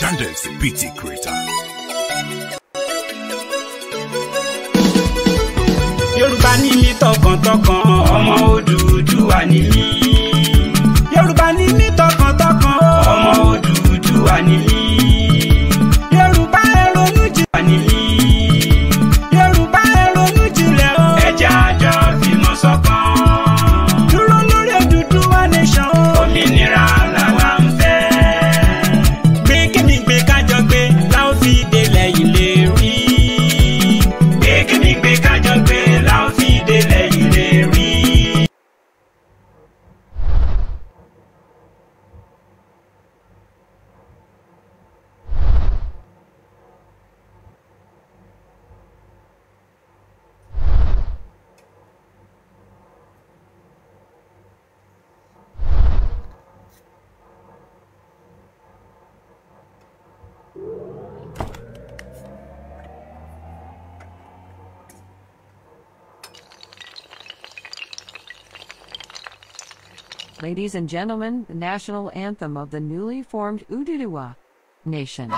Dandex BT Creator. Yorùbá ni mí tọkàntọkàn, ọmọ Odùduwà ni mí. Yorùbá ni mí tọkàntọkàn, ọmọ Odùduwà ni mí. Yorùbá ẹ ronú jinlẹ̀ ni mí. Ladies and gentlemen, the national anthem of the newly formed Ududuwa Nation.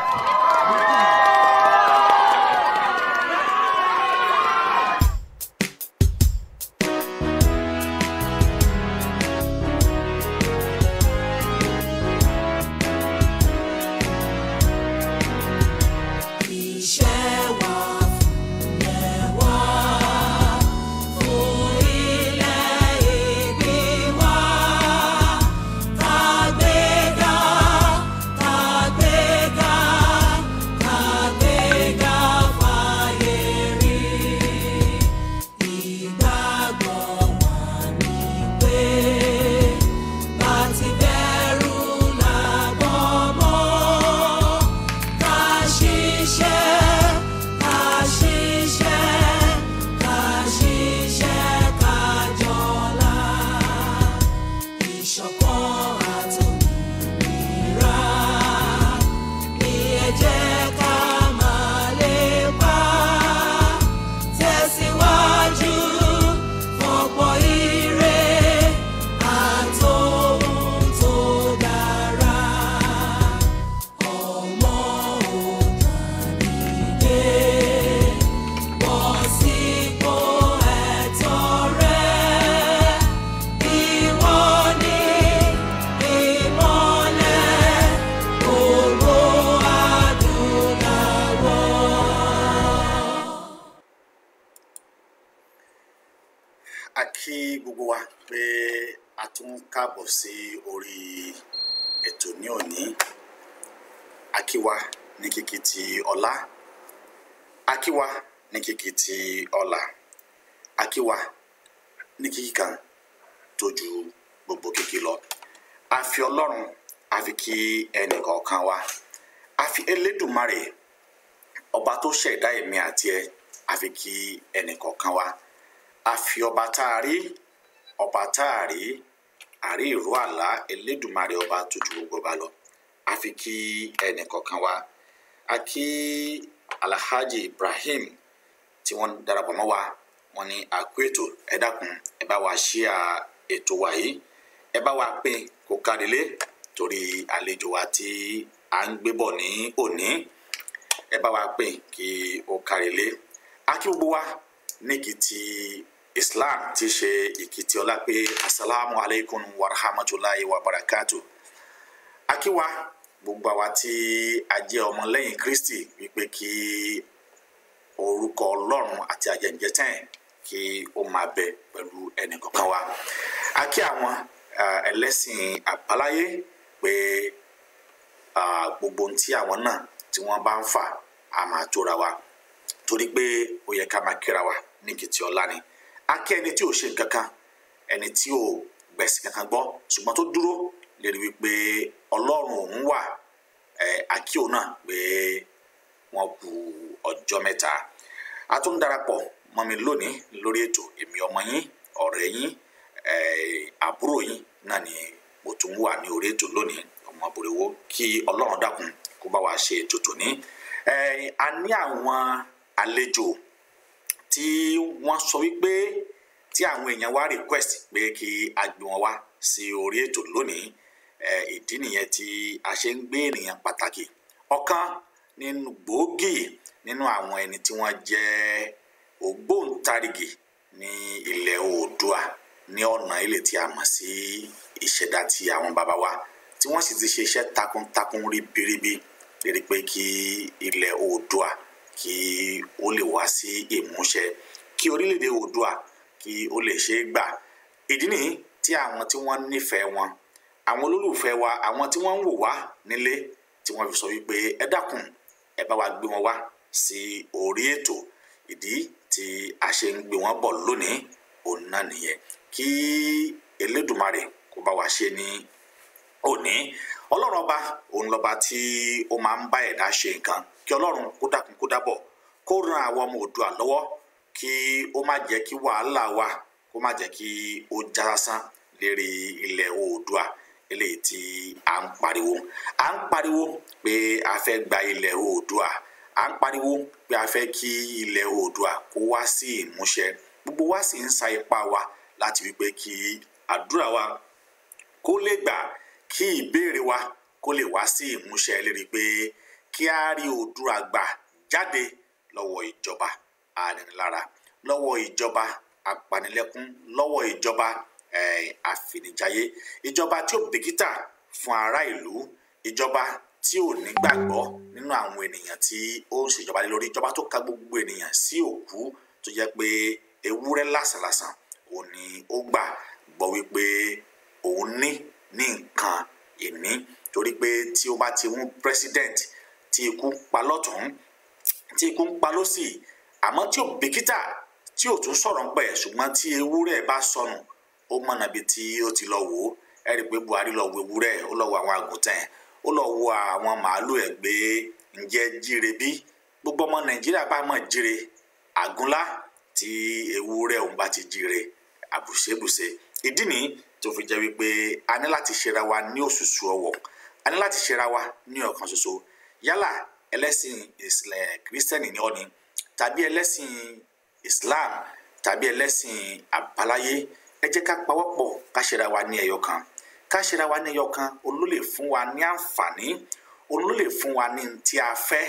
ti ọ̀la akíwa ní kíkí kan tó gbogbo kíkí lọ a fi ọlọ́run a fi kí ẹnìkọ̀ọ̀kan wa a fi elédùnmarè ọba tó ṣẹ̀dá èmi àti ẹ a fi kí ẹnìkọ̀ọ̀kan wa a fi ọba tá a rí ọba tá a rí àrí ìró àlá elédùnmarè ọba tó ju gbogbo ọba lọ a fi kí ẹnìkọ̀ọ̀kan wa a kí alhaji ibrahim tí wọ́n darapọ̀ mọ́ wa wọ́n ní àkú ètò ẹ dákun ẹ bá wa ṣíà ètò wa yìí ẹ bá wa pín kó kárílé torí àlejò wa tí à ń gbé bọ̀ ní òní ẹ bá wa pín kí ó kárílé akí wa ní kìtì islam ti ṣe ìkìtì ọlá pé asalaamu aleykum wa rahmatulahi wa barakatu akí gbogbo àwa tí a jẹ́ ọmọlẹ́yìn kristi wípé kí orúkọ ọlọ́run àti àjẹjẹtẹ́n kí ó máa bẹ pẹ̀lú ẹnìkọ̀ọ̀kan wa a kí àwọn ẹlẹ́sìn àbáláyé pé gbogbo ohun àwọn náà tí wọ́n bá ń fà á máa tóra wa torí pé ó yẹ ká máa kíra wa ní kìtì ọ̀la ni a kí ẹni tí ò ṣe nǹkan kan ẹni tí ò gbẹ̀sìn kankan gbọ́ ṣùgbọ́n tó dúró lè rí wípé ọlọ́run òun wà àkíò náà pé wọ́n kù ọjọ́ mẹ́ta a tún darapọ̀ mọ́ mi lónìí lórí ètò èmi ọmọ yín ọ̀rẹ́ yín eh, àbúrò yín náà ni mo tún wà ní orí ètò lónìí ọmọ Bòrèwó kí ọlọ́run dákun kó bá wa ṣe ètò tòní. Eh, a ní àwọn àlejò tí wọ́n sọ wípé tí àwọn èèyàn wá request pé kí a gbé wọn wá sí orí ètò lónìí eh, ìdí nìyẹn tí a ṣe ń gbé ènìyàn pàtàkì ọ̀kan nínú gbòógì nínú àwọn ẹni tí wọ́n jẹ́ ògbóǹtarìgì ní ilẹ̀ oòdùà ní ọ̀nà ilé tí a mọ̀ sí ìṣẹ̀dá ti àwọn bàbá wa tí wọ́n sì ti ṣe iṣẹ́ takuntakun ribiribi lérí pé kí ilẹ̀ oòdùà kí ó lè wá sí ìmúṣẹ kí orílẹ̀-èdè oòdùà kí ó lè ṣe é gbà ìdí nìyí tí àwọn tí wọ́n nífẹ̀ẹ́ wọn àwọn olólùfẹ́ wa àwọn tí wọ́n ń wò wá nílé tí wọ́n fi sọ wípé ẹ dákun ẹ bá wa gbé wọn wá sí orí ètò ìdí tí a ṣe ń gbé wọn bọ̀ lónìí òun náà nìyẹn kí Elédùmarè kó bá wa ṣe ní òní ọlọ́run ọba òun lọ́ba tí ó máa ń bá ẹ̀dá ṣe nǹkan kí ọlọ́run kó dákun kó dábọ̀ kó ran àwọn ọmọ Oòduà lọ́wọ́ kí ó má jẹ́ kí wàhálà wa kó má jẹ́ kí ó já sásán lérí ilẹ̀ Oòduà eléyìí tí à ń pariwo à ń pariwo pé a fẹ́ gba ilẹ̀ Oòduà à ń pariwo pé a fẹ́ kí ilẹ̀ oòdùà kó wá sí ìmúṣẹ gbogbo wa sì ń sa ipá wa láti wípé kí àdúrà wa kó lè gbà kí ìbéèrè wa kó lè wá sí ìmúṣẹ lérí pé kí a rí oòdùà gbà jáde lọ́wọ́ ìjọba aninilára lọ́wọ́ ìjọba apanilẹ́kún lọ́wọ́ ìjọba àfinijayé ìjọba tí ó bìkítà fún ará ìlú ìjọba tí ò nígbàgbọ́ nínú àwọn ènìyàn tí ó ń ṣèjọba lórí ìjọba tó ka gbogbo ènìyàn sí òkú tó jẹ́ pé ewúrẹ́ lásàlásàn òun ni ó gbà gbọ́ wípé òun ní ní nǹkan ìní torí pé tí ó bá ti mú president tí ikú ń pa lọ́tún tí ikú ń pa lọ́sì àmọ́ tí ò bìkítà tí ò tún sọ̀rọ̀ ń pẹ̀ ṣùgbọ́n tí ewúrẹ́ bá sọnù ó mọ̀nà bíi tí ó ti lọ wò ó ẹ̀rí pé Buhari lọ wo ewúrẹ́ ó lọ wo àwọn àgùntàn ó lọ wo àwọn màálù ẹ̀ gbé ǹjẹ́ jíire bí gbogbo ọmọ nàìjíríà bá mọ̀ jíire àgúnlá tí ewúrẹ́ òun bá ti jíire àbùṣebùṣe ìdí nìyí tó fi jẹ́ wípé a ní láti ṣera wa ní òṣùṣù ọwọ̀ a ní láti ṣera wa ní ọ̀kan ṣoṣo yálà ẹlẹ́sìn ìsìlẹ̀ ni ọ́ ni tàbí ẹlẹ́sìn islam tàbí ẹlẹ́sìn àbáláyé ẹ jẹ́ ká pawọ́pọ̀ ká ṣera wa ní ẹyọ kan ká ṣera wa ní ẹyọkan òun ló lè fún wa ní àǹfààní òun ló lè fún wa ní tí a fẹ́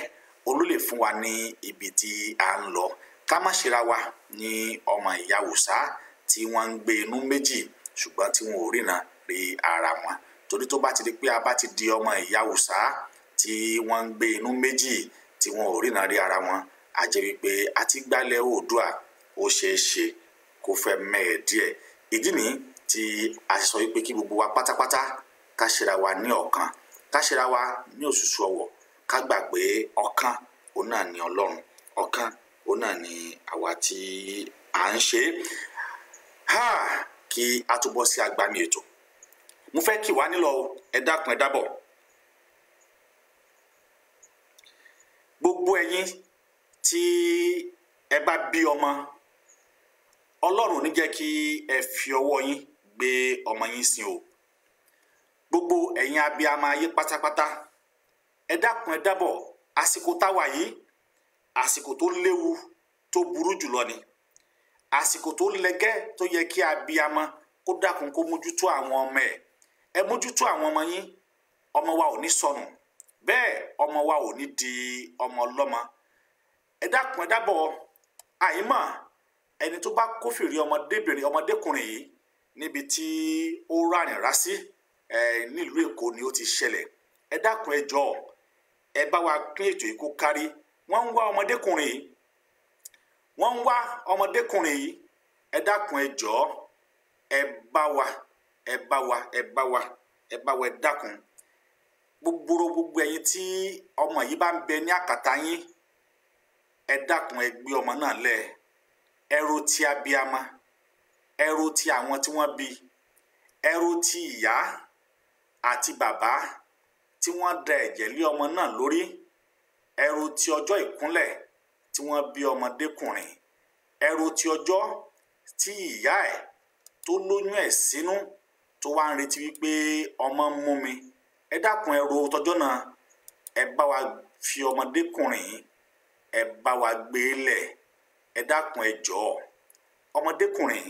òun ló lè fún wa ní ibi tí a ń lọ ká má ṣera wa ní ọmọ ìyá òòṣà tí wọ́n ń gbé inú méjì ṣùgbọ́n tí wọn ò ríran rí ara wọn torí tó bá ti di pé a bá ti di ọmọ ìyá òòṣà tí wọ́n ń gbé inú méjì tí wọn ò ríran rí ara wọn a jẹ́ wípé a ti gbálẹ̀ oòdùà ó ṣeé ṣe kó fẹ́ mẹ́ẹ̀ díẹ̀ ìdí nìyí tí a sọ wípé kí gbogbo wa pátápátá ká ṣera wa ní ọ̀kan ká ṣera wa ní òṣùṣù ọwọ̀ ká gbà pé ọ̀kan òun náà ni ọlọ́run ọ̀kan òun náà ni àwa tí à ń ṣe ha kí a tó bọ́ sí agbami ètò mo fẹ́ kí wá nílọ ẹ dákun ẹ dábọ̀ gbogbo ẹ̀yin tí ẹ bá bí ọmọ ọlọ́run ní jẹ́ kí ẹ fi ọwọ́ yín gbé ọmọ yín sin o gbogbo ẹ̀yin abiyamọ ayé pátápátá ẹ dákun ẹ dábọ̀ àsìkò táwa yìí àsìkò tó léwu tó burú jùlọ ni àsìkò tó lẹ́gẹ́ tó yẹ kí abiyamọ kó dákun kó mójútó àwọn ọmọ ẹ̀ ẹ mójútó àwọn ọmọ yín ọmọ wa ò ní sọnù bẹ́ẹ̀ ọmọ wa ò ní di ọmọ ọlọ́mọ ẹ dákun ẹ dábọ̀ àyímọ̀ ẹni tó bá kófìrí ọmọdébìnrin ọmọdékùnrin yìí níbi tí ó ràyànrá sí nílùú èkó ni ó ti sele ẹ dákun ẹjọ ẹ bá wa pín ètò kárí wá ọmọdékùnrin ẹ dákun ẹjọ ẹ bá wa ẹ bá wa ẹ bá wa ẹ bá wa ẹ dákun gbogbo gbogbo tí ọmọ yìí bá ń bẹ ní àkàtà yín ẹ dákun ẹ gbé ọmọ náà lẹ ẹ ro ti ẹrù ti àwọn tí wọ́n bí ẹrù ti ìyá àti bàbá tí wọ́n da ẹ̀jẹ̀ lé ọmọ náà lórí ẹrù ti ọjọ́ ìkúnlẹ̀ tí wọ́n bí ọmọdékùnrin ẹrù ti ọjọ́ tí ìyá ẹ̀ tó lóyún ẹ̀ sínú tó wá ń retí wípé ọmọ ń mú mi ẹ dákun ẹrù tọjọ́ náà ẹ bá wa fi ọmọdékùnrin ẹ bá wa gbé lẹ̀ ẹ dákun ẹ jọ̀ọ́ ọmọdékùnrin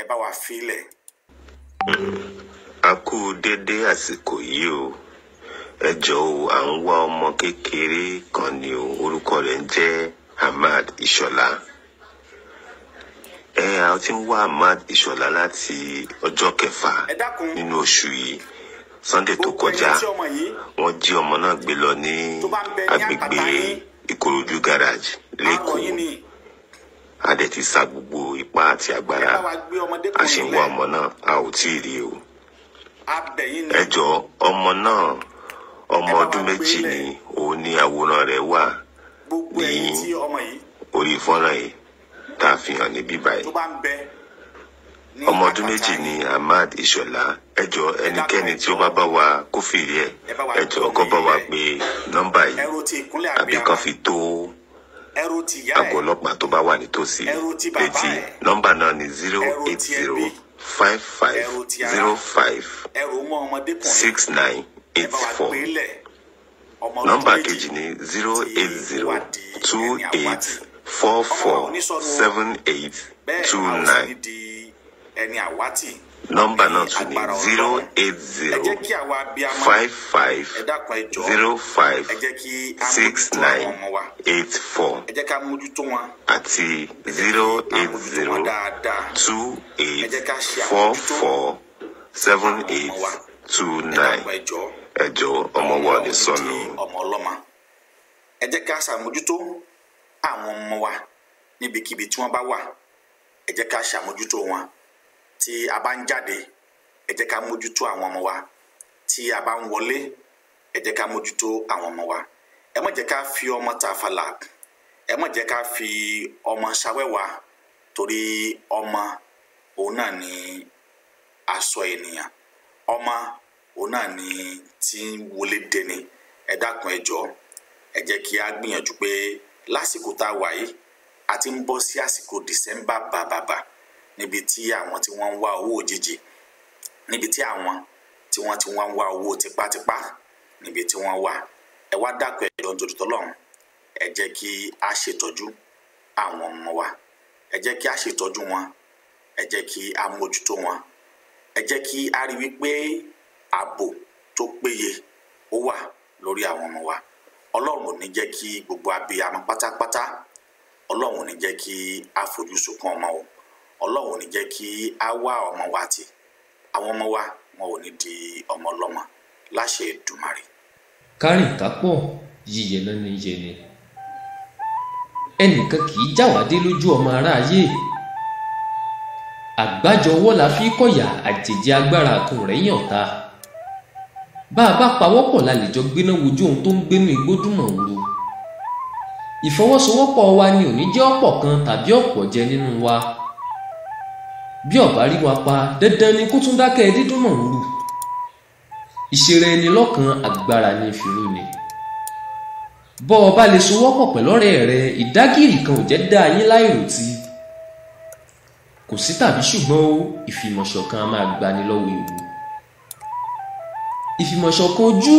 ẹ bá wa filẹ̀. a kú dédé àsìkò yìí o ẹ jọ̀ọ́ à ń wá ọmọ kékeré kan ni o orúkọ rẹ̀ ń jẹ́ Ahmad Ìṣọ̀lá ẹ a ti ń wá Ahmad Ìṣọ̀lá láti ọjọ́ kẹfà nínú oṣù yìí Sunday tó kọjá wọ́n jí ọmọ náà gbé lọ ní agbègbè Ìkòròdú garage lẹ́kọ̀ọ́ a dẹ̀ ti sa gbogbo ipá àti agbára a sì ń wá ọmọ náà a ò tí ì rí o. ẹ jọ ọmọ náà ọmọ ọdún méjì ni òun ní àwòrán rẹ̀ wà ní orí fọ́nrán yìí tá a fi hàn ní bíbá yìí ọmọ ọdún méjì ni ahmad ìṣọ̀lá ẹjọ ẹnikẹ́ni tí ó bá bá wa kófìrí ẹ ẹjọ kó bá wa pé nọ́mbà yìí àbí kan fi tó àgọ́ ọlọ́pàá tó bá wà nítòsí létí nọ́mbà náà ni zero eight zero five five zero five six nine eight four nọ́mbà kejì ni zero eight zero two eight four four seven eight two nine nọ́mbà náà tún ní zero eight zero five five zero five six nine eight four àti zero eight zero two eight four four seven eight two nine ẹ jọ̀ọ́ ọmọ wa ní sọnù. ẹ jẹ́ ká ṣàmójútó àwọn ọmọ wa níbikíbi tí wọ́n bá wà ẹ jẹ́ ká ṣàmójútó wọn tí a bá ń jáde ẹ jẹ́ ká mójútó àwọn ọmọ wa tí a bá ń wọlé ẹ jẹ́ ká mójútó àwọn ọmọ wa ẹ má jẹ́ ká fi ọmọ tàfàlà ẹ má jẹ́ ká fi ọmọ ṣawẹ́wà torí ọmọ òun náà ni aṣọ ènìyàn ọmọ òun náà ni tí ń wọlé dẹni ẹ dákun ẹ jọ̀ọ́ ẹ jẹ́ kí a gbìyànjú pé lásìkò tá a wà yìí a ti ń bọ́ sí àsìkò December bàbàbà. Ba, ba, ba níbi tí àwọn tí wọ́n ń wá owó òjijì níbi tí àwọn tí wọ́n ti wá ń wá owó tipátipá níbi tí wọ́n wà ẹ wá dákun ẹ̀dọ́ nítorí tọ́lọ́run ẹ jẹ́ kí a ṣètọ́jú àwọn ọmọ wa ẹ jẹ́ kí a ṣètọ́jú wọn ẹ jẹ́ kí a mójútó wọn ẹ jẹ́ kí a rí wípé ààbò tó péye ó wà lórí àwọn ọmọ wa ọlọ́run ò ní jẹ́ kí gbogbo abiyamọ pátápátá ọlọ́run ò ní jẹ́ kí a fojú sunkún ọmọ o ọlọ́run ò ní jẹ́ kí á wá ọmọ wa tì àwọn ọmọ wa wọn ò ní di ọmọ ọlọ́mọ láṣẹ Èdùmàrè. kárìn kápọ̀ yíyẹ lẹ́nu iye ni ẹnìkan kì í jáwádé lójú ọmọ aráyé àgbájọwọ́ la fi kọ̀yà àjèjì agbára kan rẹ̀ yàn ta bá a bá pawọ́pọ̀ la lè jọ gbéná wojú ohun tó ń gbénu igbó dùnmọ̀ ìfọwọ́sowọ́pọ̀ wa ni ò ní jẹ́ ọ̀pọ̀ kan tàbí ọ̀pọ̀ jẹ nínú wa bí ọ̀bá rí wa pa dandan ni kó tún dákẹ́ dídún mọ̀ ń ìṣeré ẹni lọ́kàn agbára ní ìfìrú ni bọ́ ọ bá lè sowọ́pọ̀ pẹ̀lọ́rẹ́ rẹ ìdágìrì kan ò jẹ́ dá yín láìrètí kò sí tàbí ṣùgbọ́n ó ìfìmọ̀ṣọ̀kan a máa gbani lọ́wọ́ ewu ìfìmọ̀ṣọ̀kan ojú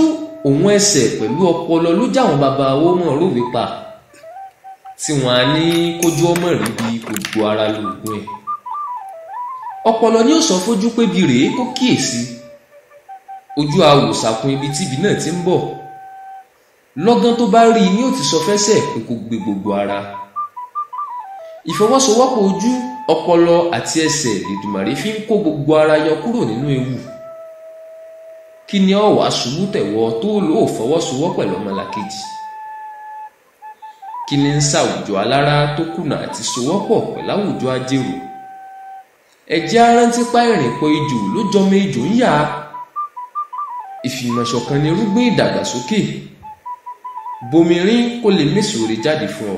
òun ẹsẹ̀ pẹ̀lú ọpọlọ ló jáwọn bàbá owó mọ̀ rówe pa tí wọ́n á ní kójú ọmọ rí bí gbogbo ara lóògùn ẹ̀ ọpọlọ ni ó sọ fojú pé bi rèé kó kíyèsí ojú awòsàkun ibi tíbi náà ti ń bọ̀ lọ́gán tó bá rí i ni ó ti sọ fẹ́sẹ̀ pé kó gbé gbogbo ara ìfọwọ́sowọ́pọ̀ ojú ọpọlọ àti ẹsẹ̀ lèdùmàrè fi ń kó gbogbo ara yọ kúrò nínú ewu kí ni ọ wàá ṣubú tẹ̀wọ́ tó lò ó fọwọ́sowọ́ pẹ̀lú ọmọlàkejì kí ni ń ṣàwùjọ alára tó kùnà àti sowọ́pọ̀ pẹ̀láwùjọ ajérò ẹ̀jẹ̀ arántípá ìrìn pọ̀ ijù ló jọmọ ejò ń yà á ìfìmọ̀ṣọ̀kan ni irúgbìn ìdàgbàsókè bomirin kó lè mésùrè jáde fún ọ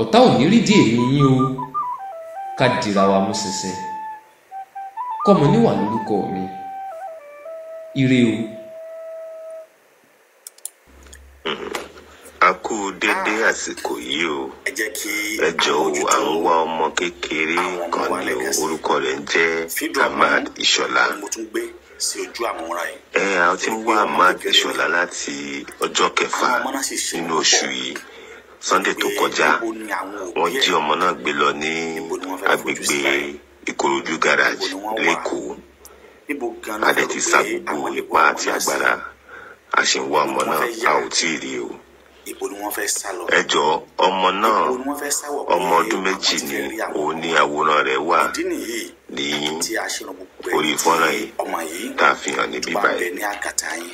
ọ̀tá ò ní rí di èmi yín o ká dìra wa mú ṣinṣin kọ́mọ níwà lórúkọ mi ire o a kú dédé àsìkò yìí o ẹ jọ̀ọ́ à ń wá ọmọ kékeré kan ní orúkọ rẹ̀ ń jẹ́ Ahmad Ìṣọ̀lá sí ojú àmúra yìí. ẹ a ti ń wá Ahmad Ìṣọ̀lá láti ọjọ́ kẹfà nínú oṣù yìí Sunday tó kọjá wọ́n jí ọmọ náà gbé lọ ní agbègbè Ìkòròdú garage lẹ́kọ̀ọ́ a dẹ̀ ti sa gbogbo ipá àti agbára a sì ń wá ọmọ náà a ò tí ì rí o ibo ni wọ́n fẹ́ sá lọ. ẹ jọ ọmọ náà ọmọ ọdún méjì ni òun ní àwòrán rẹ̀ wà ní orí fọ́nrán yìí tá a fi hàn níbí báyìí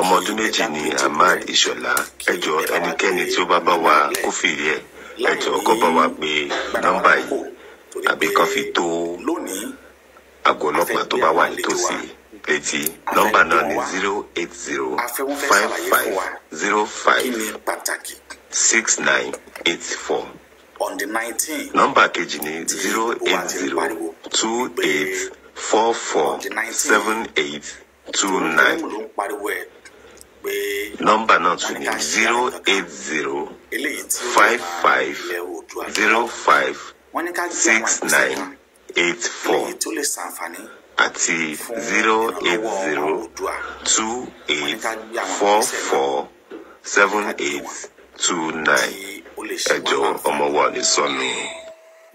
ọmọ ọdún méjì ni ahmad ìṣọ̀lá ẹ jọ tí ó bá bá wa kófìrí ẹ ẹ jọ kó bá wa pé nọ́mbà yìí àbí kan fi tó àgọ́ ọlọ́pàá tó bá wà nítòsí létí nọ́mbà náà ni zero eight zero five five zero five six nine eight four nọ́mbà kejì ni zero eight zero two eight four four seven eight two nine nọ́mbà náà tún ni zero eight zero five five zero five six nine eight four àti zero eight zero two eight four four seven eight two nine ẹ jọ̀ọ́ ọmọ wa ò ní sọnù.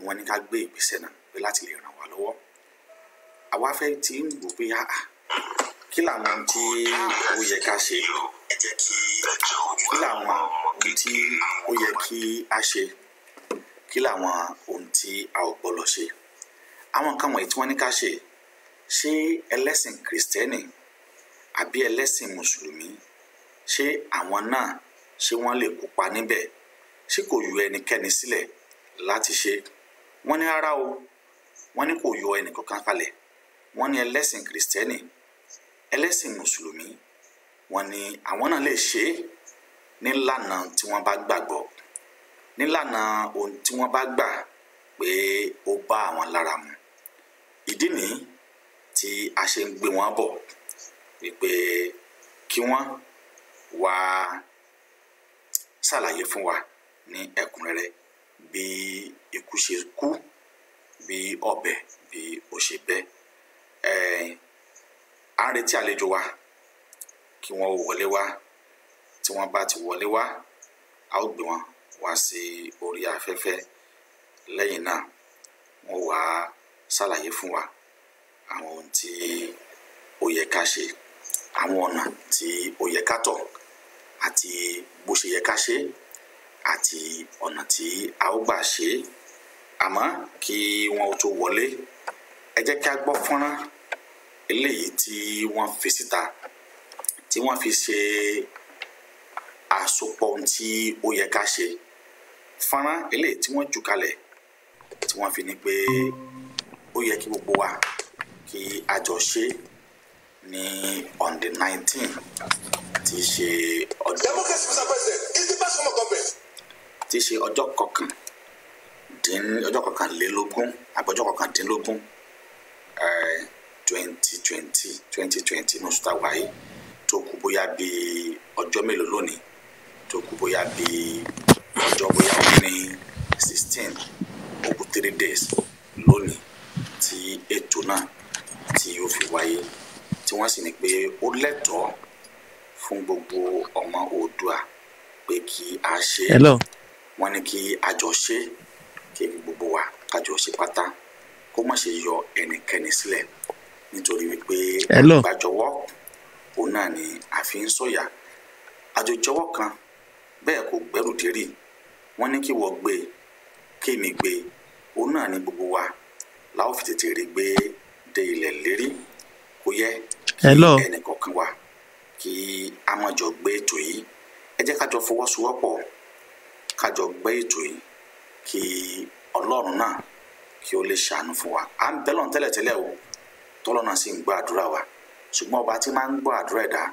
wọ́n ní ká gbé ìgbésẹ̀ náà pé láti lè ràn wá lọ́wọ́ àwa fẹ́ ti ń wò pé àà kí làwọn tí ó yẹ ká ṣe kí làwọn ohun tí ó yẹ kí a ṣe kí làwọn ohun tí a ò gbọ́dọ̀ ṣe àwọn nǹkan wọ̀nyí tí wọ́n ní ká ṣe ṣé ẹlẹ́sìn kìrìsìtẹ́nì àbí ẹlẹ́sìn mùsùlùmí ṣé àwọn náà ṣé wọ́n lè kópa níbẹ̀ ṣé kò yọ ẹnikẹ́ni sílẹ̀ láti ṣe wọ́n ní rárá o wọ́n ní kò yọ ẹnìkankan kalẹ̀ wọ́n ní ẹlẹ́sìn kìrìsìtẹ́nì ẹlẹ́sìn mùsùlùmí wọ́n ní àwọn náà lè ṣe é nílànà tí wọ́n bá gbàgbọ́ nílànà ohun tí wọ́n bá gbà pé ó bá àwọn lára mu ìdí nìyí tí a ṣe ń gbé wọn bọ̀ wípé kí wọ́n wá ṣàlàyé fún wa ní ẹ̀kúnrẹ́rẹ́ bí ikú ṣe kú bí ọ̀bẹ bí ó ṣe bẹ́ ẹ̀ ń retí àlejò wa kí wọ́n wọlé wá tí wọ́n bá ti wọlé wá a ó gbé wọn wá sí orí afẹ́fẹ́ lẹ́yìn náà wọ́n wá ṣàlàyé fún wa àwọn ohun tí ó yẹ ká ṣe àwọn ọ̀nà tí ó yẹ ká tọ̀ àti bó ṣe yẹ ká ṣe àti ọ̀nà tí a ó gbà ṣe é àmọ́ kí wọ́n tó wọlé ẹ jẹ́ kí a gbọ́ fọ́nrán eléyìí tí wọ́n fi síta tí wọ́n fi ṣe àsopọ̀ ohun tí ó yẹ ká ṣe fọ́nrán eléyìí tí wọ́n jù kalẹ̀ tí wọ́n fi ní pé ó yẹ kí gbogbo wa kí a jọ ní on the nineteen tí í ṣe ọjọ́ tí í ṣe ọjọ́ kọkàn dín ọjọ́ kọkànlélógún àbí ọjọ́ kọkàndínlógún eh, twenty twenty twenty twenty ní oṣù tá a wáyé tó kù bóyá bíi ọjọ́ mélòó lónìí tó kù bóyá bíi ọjọ́ bóyá ó ní sixteen ó kù three days lónìí tí ètò náà tí ó fi wáyé tí wọ́n sì ní pé ó lẹ́tọ̀ọ́ fún gbogbo ọmọ oòdùà pé kí a ṣe é wọ́n ní kí a jọ ṣe é kí gbogbo wa ká jọ ṣe pátá kó má ṣe yọ ẹnikẹ́ni sílẹ̀ nítorí wípé àgbájọwọ́ òun náà ni a fi ń sọ̀yà àjọjọwọ́ kan bẹ́ẹ̀ kò gbẹ́rù dérì wọ́n ní kí wọ́n gbé e, kémi gbé e. òun náà ni gbogbo wa la fi tètè rí gbé dé ilẹ̀ lérí kò yẹ kí ẹnìkọ̀ọ̀kan wa kí a má jọ gbé ètò yìí ẹ jẹ́ ká jọ fọwọ́sowọ́pọ̀ ká jọ gbé ètò yìí kí ọlọ́run náà kí ó lè ṣàánú fún wa à ń bẹ́lọ̀ tẹ́lẹ̀tẹ́lẹ̀ o tọ́lọ́ náà sì ń gbọ́ àdúrà wa ṣùgbọ́n ọba tí máa ń gbọ́ àdúrà ẹ̀dá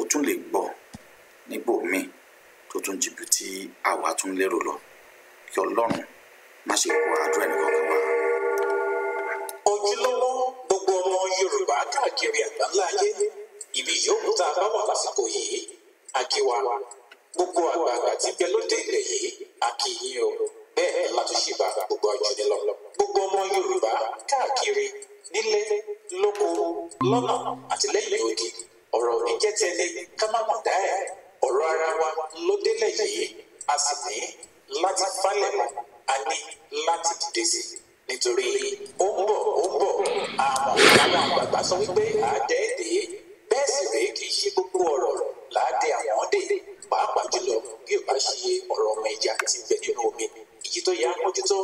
ó tún lè gbọ́ nígbò míì tó tún jìbì tí àwa tún lérò lọ kí ọlọ́run má ṣe kó àdúrà ẹnìkọ̀ọ̀kan wa. ojúlówó yorùbá káàkiri àgbáńlá ayé ibi yòówù tá a bá wà lásìkò yìí a kí wa gbogbo àgbààgbà tí bẹ lóde ilẹ̀ yìí a kì í yín o bẹ́ẹ̀ látúnṣe bá gbogbo àjọyọ̀ lọ gbogbo ọmọ yorùbá káàkiri nílé lóko lọ́nà àti lẹ́yìn odi ọ̀rọ̀ oníjẹ́tẹ́lẹ̀ ká má mọ̀ dá ẹ̀ ọ̀rọ̀ ara wa ló délẹ̀ yìí a sì ní láti falẹ̀ mọ́ a ní láti dìde sí i nítorí ó ń bọ̀ ó ń bọ̀ àmọ́ àwọn àgbààgbà sọ wípé àádẹ́ẹ̀dẹ́ bẹ́ẹ̀ sì rèé kì í ṣe gbogbo ọ̀rọ̀ láàdẹ àwọn dè pàápàá jùlọ bí ò bá ṣe ọ̀rọ̀ ọmọ ẹja ti bẹ nínú omi èyí tó yẹ á mójútó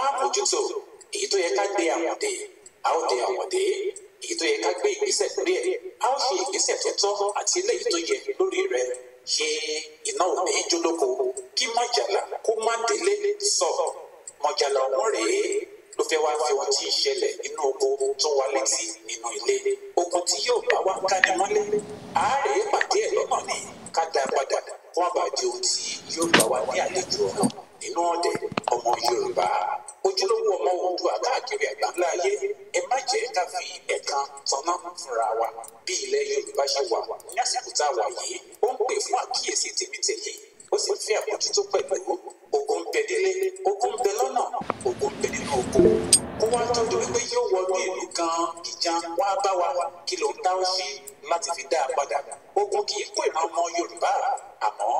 á mójútó èyí tó yẹ ká dé àwọn dè á ó dé àwọn dè èyí tó yẹ ká gbé ìgbésẹ̀ lórí ẹ̀ á ó ṣe ìgbésẹ̀ tó tọ́ àti eléyìí tó yẹ lórí rẹ̀ ṣe iná omi jólóko kí májàlá kó má délé sọ mọ̀jàlá ọ̀hún rèé ló fẹ́ wáá fi ohun tí ń ṣẹlẹ̀ nínú oko tó wà létí nínú ilé ogun tí yóò bá wá káni mọ́lé àárẹ̀ pàdé ẹ̀ lọ́nà ni ká dá padà kó wá di ohun yóò bá wá ní àlejò ọ̀nà nínú ọ̀dẹ̀ ọmọ Yorùbá ojúlówó ọmọ Oòduà káàkiri àgbáńlá ayé ẹ má jẹ́ ká fi ẹ̀kan tanná fúnra wa bí ilẹ̀ Yorùbá ṣe wà ní àsìkò tá a wà yìí ó ń pè fún àkíyèsí tèmítẹ̀lé ó sì fi àbójútó pẹ̀lú ogun ń bẹ délé ogun ń bẹ lọ́nà ogun ń bẹ nínú oko kó wá tọ́jú wípé yóò wọnú ìlú gan ìjà wá bá wa kí ló ń dá ó sí láti fi dá a padà ogun kì í kó ìmọ̀ ọmọ Yorùbá àmọ́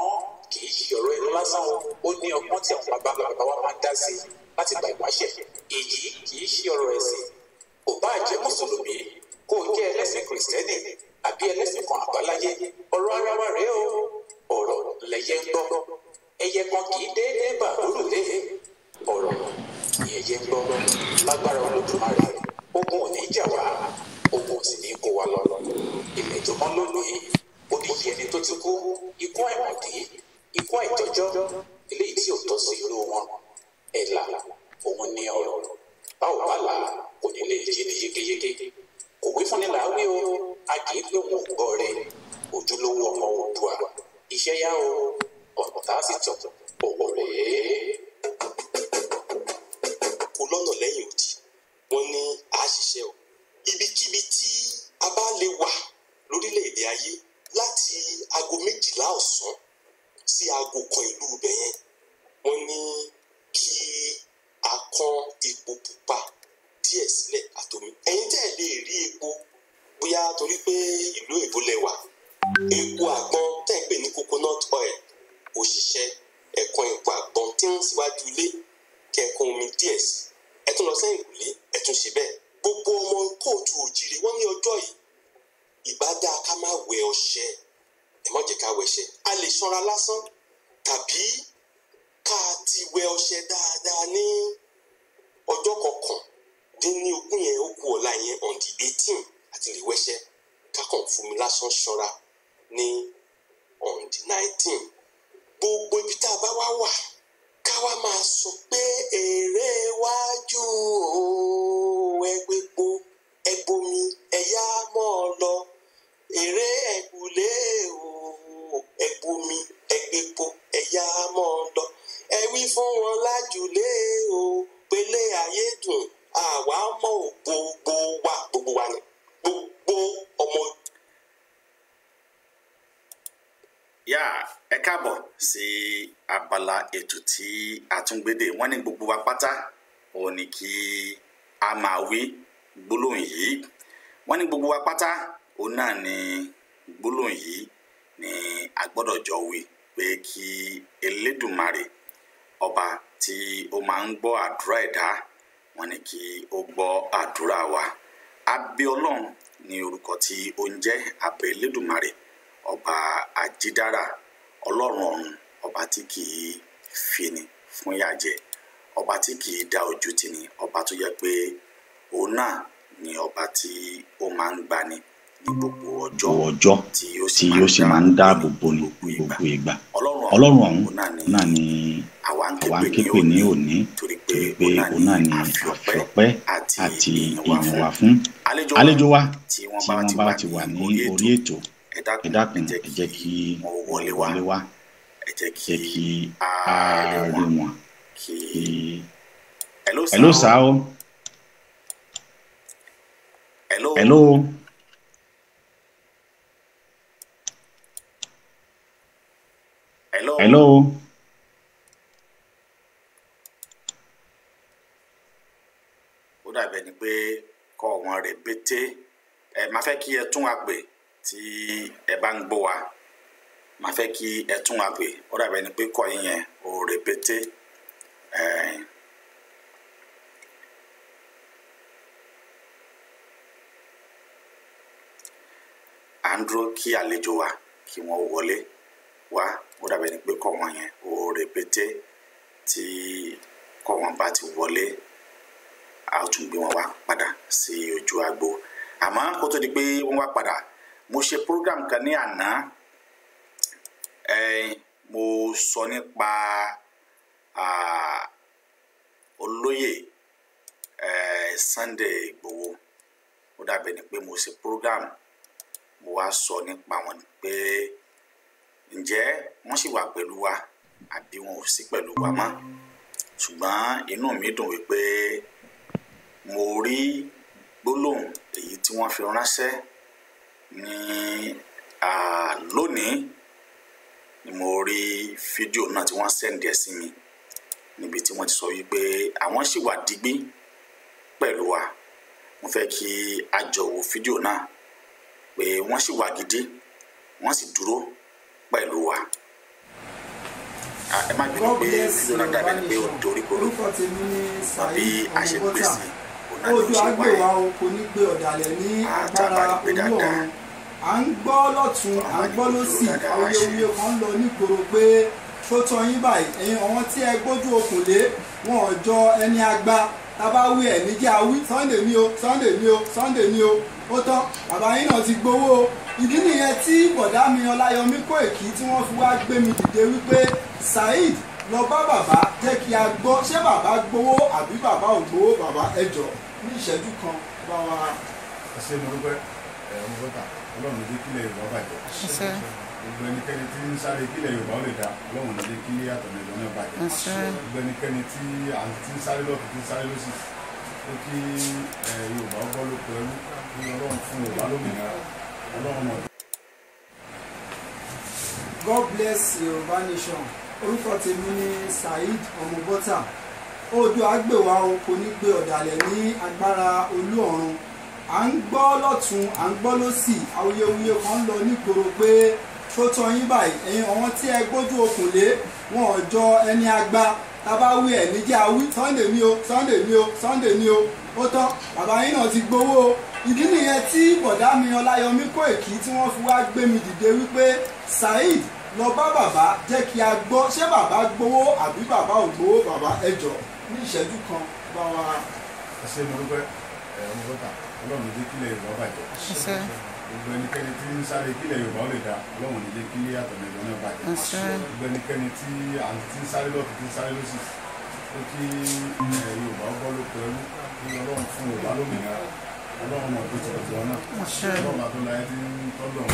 kì í ṣe ọ̀rọ̀ ẹnu lásán o ó ní ọgbọ́n tí àwọn bàbá bàbá wa máa ń dá sí láti gbà ìwáṣẹ̀ èyí kì í ṣe ọ̀rọ̀ ẹ̀sìn kò bá jẹ́ mùsùlùmí kó jẹ́ ẹlẹ́sìn kìrìsìtẹ́nì àbí ẹlẹ́sìn kan àbáláyé ọ̀rọ̀ ara wa rèé o ọ̀rọ̀ lẹyẹ ń gbọ́ ẹyẹ kan kì í déédéé bà lórùlé ọ̀rọ̀ ẹyẹ ń gbọ́ lágbára olódùmarè ogun ò ní jà wá ogun ò sì ní kó wa lọ ilẹ̀ tó mọ́ lónìí ó ní iye ẹni tó ti kú ikú àìmọ̀dé ikú àìjọjọ́ eléyìí tí ò tọ́ sí irú wọn ẹ̀là òun ní ọ̀rọ̀ báwo bá là kò ní lè yé ni yékéyéké kò wí fún ni làá wí o a kì í pé òun ò ojúlówó ọmọ Oòduà iṣẹ́ yá o ọ̀tá sì tàn òwò rèé. kò lọ́nà lẹ́yìn òdì wọ́n ní a ṣiṣẹ́ o ibikíbi tí a bá lè wà lórílẹ̀‐èdè ayé láti aago méjìlá ọ̀sán sí aago kan ìlú ibẹ̀ yẹn wọ́n ní kí a kán epo pupa díẹ̀ sílẹ̀ àtomi ẹ̀yin tẹ́ ẹ lè rí epo bóyá torí pé ìlú èbó lẹ epo àgbọn tẹ́ ń pè ní coconut oil òṣìṣẹ́ ẹ̀kan epo àgbọn tí ń síwájú ilé kẹ̀kọ́ omi díẹ̀ sí ẹ tún lọ sẹ́yìn kùlé ẹ tún ṣe bẹ́ẹ̀ gbogbo ọmọ kóòtù òjìrì wọ́n ní ọjọ́ yìí ìbá dáa ká má wẹ ọṣẹ ẹ má jẹ́ ká wẹṣẹ a lè ṣanra lásán tàbí ká ti wẹ ọṣẹ dáadáa ní ọjọ́ kọkàndínlógún yẹn ó kù ọ̀la yẹn on the eighteen àti lè wẹṣẹ ká kàn fún mi lásán ṣanra ní on the nineteen gbogbo ibi tá a bá wá wà ká wá máa sọ pé èrè wájú ẹgbẹ́po ẹgbomi ẹ̀yà mọ́ ọ lọ èrè ẹ̀kúlé ẹgbomi ẹgbẹ́po ẹ̀yà mọ́ ọ lọ ẹ wí fún wọn lájúlé o pélé ayé dùn àwa mọ̀ gbogbo wa gbogbo wa ni gbogbo ọmọ yá ẹ káàbọ̀ sí abala ètò tí a tún gbédè wọ́n ní gbogbo wa pátá òun ni kí a máa wí gbólóhùn yìí wọ́n ní gbogbo wa pátá òun náà ni gbólóhùn yìí ni a gbọ́dọ̀ jọ wí pé kí Elédùmarè ọba tí ó máa ń gbọ́ àdúrà ẹ̀dá wọ́n ní kí ó gbọ́ àdúrà wa a bẹ̀ Ọlọ́run ní orúkọ tí ó ń jẹ́ a bẹ̀ Elédùmarè ọba àjídára ọlọ́run ọ̀run ọba tí kìí fini fún yàjẹ ọba tí kìí da ojú tì ní ọba tó yẹ pé òun náà ni ọba tí ó máa ń gbani ní gbogbo ọjọ́ ọjọ́ tí yóò sì máa ń dáàbò bo ní gbogbo ìgbà ọlọ́run ọ̀hún náà ni àwa ń képe ní òní torí pé òun náà ni àfiọ̀pẹ́ àti ìyìn fún àlejò wa tí wọ́n bá ti wà ní orí ètò ẹ dákun ẹ jẹ́ kí wọlé wá ẹ jẹ́ kí a rí wọn kí hello sir o hello. Hello. Hello. ó dàbẹ̀ ni pé kọ́ ọ̀wọ́n rẹ̀ bété ẹ̀ máa fẹ́ kí ẹ tún wa tí ẹ bá ń gbọ́ wa màá fẹ́ kí ẹ tún wa pè ó dàbẹ̀ ni pé kọ́ yín yẹn ò rèpété à ń dúró kí àlejò wa kí wọ́n wọlé wá ó dàbẹ̀ ni pé kọ́ wọn yẹn ò rèpété tí kọ́ wọn bá ti wọlé a ó tún gbé wọn wá padà sí ojú agbo àmọ́ kó tó di pé wọ́n wá padà mo ṣe program kan ní àná mo sọ nípa olóyè Sunday Igboho ó dàbẹ̀ ni pé mo ṣe program mo wá sọ nípa wọn pé ǹjẹ́ wọ́n sì wà pẹ̀lú wa àbí wọn ò sí pẹ̀lú wa mọ́ ṣùgbọ́n inú mi dùn wípé mo rí gbólóhùn èyí tí wọ́n fi ránṣẹ́ ní lónìí ni mo rí fídíò náà tí wọ́n sẹ́ǹdì ẹ̀ sí mi níbi tí wọ́n ti sọ wípé àwọn ṣì wà digbí pẹ̀lú wa mo fẹ́ kí a jọ wo fídíò náà pé wọ́n ṣì wà gidi wọ́n sì dúró pẹ̀lú wa ẹ má bínú pé fídíò náà dàbí ẹni pé ó dorí koro tàbí àṣegbèsè òun náà ló ṣe wáyé àtàbàrí pé dáadáa à ń gbọ́ lọ́tún à ń gbọ́ lọ́sì awuyewuye kan ń lọ nígboro pé tó tọ́ yín báyìí ẹ̀yin àwọn tí ẹ gbójú okùn lé wọn ò jọ ẹni àgbà tábà wí ẹ̀ níjẹ́ awí Sunday mi o Sunday mi o Sunday mi o ó tán bàbá yín náà ti gbowó o ìdí nìyẹn tí bọ̀dá mi Ọláyọmí Kóìkí tí wọ́n fi wá gbé mi dìde wípé Saheed lọ bá bàbá jẹ́ kí a gbọ́ ṣé bàbá gbowó àbí bàbá ò gbowó bàbá ẹ jọ ní ìṣẹ́jú kan bá ẹ ṣe mo dúpẹ́ ẹ̀ ń gbọ́ta ọlọ́run ní kílẹ̀ yorùbá bàjẹ́ gbogbo ẹnikẹ́ni tí ń sáré kílẹ̀ yorùbá ó lè dá ọlọ́run ní jẹ́ kílẹ̀ àtọ̀nẹ̀dọ́ náà bàjẹ́ gbogbo ẹnikẹ́ni tí à ń ti sáré lọ́tún ti sáré lọ́sì ó kí yorùbá ó bọ́ lóko ẹrú kí ọlọ́run fún yorùbá lómìnira ọlọ́run náà. God bless Yorùbá nation orúkọ tèmi ni Saheed ọmọbọ́tà Oòduà gbè wá o kò ní gbé ọ̀dàlẹ̀ ní agbára olú ọ̀run à ń gbọ́ lọ́tún à ń gbọ́ lọ́sì awuyewuye kan lọ nígboro pé tó tọ́ yín báyìí ẹ̀yin àwọn tí ẹ gbójú okùn lé wọn ò jọ ẹni àgbà tábà wí ẹ̀ níjẹ́ awí Sunday ni o Sunday ni o Sunday ni o ó tọ́ bàbá yín náà ti gbowó o ìdí nìyẹn tí bọ̀dá mi ọláyọmí kó èkì tí wọ́n fi wá gbé mi dìde wípé Saheed lọ bá bàbá jẹ́ kí a gbọ́ ṣé bàbá gbowó àbí bàbá ò gbowó bàbá ẹ jọ ní ìṣẹ́jú kan bá wa. ẹ ṣe mo dúpẹ́ ẹ̀ mo dúpẹ́ ọlọ́run jẹ́ kílẹ̀ yorùbá bàjẹ́ gbogbo ẹnikẹ́ni tí ń sáré kílẹ̀ yorùbá ó lè dá ọlọ́run ní jẹ́ kílẹ̀ àtọ̀mẹ̀jọ náà bàjẹ́ gbogbo ẹnikẹ́ni tí àti tí ń sáré lọ́ọ̀tún tí ń sáré lọ́sì ó kí yorùbá bọ́ ló pẹ̀lú kí ọlọ́run fún yorùbá lómìnira ọlọ́run ọ̀dọ́ tọ̀tọ̀ náà ọlọ́run àtúnláyé tí ń tọ́lọ̀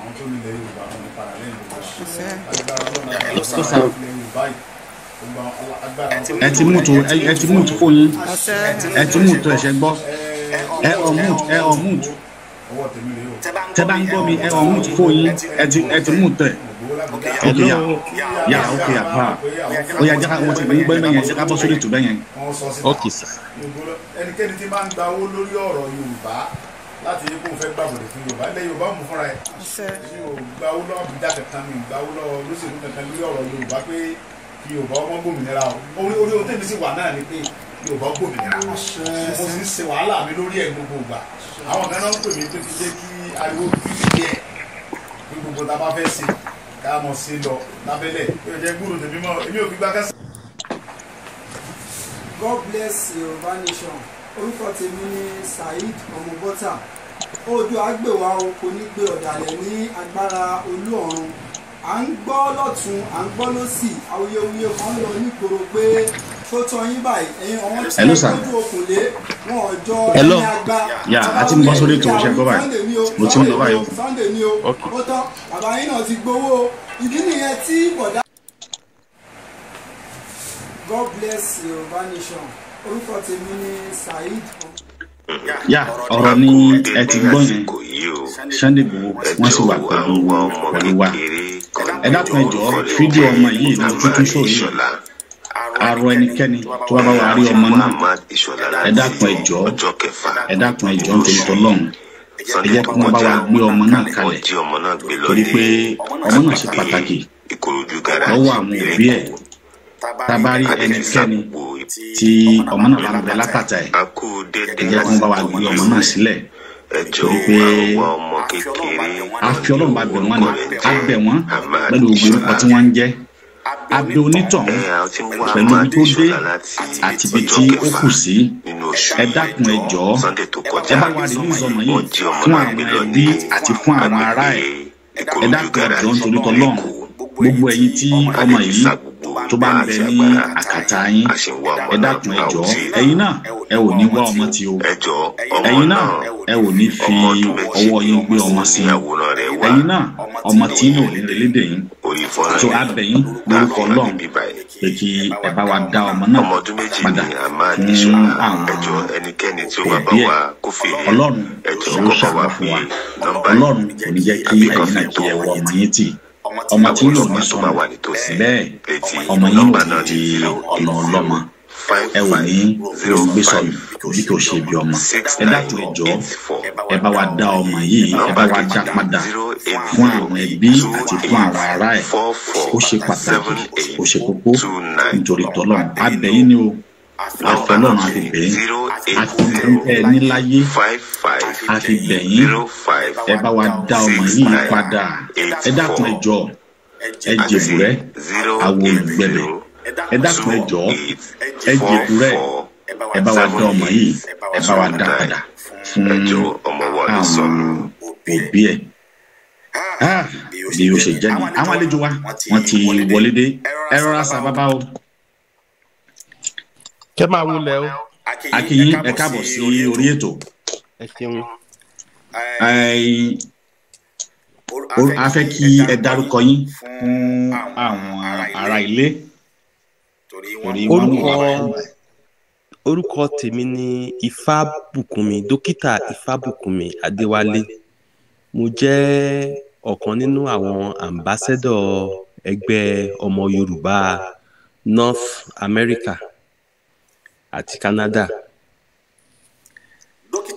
àwọn tó nílẹ̀ yorùbá wọn ní para lẹ́yìn yorùbá ẹ ti mú tó ẹ ti mú tó kó yín ẹ ti mú tó ẹsẹ gbọ́ ẹ ọ̀ mute ẹ ọ̀ mute tẹ bá ń gbọ́ mi ẹ ọ̀ mute fóònù yín ẹ ya ya ok ya o ya jaka mo ti mo gbẹ mẹyẹn jaka bọ sórí ètò mẹyẹn ok sa. ẹnikẹ́ni tí máa ń gba owó lórí ọ̀rọ̀ Yorùbá láti yẹ kó o fẹ́ gbàgbọ́dẹ̀ fún Yorùbá ilẹ̀ Yorùbá mú fúnra ẹ̀ mi ò gba owó lọ́wọ́ Àbújá kankan mi ò gba owó lọ́wọ́ lóṣèlú kankan lórí ọ̀rọ̀ Yorùbá pé Yorùbá ọmọ gbòmìnira o orí ohun tẹ̀mí sì wà náà ni pé yorùbá ó gbòmìnira mo sì ń ṣe wàhálà mi lórí ẹ̀ gbogbo ìgbà àwọn kan náà ń pè mí pé kí jẹ́ kí ariwo bí díẹ̀ bí gbogbo tá bá fẹ́ ṣe ká mọ̀ sí lọ lábẹ́lẹ̀ yóò jẹ́ gbúrò tèmi mọ́ èmi ò fi gbá kẹ́sì. God bless Yorùbá nation orúkọ tèmi ni Saheed ọmọbọ́tà oòdùà gbè wá o kò ní gbé ọ̀dàlẹ̀ ní agbára olú ọ̀run à ń gbọ́ lọ́tún à ń gbọ́ lọ́sì awuyewuye kan lọ nígboro pé tó tọ́ yín báyìí ẹ̀yin ọ̀wọ́n tí wọ́n lójú òkun lé wọn ọjọ́ ẹni àgbà yà á ti ń bọ́ sórí ètò gbọ́ báyìí mo ti ń lọ báyìí Sunday ni o ó tán bàbá yín náà ti gbowó ìdí nìyẹn tí bọ̀dá. God bless Yorùbá nation orúkọ tèmi ni Saheed yà ọ̀rọ̀ ni ẹ ti gbọ́ yẹn Sunday Igboho wọ́n sì wà pẹ̀lú wa ẹ dákun ẹ jọ̀ọ́ fídíò ọmọ yìí ní tuntun ṣò yìí àrò ẹnikẹ́ni tó bá bá wà rí ọmọ náà ẹ dákun ẹ jọ̀ọ́ ẹ dákun ẹ jọ̀ọ́ nítorí tọlọ́run ẹ jẹ́ kí wọ́n bá wa gbé ọmọ náà kalẹ̀ torí pé ọmọ náà ṣe pàtàkì lọ́wọ́ àwọn òbí ẹ̀ tabari ẹnikẹ́ni tí ọmọ náà bá ń bẹ lákàtà ẹ̀ ẹ jẹ́ kí wọ́n bá wa gbé ọmọ náà sílẹ̀ torí pé a fi ọlọ́run bá bẹ̀ wọ́n ni a bẹ̀ wọ́n pẹ̀lú ogun orúkọ tí wọ́n ń jẹ́ a bẹ̀ onítọ̀hún pẹ̀lú ibi tó dé àti ibi tí ó kù sí ẹ dákun ẹ jọ̀ọ́ ẹ bá wà nínú ìsọmọ yìí fún àwọn ẹbí àti fún àwọn ará ẹ ẹ dákun ẹ jọ̀ọ́ nítorí tọlọ́run gbogbo ẹ̀yin tí ọmọ yìí tó bá ń bẹ ní àkàtà yín ẹ dákun ẹ jọ̀ọ́ ẹ̀yin náà ẹ ò ní wá ọmọ tí o ẹ̀yin náà ẹ ò ní fi ọwọ́ yín gbé ọmọ sí i náà ọmọ tí yín ò ní relédè yín tó abẹ yín lórúkọ Ọlọ́run pé kí ẹ bá wa dá ọmọ náà padà fún àwọn òbí ẹ Ọlọ́run ló ṣàgbà fún wa Ọlọ́run kò ní jẹ́ kí ẹ̀yin náà kí ẹ wọ ọmọ yín tì í ọmọ tí yóò ní sọnù bẹ́ẹ̀ ọmọ yìí ò ní di ìmọ̀ ọlọ́mọ ẹ ò ní ló gbé sọnù bí kò ṣe bí ọmọ ẹ dákun ẹ jọ ẹ bá wa dá ọmọ yìí ẹ bá wa dá padà fún àwọn ẹbí àti fún àwọn ará ẹ ó ṣe pàtàkì ó ṣe kókó nítorí tọlọ́run á bẹ̀ ni o ọ̀fẹ́ náà máa fi bẹ̀ yín àti ẹ níláyé àti bẹ̀ yín ẹ bá wa dá ọmọ yìí padà ẹ dákun ẹ jọ̀ọ́ ẹ jèbù rẹ àwọn olùgbẹ̀bẹ̀ ẹ dákun ẹ jọ̀ọ́ ẹ jèbù rẹ ẹ bá wa dá ọmọ yìí ẹ bá wa dá padà fún àwọn òbí ẹ ah, bí o ṣe jẹ́ ni àwọn àlejò wa wọ́n ti wọlé dé ẹ rọra sábàbà o kẹ́ máa wulẹ̀ o. akínyín ẹ káàbọ̀ sí orí ètò. ẹ ṣeun. a fẹ́ kí ẹ dárúkọ yín fún àwọn ará ilé. orúkọ orúkọ tèmi ni Ifábùkúnmi dókítà Ifábùkúnmi Adéwálé mo jẹ́ ọ̀kan nínú àwọn ambassador ẹgbẹ́ ọmọ Yorùbá North America àti Canada.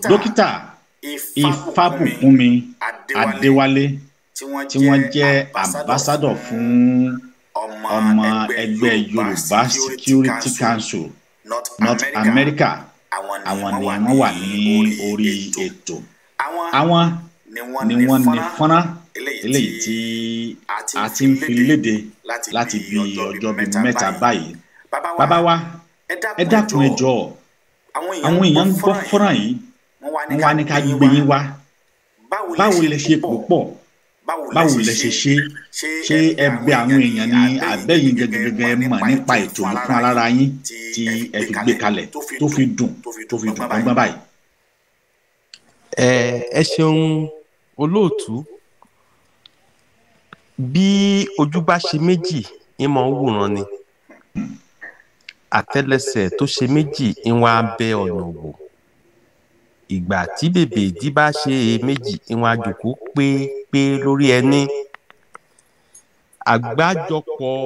dókítà Ifábùkúnmi Adéwálé tí wọ́n jẹ́ ambassadọ̀ fún ọmọ ẹgbẹ́ Yorùbá Security Council North America, America àwọn ni wọ́n wà ní orí ètò àwọn ni wọ́n ní fọ́nrán eléyìí tí a ti ń fi léde láti bí ọjọ́ bíi mẹ́ta báyìí bàbá wa ẹ dákun ẹ jọ̀ọ́ àwọn èèyàn ń gbọ́ fọ́nrán yìí wọ́n wá ní ká gbé yín wá báwo lẹ ṣe pò pọ̀ báwo lẹ ṣe ṣe ṣé ẹbẹ àwọn èèyàn ní àbẹ́yìn gẹ́gẹ́gẹ́ mọ̀ nípa ètò yìí fún alára yín tí ẹ fi gbé kalẹ̀ tó fi dùn tó fi dùn gbọ́ngbọ́n báyìí. ẹ ẹ ṣeun olóòtú bí ojú bá ṣe méjì ìmọ̀ ń wòran ni. Hmm àtẹ́lẹsẹ̀ tó ṣe méjì ń wá bẹ ọ̀nà wò ìgbà tí bèbè ìdí bá ṣe méjì ń wá jòkó pé pé lórí ẹni àgbájọpọ̀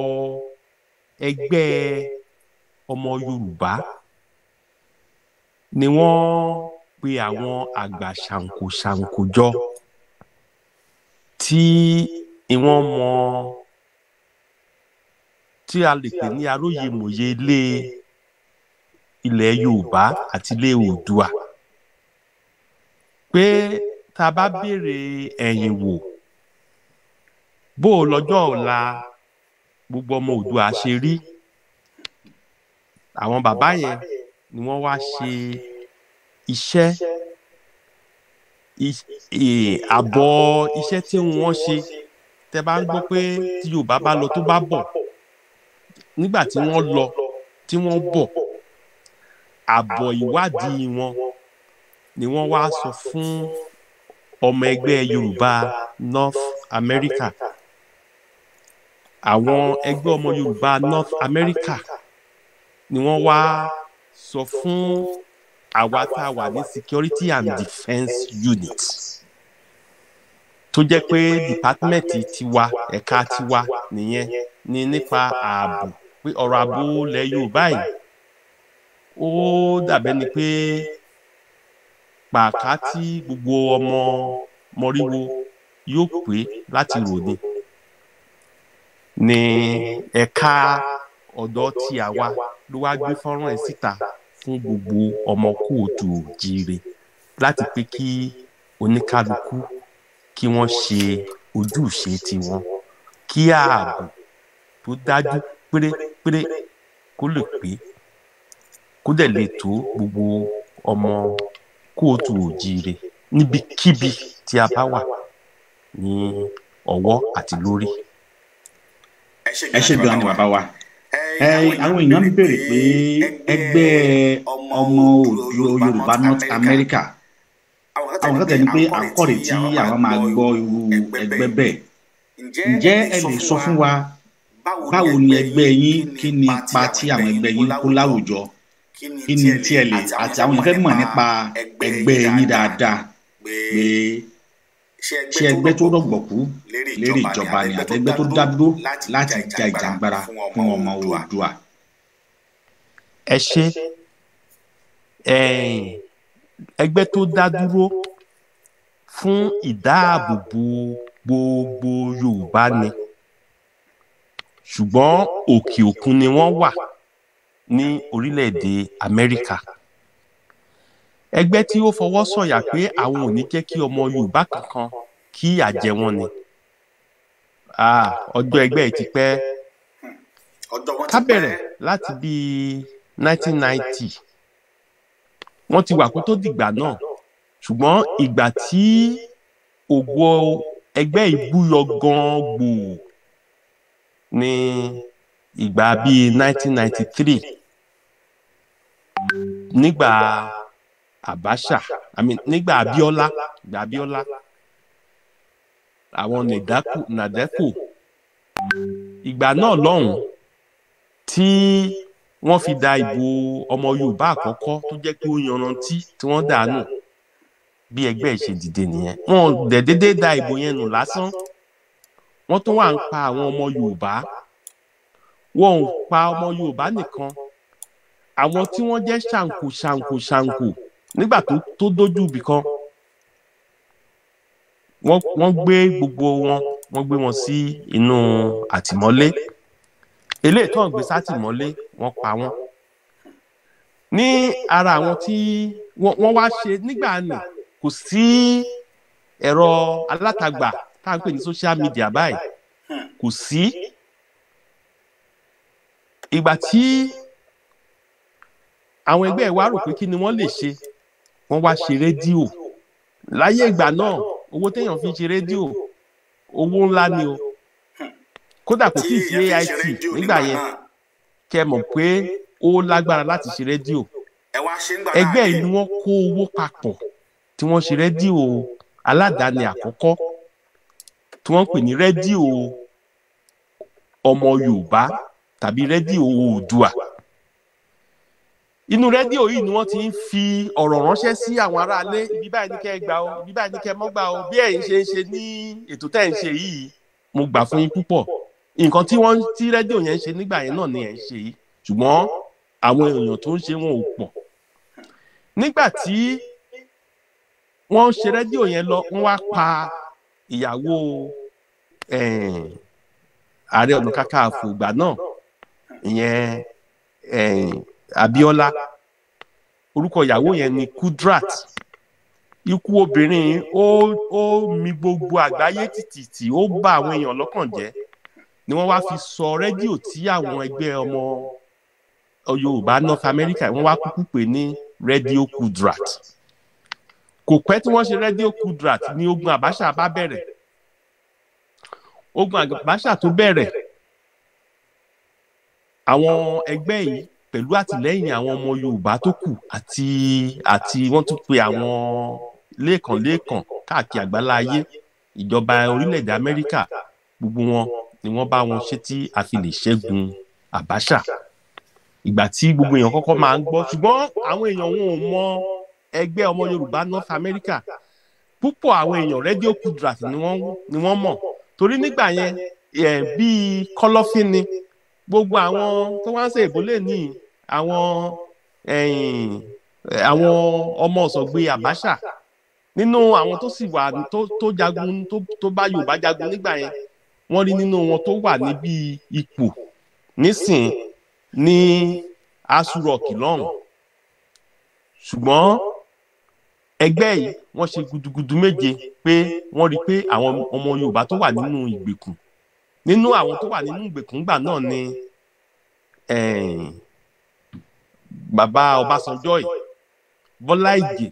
ẹgbẹ́ ọmọ Yorùbá ni wọ́n pe àwọn àgbà ṣàǹkóṣàǹkó jọ tí wọ́n mọ tí a lè pè ní aróyèmọ̀yé ilé ilẹ̀ Yorùbá àti ilé Oòduà pé tá a bá béèrè ẹ̀yìn wò bó o lọ́jọ́ ọ̀la gbogbo ọmọ Oòduà ṣe rí àwọn bàbá yẹn ni wọ́n wá ṣe iṣẹ́ e, àbọ̀ iṣẹ́ tí wọ́n ṣe tẹ́ bá ń gbọ́ pé tí Yorùbá bá lọ tó bá bọ̀ nígbà tí wọ́n lọ tí wọ́n bọ̀ àbọ̀ ìwádìí wọn ni wọ́n wá sọ fún ọmọ ẹgbẹ́ Yorùbá North America àwọn ẹgbẹ́ ọmọ Yorùbá North America ni wọ́n wá sọ fún àwa tá a wà ní Security and Defence Unit tó jẹ́ pé dìpátímẹ́ǹtì tiwa ẹ̀ka tiwa nìyẹn ni nípa ààbò pé ọ̀rọ̀ ààbò ilẹ̀ Yorùbá yìí ó dàbẹ́ ni pé pàká tí gbogbo ọmọ mọríwo yóò pé láti rò ni ní ẹ̀ka ọ̀dọ́ tí a wá ló wá gbé fọ́nrán ẹ̀ síta fún gbogbo ọmọ kóòtù òjíire láti pé kí oníkálukú kí wọ́n ṣe ojúṣe tiwọn kí ààbò tó dájú péré péré kó lè pé kó dẹ̀ lè tó gbogbo ọmọ kóòtù òjíire níbikíbi tí a bá wà ní ọwọ́ àti lórí. ẹ ṣe gan-an bàbá wa àwọn èèyàn ń béèrè pé ẹgbẹ́ ọmọ òjò Yorùbá North America àwọn kan tẹ̀ ní pé àkọ́rẹ́ tí àwọn máa gbọ́ irú ẹgbẹ́ bẹ́ẹ̀ ǹjẹ́ ẹ lè sọ fún wa báwo ni ẹgbẹ́ yín kí ni ipa tí àwọn ẹgbẹ́ yín kó láwùjọ kí ni tí ẹ lè àti àwọn ìfẹ́ mọ̀ nípa ẹgbẹ́ yín dáadáa pé ṣé ẹgbẹ́ tó rọ̀gbọ̀kú lérí ìjọba ni àti ẹgbẹ́ tó dádúró láti ja ìjàngbara fún ọmọ Oòduà. ẹ ṣe ẹgbẹ́ tó dádúró fún ìdáàbòbò gbogbo Yorùbá ni. Eh, ṣùgbọ́n òkè òkun ni wọ́n wà ní orílẹ̀-èdè Amẹ́ríkà ẹgbẹ́ tí ó fọwọ́ sọ̀yà pé àwọn ò ní jẹ́ kí ọmọ Yorùbá kankan kí ìyà jẹ wọ́n ni ọjọ́ ẹgbẹ́ ti pẹ́ ká bẹ̀rẹ̀ láti bí 1990 wọ́n ti wà kó tó dìgbà náà ṣùgbọ́n ìgbà tí ògo ẹgbẹ́ ìbúyọ gan gbòò ní ìgbà bíi 1993 nígbà Abacha I mean nígbà Abiola ìgbà Abiola àwọn nàdẹ́kù ìgbà náà lọ́hùn tí wọ́n fi da ìbò ọmọ Yorùbá àkọ́kọ́ tó jẹ́ pé ó yanrantí tí wọ́n dànù bí ẹgbẹ́ ìṣèdìde nìyẹn wọn dẹ̀ déédéé da ìbò yẹn nù lásán wọ́n tún wà ń pa àwọn ọmọ Yorùbá wọn ò pa ọmọ Yorùbá nìkan àwọn tí wọ́n jẹ́ ṣàǹkù ṣàǹkù ṣàǹkù nígbà tó tó dójú ibì kan wọ́n gbé gbogbo wọn wọ́n gbé wọn sí inú àtìmọ́lé eléyìí tó ń gbé sátìmọ́lé wọ́n pa wọ́n ní ara àwọn tí wọ́n wá ṣe nígbà ni kò sí ẹ̀rọ alátagbà tá à ń pè ní social media báyìí kò sí ìgbà tí àwọn ẹgbẹ́ wa rò pé kí ni wọ́n lè ṣe wọ́n wá ṣe rédíò láyé ìgbà náà owó téèyàn fi ṣe rédíò owó ńlá ni o kódà kò tíì sí AIT nígbà yẹn kẹ́ mọ̀ pé ó lágbára láti ṣe rédíò ẹgbẹ́ yìí ni wọ́n kó owó papọ̀ tí wọ́n ṣe rédíò aládàáni àkọ́kọ́ tí wọ́n ń pè ní rédíò ọmọ Yorùbá tàbí rédíò Oòduà inú rédíò yìí ni wọ́n ti ń fi ọ̀rọ̀ ránṣẹ́ sí àwọn aráalé ibi báyìí ní kẹ́ ẹ gbà o ibi báyìí ní kẹ́ ẹ mọ́ gbà o bí ẹ̀yin ṣe ń ṣe ní ètò tẹ́ ẹ̀ ń ṣe yìí mo gbà fún yín púpọ̀ nǹkan tí wọ́n ti rédíò yẹn ń ṣe nígbà yẹn náà ni ẹ̀ ń ṣe yìí ṣùgbọ́n àwọn èèyàn tó ń ṣe wọn ò pọ̀ nígbà tí wọ́n ṣe rédíò yẹn lọ wọ́n wá pa ìyàwó Eh, ààrẹ ọ̀nà kakanfò ìgbà náà ìyẹn eh, Abíọ́lá orúkọ ìyàwó yẹn ni Kudrat ikú obìnrin ó ó mì gbogbo àgbáyé tìtìtì ó bà àwọn èèyàn lọ́kàn jẹ́ ni wọ́n wá fi sọ rédíò tí àwọn ẹgbẹ́ ọmọ Yorùbá North America wọ́n wá kúkú pè ní rédíò Kudrat kò pẹ́ tí wọ́n ṣe rédíò Kudrat ni ogun Abacha bá bẹ̀rẹ̀ ogun àgbàṣà tó bẹ̀rẹ̀ àwọn ẹgbẹ́ yìí pẹ̀lú àtìlẹ́yìn àwọn ọmọ Yorùbá tó kù àti àti wọ́n tún pe àwọn lẹ́ẹ̀kanlẹ́ẹ̀kan káàkiri àgbálá ayé ìjọba orílẹ̀-èdè Amẹ́ríkà gbogbo wọn ni wọ́n bá wọn ṣe tí a fi lè ṣẹ́gun Abacha ìgbà tí gbogbo èèyàn kọ́kọ́ máa ń gbọ́ ṣùgbọ́n àwọn èèyàn wọn ò mọ ẹgbẹ́ ọmọ Yorùbá North America púpọ̀ àwọn èèyàn rédíò Kudrat ni wọ́n mọ̀ torí nígbà yẹn bíi kọ̀lọ̀fín ni gbogbo àwọn tó wá ń ṣe ìbò lè ní àwọn àwọn ọmọ ọ̀sọ̀gbé àbáṣà nínú àwọn tó sì wà tó jagun tó bá Yorùbá jagun nígbà yẹn wọ́n rí nínú wọn tó wà níbi ipò nísìn ní Aṣúrọ̀kì lọ́hùn ṣùgbọ́n ẹgbẹ́ yìí wọ́n ṣe gudugudu méje pé wọ́n rí i pé àwọn ọmọ Yorùbá tó wà nínú ìgbèkùn nínú àwọn tó wà nínú ìgbèkùn gbà náà ni eh, bàbá Ọbásanjọ́ yìí Bọ́lá Ìgè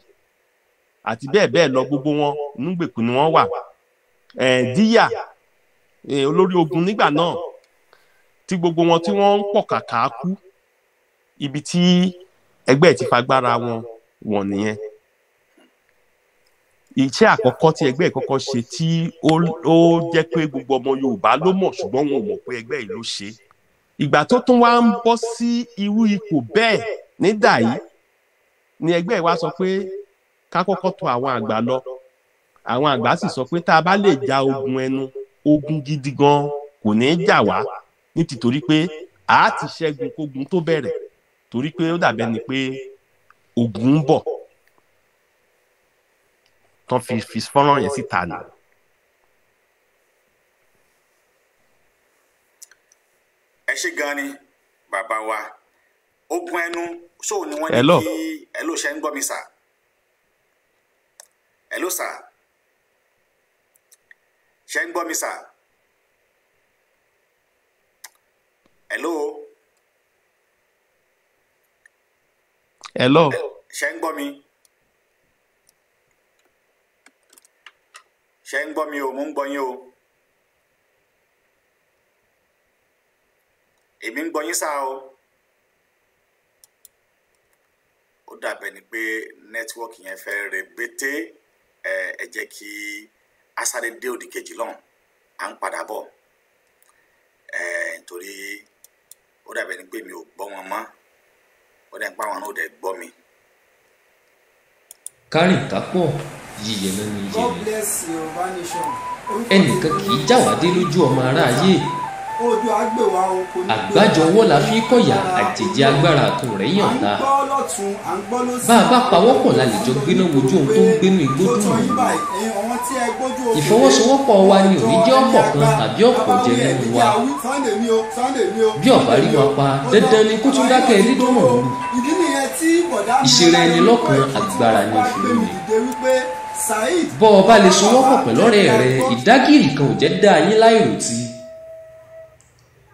àti bẹ́ẹ̀ bẹ́ẹ̀ lọ gbogbo wọn nínú ìgbèkùn ni wọ́n wà eh, Díyà eh, olórí ogun nígbà náà tí gbogbo wọn tí wọ́n ń pọ̀ kàkà kú ibi tí ẹgbẹ́ ti fagbára wọn wọ̀n nìyẹn iṣẹ́ àkọ́kọ́ tí ẹgbẹ́ ìkọ́kọ́ ṣe tí ó jẹ́ pé gbogbo ọmọ Yorùbá ló mọ̀ ṣùgbọ́n wọn ò mọ̀ pé ẹgbẹ́ yìí ló ṣe ìgbà tó tún wá ń bọ́ sí irú ipò bẹ́ẹ̀ nídà yìí ni ẹgbẹ́ wa sọ pé ká kọ́kọ́ tọ̀ àwọn àgbà lọ àwọn àgbà sì sọ pé tá a bá lè ja ogun ẹnu ogun gidi gan kò ní í jà wá ní tìtorí pé a ti ṣẹ́gun kógun tó bẹ̀rẹ̀ torí pé ó dàbẹ́ ni pé ogun ń bọ̀ tán fi fi fọ́nrán yẹn síta nù. ẹ ṣe gan ni bàbá wa ogun ẹnu ṣóò ni wọ́n ní kí ẹ ló ṣe ń gbọ́ mi sà ẹ ló sà ṣe ń gbọ́ mi Hello. Hello. ṣe ń gbọ́ mi o mo ń gbọ́ yín o èmi ń gbọ́ yín sáà o ó dàbẹ̀ ni pé nẹ́tíwọ́ọ̀kì yẹn fẹ́ rebete ẹ ẹ jẹ́ kí asáré dé òdì kejì lọ́hùn à ń padà bọ̀ ẹ nítorí ó dàbẹ̀ ni pé mi ò gbọ́ wọn mọ́ ó dẹ̀ ń pa àwọn náà ó dẹ̀ gbọ́ mi. kárìn kápọ̀ yíyẹ lẹ́nu yíyẹ ẹnìkan kì í jáwádé lójú ọmọ aráyé àgbájọ ọwọ́ la fi kọ̀yà àjèjì agbára àtún rẹ̀ yàn ta bá a bá pawọ́pọ̀ la lè jọ gbéná wojú ohun tó ń gbénú igbó dùn ún ìfọwọ́sowọ́pọ̀ wa ni òní jẹ́ ọ̀pọ̀ kan tàbí ọ̀pọ̀ jẹ nínú wa bí ọ̀bá rí wa pa dandan ni kó tún dákẹ́ ẹlẹ́dọ̀mọ̀ lù ìṣeré ẹni lọ́kàn agbára ní ìfìlú bọ́ ọ bá lè sowọ́pọ̀ pẹ̀lọ́rẹ́ rẹ ìdágìrì kan ò jẹ́ dá yín láìrètí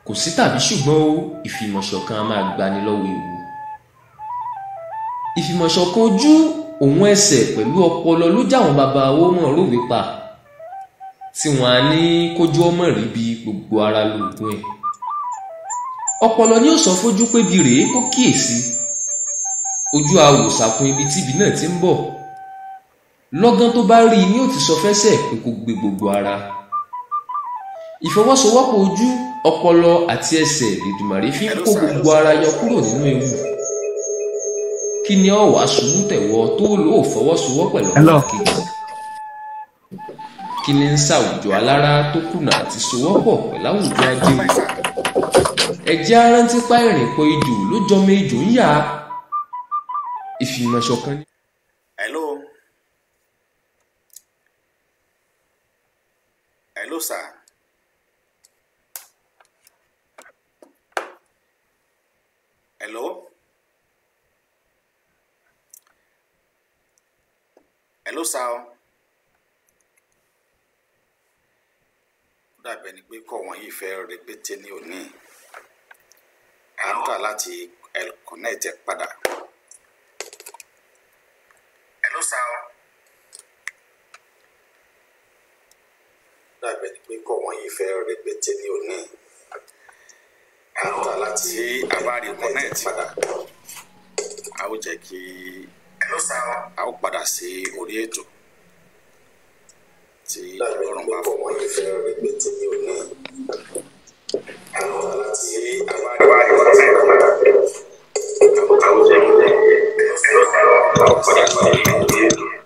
kò sí tàbí ṣùgbọ́n o ìfìmọ̀ṣọ̀kan a máa gbani lọ́wọ́ ewu ìfìmọ̀ṣọ̀kan ojú òun ẹsẹ̀ pẹ̀lú ọpọlọ ló jáwọn bàbá owó mọ̀ rówe pa tí wọ́n á ní kójú ọmọ rí bí gbogbo ara lóògùn ẹ̀ ọpọlọ ni ó sọ fojú pé bí rèé kó kíyèsí ojú awòsàkun ibi tíbi náà ti ń bọ̀ lọ́gán tó bá rí i ni ó ti sọ fẹ́sẹ̀ pé kó gbé gbogbo ara ìfọwọ́sowọ́pọ̀ ojú ọpọlọ àti ẹsẹ̀ lèdùmàrè fi ń kó gbogbo ara yọ kúrò nínú ewu kí ni ọ̀wà sùúrù tẹ̀wọ́ tó lò ó fọwọ́sowọ́ pẹ̀lú ọ̀pọ̀ kejì kí ni ń ṣàwùjọ alára tó kùnà àti sowọ́pọ̀ pẹ̀lú àwùjọ ajéwu ẹ̀jẹ̀ arántí pa ìrìnpọ̀ ejò ló jọmọ ejò ń yà ìfìmọ̀ṣọ̀kan ní. sir. Hello? Hello, sir. dàbẹ̀ ni pé kọ̀ wọ́n yìí fẹ́ rẹpẹtẹ ní òní à ń kà láti connect padà. Hello, sir. dàbẹ̀ pé kọ̀ wọ́n fẹ́ rẹpẹtẹ ní òní. àwọn aláti abárí connect a ó jẹ́ kí a ó padà sí orí ètò tí ọlọ́run bá fún wọn. àwọn aláti abárí connect a ó jẹ́ kí a ó padà sí orí ètò.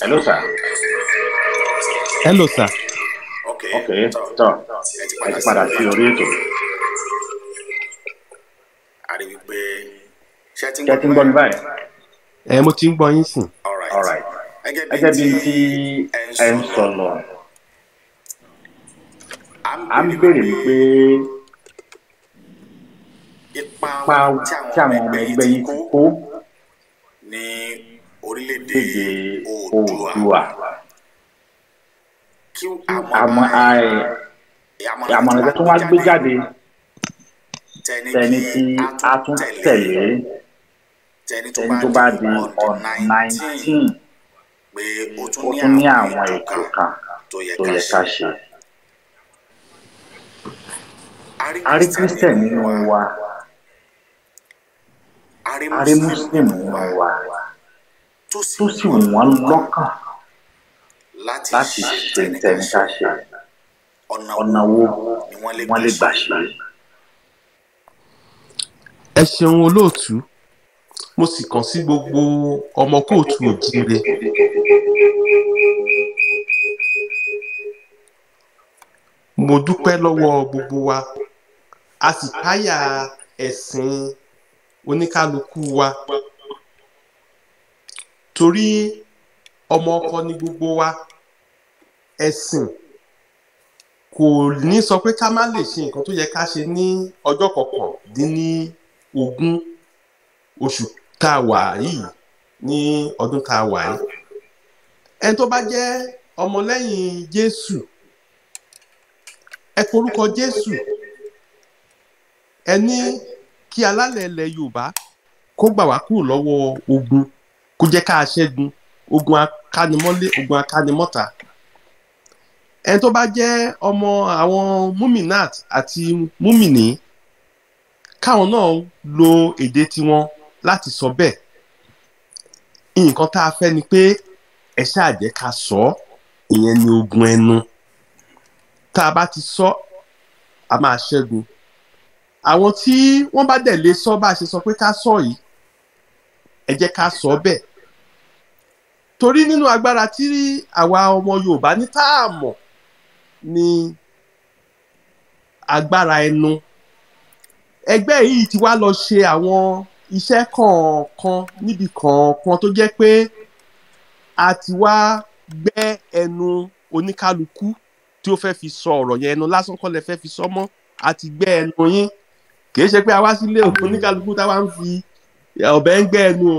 Hello, sir. Hello, sir. Ok, tọ́ ẹ ti padà sí orí ètò. A rí wípé ṣé ti ń gbọ́ mi báyìí? Ẹ mo ti ń gbọ́ yín sìn. Gẹ́gẹ́ bí ti ẹ ń sọnù, à ń béèrè wípé ipa tí àwọn ọmọ ẹgbẹ́ yìí ti kó ní orílẹ̀-èdè oòdùà àmọ́ àmọ̀ràn tó wá gbé jáde tẹni tí a tún tẹ̀lé tẹni tó bá di on nineteen ó tún ní àwọn ètò kan tó yẹ ká ṣe. a rí kírísítẹ̀ nínú wa a rí mùsùlùmí nínú wa tó sì wọ́n lọ́kàn láti ṣe tẹ̀mítà ṣe ọ̀nà wo ni wọ́n lè gbà ṣe. ẹ ṣeun olóòtú mo sì kàn sí gbogbo ọmọ kóòtù òjíire. mo dúpẹ́ lọ́wọ́ gbogbo wa a sì páyà ẹ̀sìn oníkálukú wa torí ọmọ ọkọ ni gbogbo wa ẹ̀sìn kò ní sọ pé ká má lè ṣe nǹkan tó yẹ ká ṣe ní ọjọ́ kọkàndínlógún oṣù tá a wà yìí ní ọdún tá a wà yìí ẹni tó bá jẹ́ ọmọlẹ́yìn Jésù ẹ porúkọ Jésù ẹ ní kí alálẹ̀ ilẹ̀ Yorùbá kó gbà wá kúrò lọ́wọ́ ogun kó jẹ́ ká a ṣẹ́gun ogun akánimọ́lé ogun akánimọ́ta ẹni tó bá jẹ́ ọmọ àwọn muminat àti mumini káwọn náà lo èdè tiwọn láti sọ bẹ́ẹ̀ nǹkan tá a fẹ́ ni pé ẹ ṣáà jẹ́ ká sọ ọ́ ìyẹn ni ogun ẹnu tá a bá ti sọ a máa ṣẹ́gun àwọn tí wọ́n bá dẹ̀ lè sọ bá a ṣe sọ pé ká sọ yìí ẹ jẹ́ ká sọ bẹ́ẹ̀ torí nínú agbára tí àwa ọmọ Yorùbá ní tá ni agbára ẹnu ẹgbẹ́ yìí ti wá lọ ṣe àwọn iṣẹ́ kọ̀ọ̀kan níbi kọ̀ọ̀kan tó jẹ́ pé a ti wá gbẹ́ ẹnu oníkálukú tí ó fẹ́ fi sọ ọ̀rọ̀ yẹn ẹnu lásán kọ́ lẹ fẹ́ fi sọ mọ́ a ti gbẹ́ ẹnu yín kì í ṣe pé a wá sílé oníkálukú táwa ń fi ọ̀bẹ ń gbẹ́ ẹnu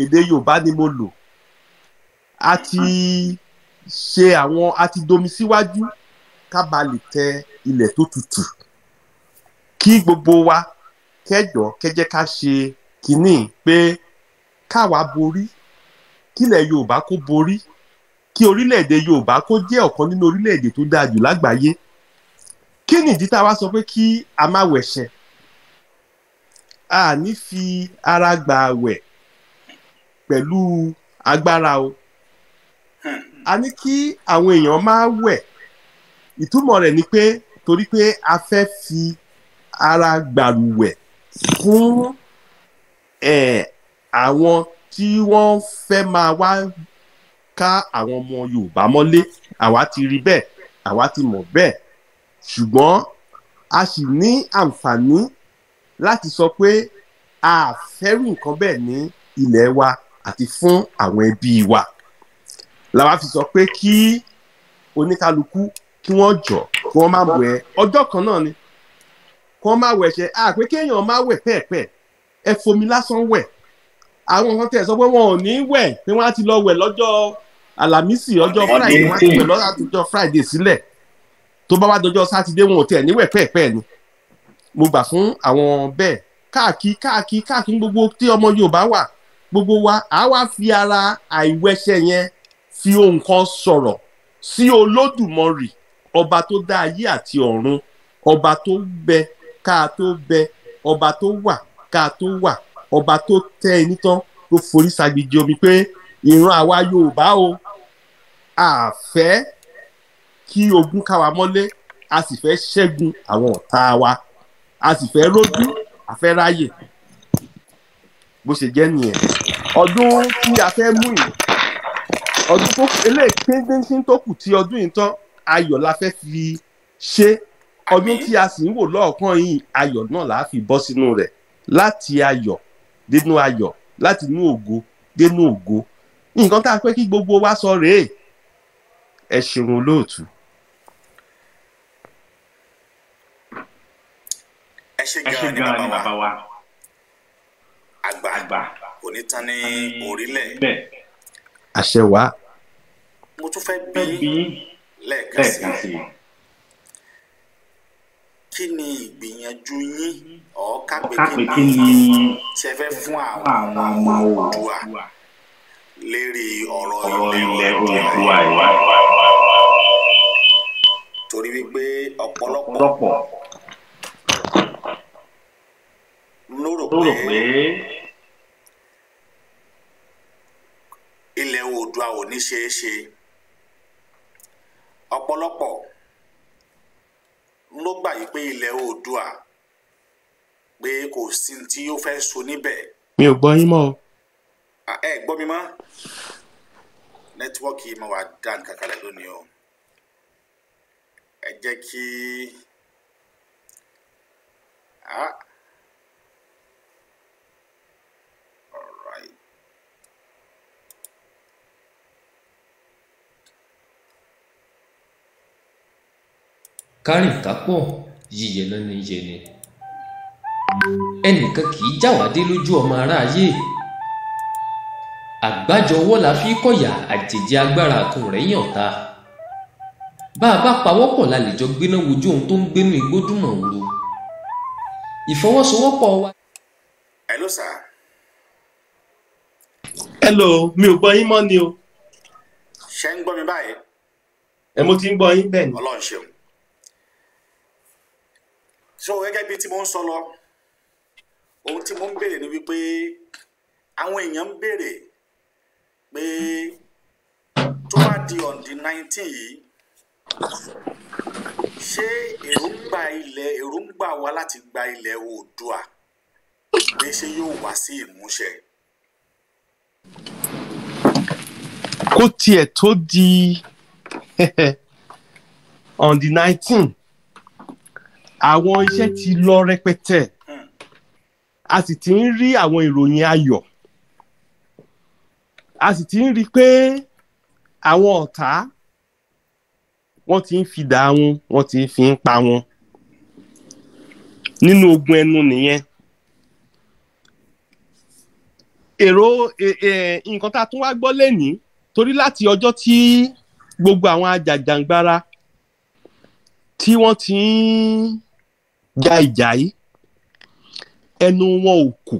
èdè Yorùbá ni mo lò a ti ṣe àwọn a ti domi síwájú ká ba lè tẹ ilẹ̀ tó tutù kí gbogbo wa kẹjọ kẹjẹ ká ṣe kínní pé káwa borí kílẹ̀ Yorùbá kó borí kí orílẹ̀-èdè Yorùbá kó jẹ́ ọ̀kan nínú orílẹ̀-èdè tó dáa jù lágbàáyé kí nìdí tá a wá sọ pé kí a má wẹ̀ṣẹ̀ a ní fi ara gbà àwẹ̀ pẹ̀lú agbára o a ní kí àwọn èèyàn máa wẹ̀ ìtumọ̀ rẹ̀ ni pé torí pé a fẹ́ fi ara gbàlùwẹ̀ fún ẹ̀ àwọn tí wọ́n fẹ́ máa wá ká àwọn ọmọ Yorùbá mọ́lé àwa ti rí bẹ́ẹ̀ àwa ti mọ̀ bẹ́ẹ̀ ṣùgbọ́n a sì ní àǹfààní láti sọ pé a fẹ́rù nǹkan bẹ́ẹ̀ ní ilẹ̀ wa àti fún àwọn ẹbí wa làwa fi sọ pé kí oníkálukú kí wọ́n jọ kí wọ́n má wẹ̀ ọjọ́ kan náà ni kí wọ́n má wẹ̀ ṣe àpé kéèyàn má wẹ̀ pẹ́ẹ̀pẹ́ ẹ fomi lásán wẹ̀ àwọn kan tẹ̀ sọ pé wọn ò ní wẹ̀ pé wọ́n á ti lọ wẹ̀ lọ́jọ́ àlàmísì ọjọ́ friday wọ́n á ti wẹ̀ lọ́jọ́ friday sílẹ̀ tó bá wá dọjọ́ sátidé wọn ò tẹ̀ níwẹ̀ pẹ́ẹ̀pẹ́ ni mo gbà fún àwọn bẹ́ẹ̀ káàkiri káàkiri káàkiri gbogbo tí ọmọ Yorùbá wà gbogbo wa á wá fi ara àìwẹ́ṣẹ̀ yẹn fi ohun kan sọ̀rọ̀ sí Olódùmarè ọba tó dá ayé àti ọ̀run ọba tó bẹ ká tó bẹ ọba tó wà ká tó wà ọba tó tẹ ẹni tán tó forí sagbèjì omi pé ìran àwa Yorùbá o àfẹ́ kí ogun ká wa mọ́lé a sì fẹ́ ṣẹ́gun àwọn ọ̀tá wa a sì fẹ́ rójú a fẹ́ ráyè bó ṣe jẹ́ nìyẹn ọdún tí a fẹ́ mú yìí ọdún tó eléyìí tó kù tí ọdún yìí tán ayọ̀ la fẹ́ fi ṣe ọdún tí a sì ń wò lọ́ọ̀kan yìí ayọ̀ náà la fi bọ́ sínú rẹ̀ láti ayọ̀ dénú ayọ̀ láti inú ògo dénú ògo nǹkan tá a fẹ́ kí gbogbo wa sọ rèé ẹ ṣeun olóòtú. Eshegan ni bàbá wa àgbà kò ní tán ní orílẹ̀ àṣẹ wa. mo tún fẹ́ bí lẹ́ẹ̀kan sí i kí ni ìgbìyànjú yín ọ̀ kápẹ́ kí ni ṣe fẹ́ fún àwọn ọmọ Oòduà lérí ọ̀rọ̀ ilẹ̀ Oòduà yìí torí wípé ọ̀pọ̀lọpọ̀ ló rò pé ilẹ̀ oòdùà ò ní ṣeé ṣe ọ̀pọ̀lọpọ̀ ló gbà yí pé ilẹ̀ oòdùà pé kò sí tí yóò fẹ́ so níbẹ̀. mi ò gbọ́ yín mọ́ o. ẹ gbọ́ mi mọ́ nẹ́tíwọ́ọ̀kì máa wà dá nǹkan kalẹ̀ lónìí o ẹ jẹ́ kí. Ah kárìntàpọ̀ yíyẹ lẹ́nu yẹni ẹnìkan kì í jáwádé lójú ọmọ aráyé àgbájọwọ́ la fi kọ̀yà àjèjì agbára àtún rẹ̀ yàn ta bá a bá pawọ́pọ̀ la lè jọ gbéná wojú ohun tó ń gbénu igbó dùnmọ̀ òru wa. hello sir. hello mi ò gbọ́ yín mọ́ ni o. ṣé ń gbọ́ mi báyìí. ẹ mo ti ń gbọ́ yín bẹ́ẹ̀ ni. ọlọ́run ṣeun so gẹ́gẹ́ bíi tí mo ń sọ lọ ohun tí mo ń béèrè ni wípé àwọn èèyàn ń béèrè pé tó bá di on the nineteen yìí ṣé èròǹgbà ilẹ̀ èròǹgbà wa láti gba ilẹ̀ oòdùà pé ṣé yóò wá sí ìmúṣẹ. kó tiẹ̀ tó di on the nineteen àwọn iṣẹ́ ti lọ rẹpẹtẹ a sì ti ń rí àwọn ìròyìn ayọ̀ a sì ti ń rí i pé àwọn ọ̀tá wọ́n ti ń fi dà wọn wọ́n ti ń fi ń pa wọn nínú ogun ẹnu nìyẹn èrò e, e, nǹkan tá a tún wá gbọ́ lẹ́nìí torí láti ọjọ́ tí gbogbo àwọn ajàjàǹgbara tí wọ́n ti ń jàìjàì ẹnu wọn ò kù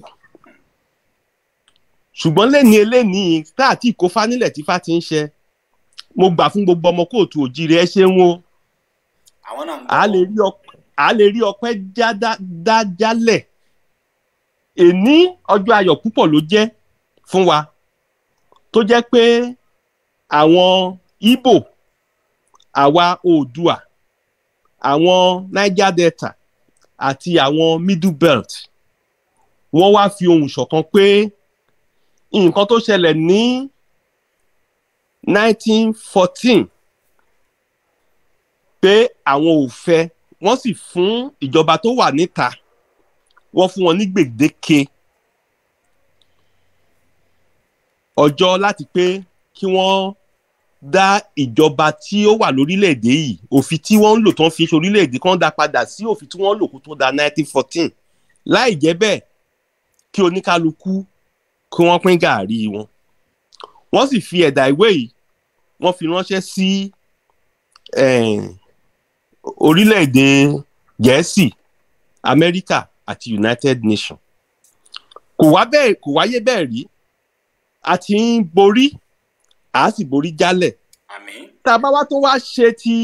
ṣùgbọ́n lẹ́ni eléyìí tá àti ìkófá nílẹ̀ tí fá ti ń ṣe mo gbà fún gbogbo ọmọ kóòtù òjìrè ẹ ṣeun o a lè rí ọpẹ́ dá jálẹ̀ èní ọjọ́ ayọ̀ púpọ̀ ló jẹ́ fún wa tó jẹ́ pé àwọn Ìgbò àwa Oòduà àwọn Niger Delta àti àwọn middle belt wọ́n wá fi ohùn ṣọ̀kan pé nǹkan tó ṣẹlẹ̀ ní 1914 pé àwọn ò fẹ́ wọ́n sì fún ìjọba tó wà níta wọ́n fún wọn ní gbèdéke ọjọ́ láti pé kí wọ́n dá ìjọba tí ó wà lórílẹ̀‐èdè yìí òfin tí wọ́n ń lò tó ń fi ṣe orílẹ̀ kan dá padà sí òfin tí wọ́n ń lò kó tó da nineteen fourteen láì jẹ́ bẹ́ẹ̀ kí oníkálukú kí wọ́n pín gàárì wọn wọ́n sì fi ẹ̀dà ìwé yìí wọ́n fi ránṣẹ́ sí eh, orílẹ̀‐èdè gẹ̀ẹ́sì amẹ́ríkà àti united nations kò wá bẹ́ẹ̀ kò wáyé bẹ́ẹ̀ rí a ti ń borí a sì borí jálẹ̀. tá a bá wá tó wá ṣe ti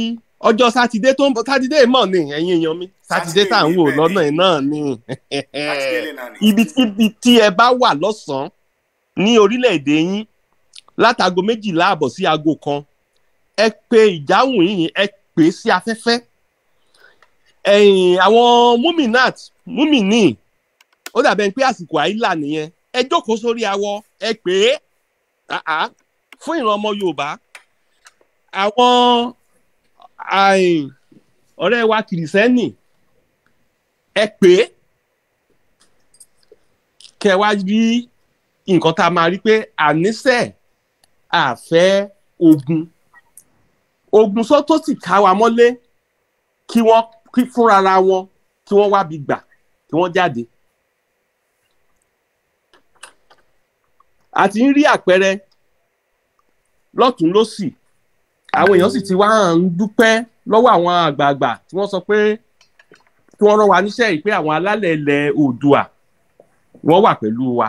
ọjọ́ sátidé tó ń bọ̀ sátidé mọ̀ ni ẹ̀yin èèyàn mi sátidé tá à ń wò lọ́nà ẹ̀ náà ni ibikíbi tí ẹ bá wà lọ́sàn-án ní orílẹ̀-èdè yín látago méjìlá àbọ̀ sí aago kan ẹ pe ìjáhùn yìí ẹ pè é sí afẹ́fẹ́ ẹ̀yìn àwọn muminat mumini ó dàbẹ̀ pé àsìkò àìlà ẹ jókòó sórí awọ ẹ pè é ah, ah fún ìran ọmọ Yorùbá àwọn ọ̀rẹ́ wa kìrìsẹ́nì ẹ pé kẹ́ wá rí nǹkan tá a máa rí pé àníṣe àfẹ́ ogun ogun sọ tó sì ká wa mọ́lé kí wọ́n kí fúnra wọn kí wọ́n wábi gbà kí wọ́n jáde. a ń rí àpẹẹrẹ lọ́tún lọ́sì àwọn èèyàn sì ti wá ń dúpẹ́ lọ́wọ́ àwọn àgbààgbà tí wọ́n sọ pé kí wọ́n rán wa níṣẹ́ yìí pé àwọn alálẹ̀ ilẹ̀ oòdùà wọ́n wà pẹ̀lú wa.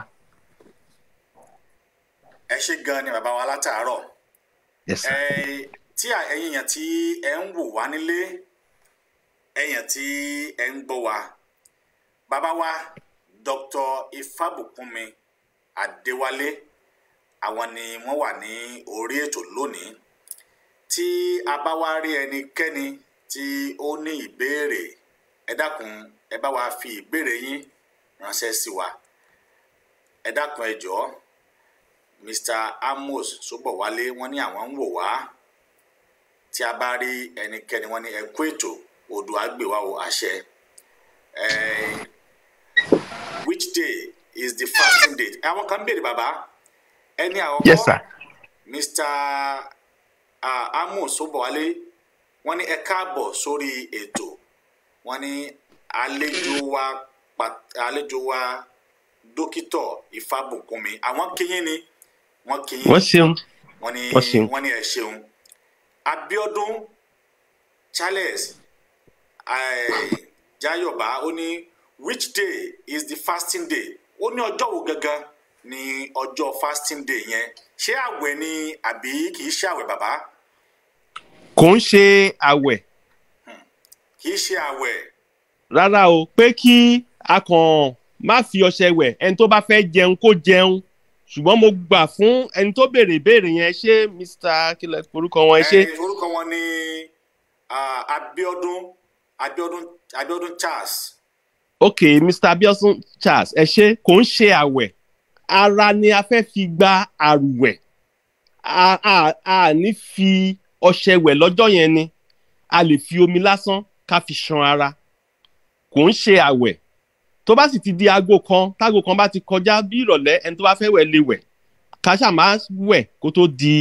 ẹ ṣe gan ni bàbá wa látàárọ̀ tí ẹ̀yin èèyàn tí ẹ ń wò wá nílé ẹ̀yin tí ẹ ń gbọ́ wa bàbá wa Dr. Ifábùkúnmi Adéwálé àwọn ni wọ́n wà ní orí ètò lónìí tí a bá wá rí ẹnikẹ́ni tí ó ní ìbéèrè ẹ dákun ẹ bá wa fi ìbéèrè yín ránṣẹ́ sí wa ẹ dákun ẹ jọ̀ọ́ Mr. Amos Sobowale wọ́n ní àwọn ń wò wá tí a bá rí ẹnikẹ́ni wọ́n ní ẹ ètò odò àgbèwà o àṣẹ. Which day is the fasting date? Àwọn kan béèrè bàbá ẹni àkọ́kọ́ yes sir mr uh, amos obawale wọ́n ní ẹ káàbọ̀ sórí ètò wọ́n ní àlejò wa àlejò wa dókítà ìfàbùkúnmi àwọn kéyìn ni wọ́n kéyìn wọ́n ṣeun wọ́n ní wọ́n ní ẹ ṣeun abiodun charles jayoba ó ní which day is the fasting day ó ní ọjọ́ wo gangan ní ọjọ́ fasting day yẹn ṣé àwẹ̀ ni àbí kì í ṣe àwẹ̀ bàbá. kò ń ṣe àwẹ̀. Hmm. kì í ṣe àwẹ̀. rárá o pé kí a kàn má fi ọṣẹ wẹ̀ ẹni tó bá fẹ́ jẹun kó jẹun ṣùgbọ́n mo gbà fún ẹni tó béèrè ìbéèrè yẹn ṣé mr kílẹ̀ orúkọ wọn ṣe. ẹ orúkọ wọn ni Abiodun Abíọ́dún Abíọ́dún Charles. ok mr Abiodun Charles ẹ ṣe kò ń ṣe àwẹ̀ ara ni a fẹ́ fi gba àrùwẹ̀ a a a ní fi ọṣẹ wẹ̀ lọ́jọ́ yẹn ni a lè fi omi lásán ká fi ṣan ara kò ń ṣe àwẹ̀ tó bá sì ti di aago kan táago kan bá ti kọjá bí ìrọ̀lẹ́ ẹni tó bá fẹ́ wẹ̀ lè wẹ̀ ká ṣàmá wẹ̀ kó tó di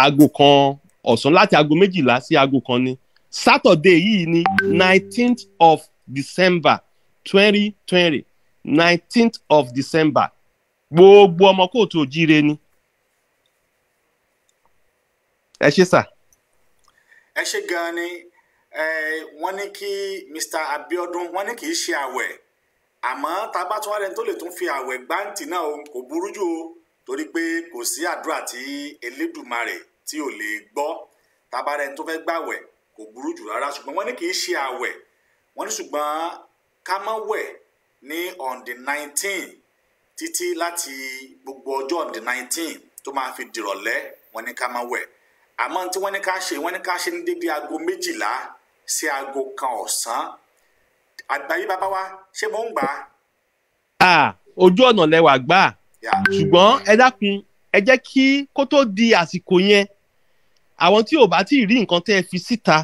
aago kan ọ̀sán láti aago méjìlá sí aago kan ni Saturday yìí ni nineteenth of December twenty twenty nineteenth of December gbogbo ọmọ kóòtù òjíire ni ẹ ṣe sà. ẹ ṣe gan-an ni wọ́n ní kí Mr. Abiodun wọ́n ní kì í ṣe àwẹ̀ àmọ́ tá a bá tún wá rẹni tó lè tún fi àwẹ̀ gbáǹtì náà kò burú jù o torí pé kò sí àdúrà tí Elédùmarè tí ò lè gbọ́ tá a bá rẹni tó fẹ́ gbàwẹ̀ kò burú jù rárá ṣùgbọ́n wọ́n ní kì í ṣe àwẹ̀ wọ́n ní ṣùgbọ́n ká má wẹ̀ ní on the nineteen títí láti gbogbo ọjọ́ the nineteen tó máa fi dìrọ̀lẹ́ wọ́n ní ká má wẹ̀ àmọ́ tí wọ́n ní ká ṣe wọ́n ní ká ṣe ní dédé aago méjìlá sí aago kan ọ̀sán àgbáyé bàbá wa ṣé mò ń gbà á. ojú ọ̀nà lẹwà gbà ṣùgbọ́n ẹ dákun ẹ jẹ́ kí kó tó di àsìkò yẹn àwọn tí ò bá tí ì rí nǹkan tẹ́ ẹ fi síta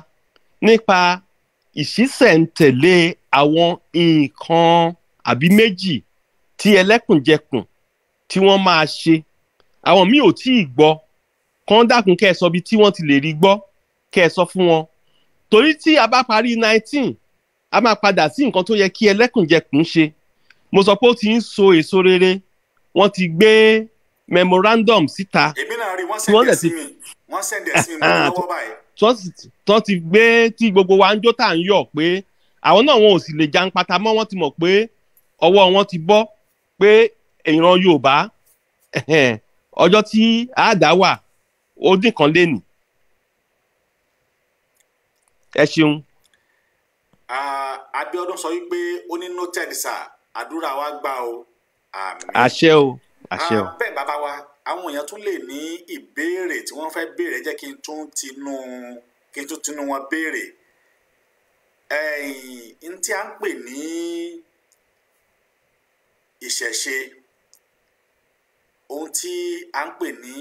nípa ìṣísẹ̀ntẹ̀lé àwọn nǹkan àbí méjì tí ẹlẹ́kùnjẹkùn tí wọ́n máa ṣe àwọn míì ò tí ì gbọ́ kán dákun kẹ́ ẹ sọ bí tí wọ́n ti lè rí gbọ́ kẹ́ ẹ sọ fún wọn torí tí a bá parí nineteen a máa padà sí nǹkan tó yẹ kí ẹlẹ́kùnjẹkùn ṣe mo sọ pé ó ti ń so èso rere wọ́n ti gbé memorandum síta èmi náà rí wọ́n sẹ̀dẹ̀ sí mi wọ́n sẹ̀dẹ̀ ah, sí mi lọ́wọ́ báyìí tó ti gbé tí gbogbo wa ń jó tà ń yọ̀ pé àwọn náà wọn ò sì lè jàǹpátá mọ́ wọ́n ti mọ̀ pé ọwọ́ wọn ti bọ́ pé ìran Yorùbá ọjọ́ tí àádá wà ó dín kan lé nì ẹ ṣeun. Abíọ́dún sọ wípé ó ní noted sir àdúrà wa gbà o. àṣẹ o àṣẹ o. bẹ́ẹ̀ bàbá wa àwọn èèyàn tún lè ní ìbéèrè tí wọ́n fẹ́ béèrè jẹ́ kí n tún tinú kí n tún tinú wọn béèrè. ẹ̀yìn ntí à ń pè ní. Ni ìṣẹ̀ṣe ohun tí a ń pè ní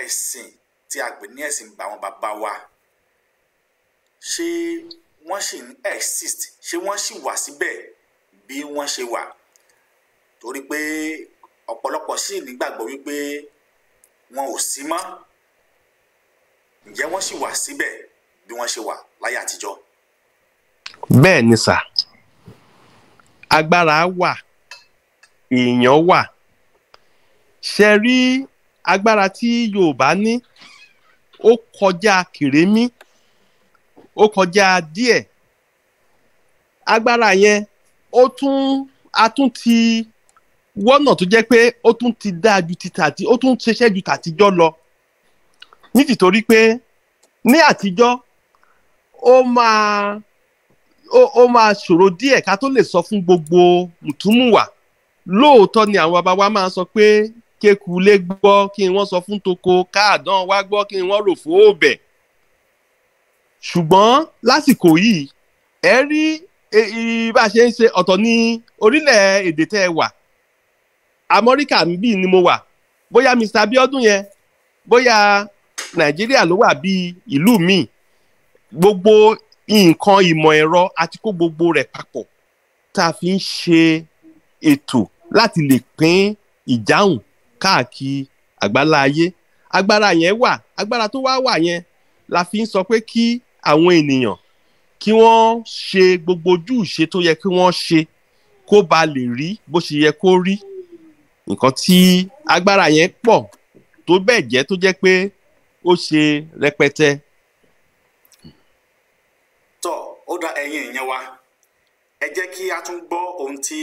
ẹ̀sìn tí a pè ní ẹ̀sìn àwọn bàbá wa ṣé wọ́n sì ń exist ṣé wọ́n sì wà síbẹ̀ bí wọ́n ṣe wà torí pé ọ̀pọ̀lọpọ̀ sì nígbàgbọ́ wípé wọn ò sí mọ́ ǹjẹ́ wọ́n sì wà síbẹ̀ bí wọ́n ṣe wà láyé àtijọ́. bẹ́ẹ̀ ni sà agbára wà èèyàn wà ṣe rí agbára tí yorùbá ní ó kọjá kèrémí ó kọjá díẹ̀ agbára yẹn ó tún a tún ti wọ́nà tó jẹ́ pé ó tún ti dáa ju ti tàti ó tún ṣeṣẹ́ ju tàtijọ́ lọ nítìtorí pé ní àtijọ́ ó máa ó máa ṣòro díẹ̀ ká tó lè sọ fún gbogbo mùtúmùwà lóòótọ́ ni àwọn bàbá wa máa sọ pé kékulé gbọ́ kí wọ́n sọ fún toko káàdán wá gbọ́ kí wọ́n rò fún òbẹ̀ ṣùgbọ́n lásìkò yìí ẹ rí e, bá a ṣe ń ṣe ọ̀tọ̀ ní orílẹ̀-èdè tẹ́ ẹ wà amọ́ríkà níbí ni mo wà bóyá mr abiodun yẹn bóyá nàìjíríà ló wà bíi ìlú míì gbogbo nǹkan ìmọ̀ ẹ̀rọ àti kó gbogbo rẹ̀ papọ̀ tá a fi ń ṣe ètò láti lè pín ìjáhùn káàkiri àgbálá ayé agbára yẹn wà agbára tó wá wà yẹn la fi ń sọ pé kí àwọn ènìyàn kí wọ́n ṣe gbogbo ojúṣe tó yẹ kí wọ́n ṣe kó ba lè rí bó ṣe yẹ kó rí nǹkan tí agbára yẹn pọ̀ tó bẹ́ẹ̀ jẹ́ tó jẹ́ pé ó ṣe rẹpẹtẹ. tọ́ ó da ẹ̀yin ìyẹn wa ẹ jẹ́ kí a tún gbọ́ ohun tí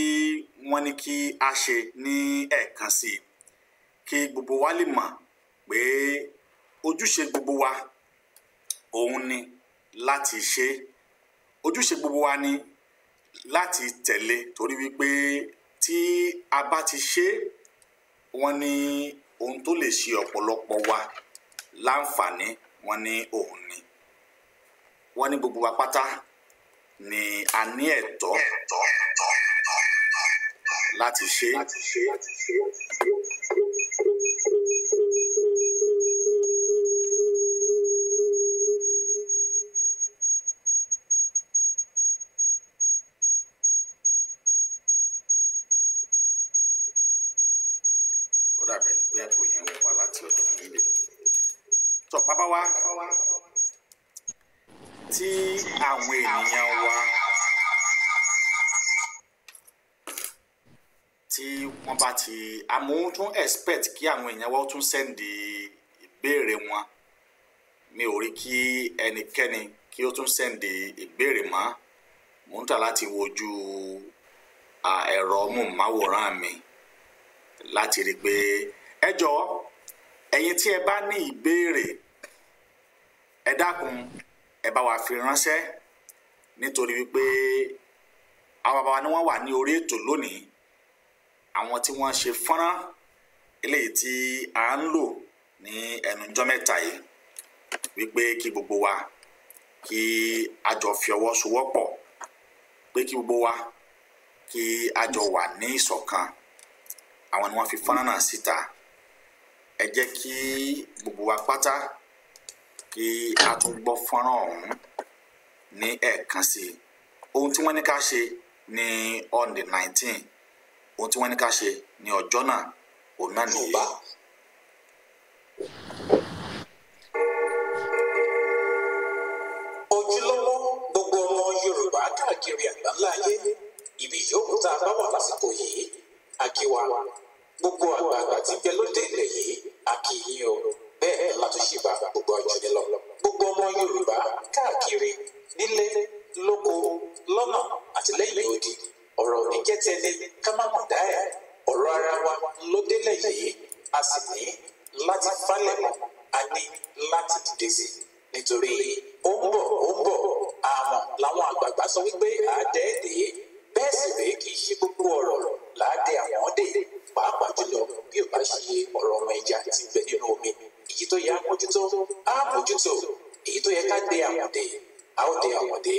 wọ́n ní kí a ṣe ní ẹ̀ẹ̀kan sí i kí gbogbo wa lè mọ̀ pé ojúṣe gbogbo wa òun ni láti ṣe ojúṣe gbogbo wa ni láti tẹ̀lé torí wípé tí a bá ti ṣe wọ́n ní ohun tó lè ṣe ọ̀pọ̀lọpọ̀ wa láǹfààní wọ́n ní òun ni wọ́n ní gbogbo wa pátá ni a ní ẹ̀tọ́ láti ṣe. ó dàbẹ̀ ní pé ẹ̀kú yẹn wá láti ọ̀dọ̀ nílé. tó bàbá wa tí àwọn ènìyàn wa. wọ́n bá ti àmọ́ ó tún expect kí àwọn èèyàn wọ́n tún sẹ́ndì ìbéèrè wọn mi ò rí kí ẹnikẹ́ni kí ó tún sẹ́ndì ìbéèrè mọ́ mò ń tà láti wojú ẹ̀rọ móhùnmáwòrán mi láti rí i pé ẹ jọ̀ọ́ ẹ̀yin tí ẹ bá ní ìbéèrè ẹ dákun ẹ bá wa fi ránṣẹ́ nítorí wípé àwọn bàbá ni wọ́n wà ní orí ètò lónìí àwọn tí wọ́n ṣe fọ́nrán eléyìí tí a ń lò ní ẹnujọ́ mẹ́ta yìí wípé kí gbogbo wa kí a jọ fi ọwọ́ sowọ́pọ̀ pé kí gbogbo wa kí a jọ wà ní ìṣọ̀kan àwọn ni wọ́n fi fọ́nrán náà síta ẹ jẹ́ kí gbogbo wa pátá kí a tún gbọ́ fọ́nrán ọ̀hún ní ẹ̀ẹ̀kan sí i ohun tí wọ́n ní ká ṣe ní on the nineteen ohun tí wọ́n ní ká ṣe ní ọjọ́ náà òun náà nìyí. ojúlówó gbogbo ọmọ Yorùbá káàkiri àgbáńlá ayé ibi yòówù tá a bá wà lásìkò yìí àkíwá gbogbo àgbààgbà tí bẹ lóde ilẹ̀ yìí àkìyí o bẹ́ẹ̀ látúnṣe bá gbogbo àjọyọ̀ lọ. gbogbo ọmọ Yorùbá káàkiri nílé lóko lọ́nà àti lẹ́yìn ọ̀rọ̀ oníjẹ́tẹ̀lé ká má mọ̀ dá ẹ̀ ọ̀rọ̀ ara wa ló délẹ̀ yìí a sì ní láti falẹ̀ mọ́ a ní láti dìde sí nítorí ó ń bọ̀ ó ń bọ̀ àmọ́ làwọn àgbààgbà sọ wípé àdẹ́ẹ̀dẹ́ bẹ́ẹ̀ sì rèé kì í ṣe gbogbo ọ̀rọ̀ làádẹ́ àwọn dé pàápàá jùlọ bí o bá ṣe ọ̀rọ̀ ọmọ ẹja ti bẹ nínú omi èyí tó yẹ àmójútó àmójútó èyí tó yẹ ká dé àmọ̀dé àódé àmọ̀dé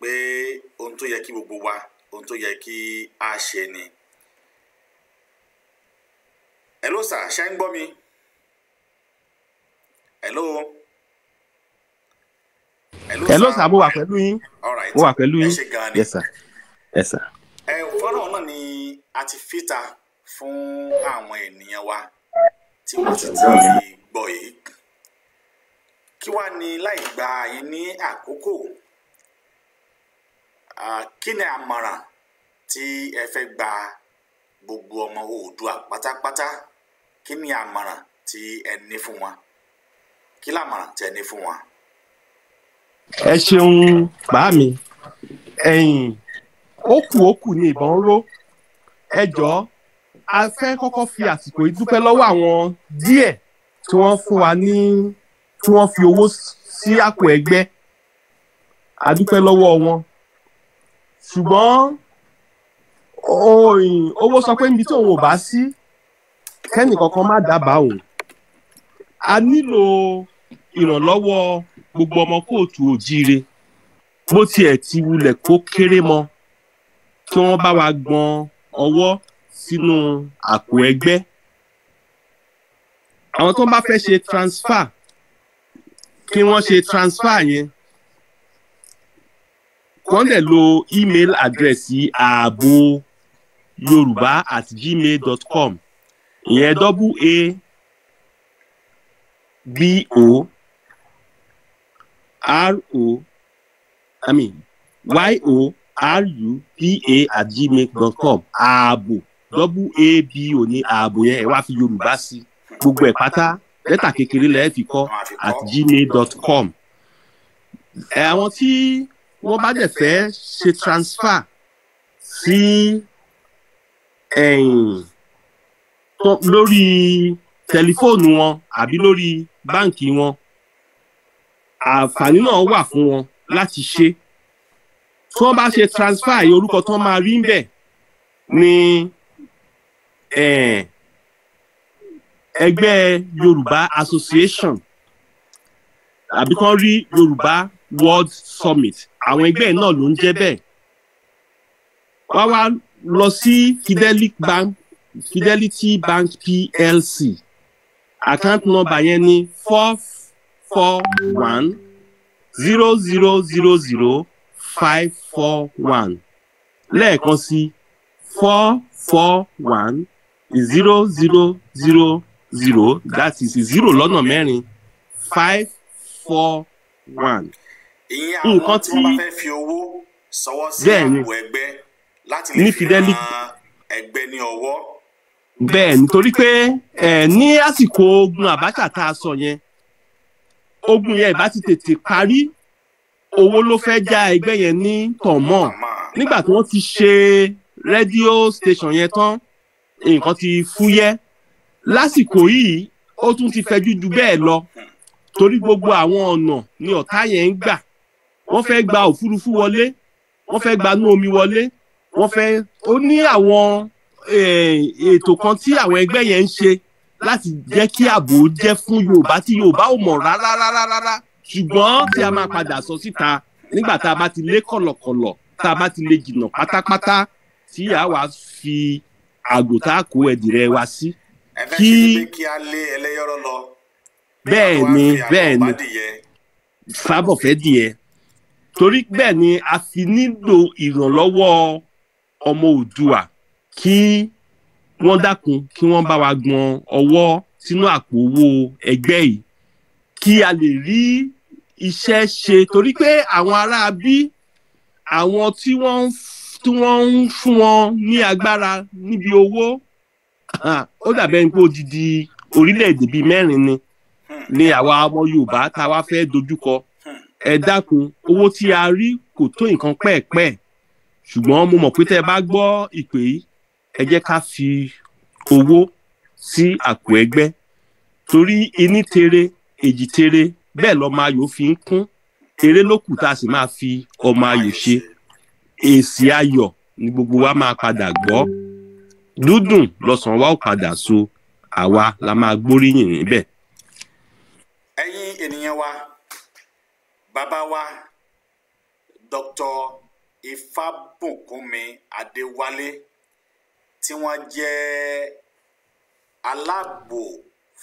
pé ohun tó yẹ kí gbogbo wa ohun tó yẹ kí a ṣe ni. hello sir ṣe ń gbọ́ mi hello. hello sir mo wà pẹ̀lú yín mo wà pẹ̀lú yín yes sir yes sir. ẹ fọ́nrán náà ni a ti fìta fún àwọn ènìyàn wa tí wọ́n ti ti gbọ́ yìí kí wàá ní láì gba yín ní àkókò Ah, kí ni àmọ̀ràn tí ẹ fẹ́ gba gbogbo ọmọ Oòduà pátápátá kí ni àmọ̀ràn tí ẹ ní fún wọn kí làmọ̀ràn tí ẹ ní fún wọn. ẹ ṣeun bàá mi ẹ̀yin òkú òkú ni ìbọn ró ẹ jọ̀ọ́ a fẹ́ kọ́kọ́ fi àsìkò yìí dúpẹ́ lọ́wọ́ àwọn díẹ̀ tí wọ́n fún wa ní tí wọ́n fi owó sí àpò ẹgbẹ́ a dúpẹ́ wọn ṣùgbọ́n òyìn owó sọ pé níbi tí òun ò bá sí kẹ́nì kankan má dábàá òun a nílò ìrànlọ́wọ́ gbogbo ọmọ kóòtù òjíire bó tiẹ̀ ti wulẹ̀ kó kéré mọ́ kí wọ́n bá wa gbọn ọwọ́ sínú àpò ẹgbẹ́ àwọn tó bá fẹ́ ṣe transfer kí wọ́n ṣe transfer yẹn wọ́n dẹ̀ lo email address ààbò yorùbá at gmail dot com ìyẹn double a b o r o i mean y o r u p a at gmail dot com ààbò double a b o ní ààbò yẹn ẹ wá fi yorùbá sí gbogbo ẹ̀ pátá lẹ́tà kékeré lẹ́ẹ̀ fi kọ́ at gmail dot com àwọn tí wọ́n bá dẹ̀ fẹ́ ṣe transfer sí lórí tẹlifóònù wọn àbí lórí báǹkì wọn àǹfààní náà wà fún wọn láti ṣe tí wọ́n bá ṣe transfer yìí orúkọ tí wọ́n máa rí ń bẹ̀ ni ẹgbẹ́ Yorùbá Association àbí kán rí Yorùbá World Summit àwọn ẹgbẹ́ náà ló ń jẹ́ bẹ́ẹ̀ wá wá lọ sí Fidelity Bank Fidelity Bank PLC account number yẹn ni four four one zero zero zero zero five four one lẹ́ẹ̀kan sí four four one zero zero zero zero that is zero lọ́nà mẹ́rin five four one ìyẹn àwọn tí wọ́n bá fẹ́ fi owó sọwọ́ sí àpò ẹgbẹ́ láti lè fi ran ẹgbẹ́ ní ọwọ́. bẹ́ẹ̀ nítorí pé ní àsìkò ogun Abacha tá a sọ yẹn ogun yẹn ìbá ti tètè parí owó ló fẹ́ já ẹgbẹ́ yẹn ní tọ̀mọ̀ nígbà tí wọ́n ti ṣe rédíò station yẹn tán nǹkan ti fúyẹ́ lásìkò yìí ó tún ti fẹjú ju bẹ́ẹ̀ lọ torí gbogbo àwọn ọ̀nà ni ọ̀tá yẹn ń gbà wọ́n fẹ́ gba òfurufú wọlé wọ́n fẹ́ gbanú omi wọlé wọ́n fẹ́ ó ní àwọn ètò kan tí àwọn ẹgbẹ́ yẹn ń ṣe láti jẹ́ kí ààbò jẹ́ fún Yorùbá tí Yorùbá ò mọ̀ rárá rárá rárá ṣùgbọ́n tí a máa padà sọ síta nígbà tá a bá ti lé kọ̀lọ̀kọ̀lọ̀ tá a bá ti lè jìnnà pátápátá tí a wá fi àgò tá a kó ẹ̀dìrẹ́ wa sí. kí bẹ́ẹ̀ ni bẹ́ẹ̀ ni fábọ̀ fẹ́ dìé torí bẹ́ẹ̀ ni a sì nílò ìrànlọ́wọ́ ọmọ òdùà kí wọ́n dákun kí wọ́n bá wa gbọn ọwọ́ sínú àpò owó ẹgbẹ́ yìí kí a lè rí iṣẹ́ ṣe torí pé àwọn ará bí àwọn tí wọ́n tí wọ́n ń fún wọn ní agbára níbi owó ah, ó dàbẹ́ ní pé odidi orílẹ̀-èdè bíi mẹ́rin ni ni àwa ọmọ Yorùbá tá a wá fẹ́ dojúkọ ẹ dákun owó tí a rí kò tó nǹkan pẹ́ẹ̀pẹ́ ṣùgbọ́n mo mọ̀ pé tẹ́ ẹ bá gbọ́ ìpè yìí ẹ jẹ́ ká fi owó sí àpò ẹgbẹ́ torí iní tere èjì tere bẹ́ẹ̀ lọ́mọ ayò fi ń kún eré ló tá a sì máa fi ọmọ ayò ṣe èsì ayọ̀ ni gbogbo wa máa padà gbọ́ dúdùn lọ́sàn wa ò padà so àwa la máa gbóríyìn níbẹ̀. ẹ̀yin ènìyàn wa bàbá wa Dr. Ifábùkúnmi Adéwálé tí wọ́n jẹ́ aláàbò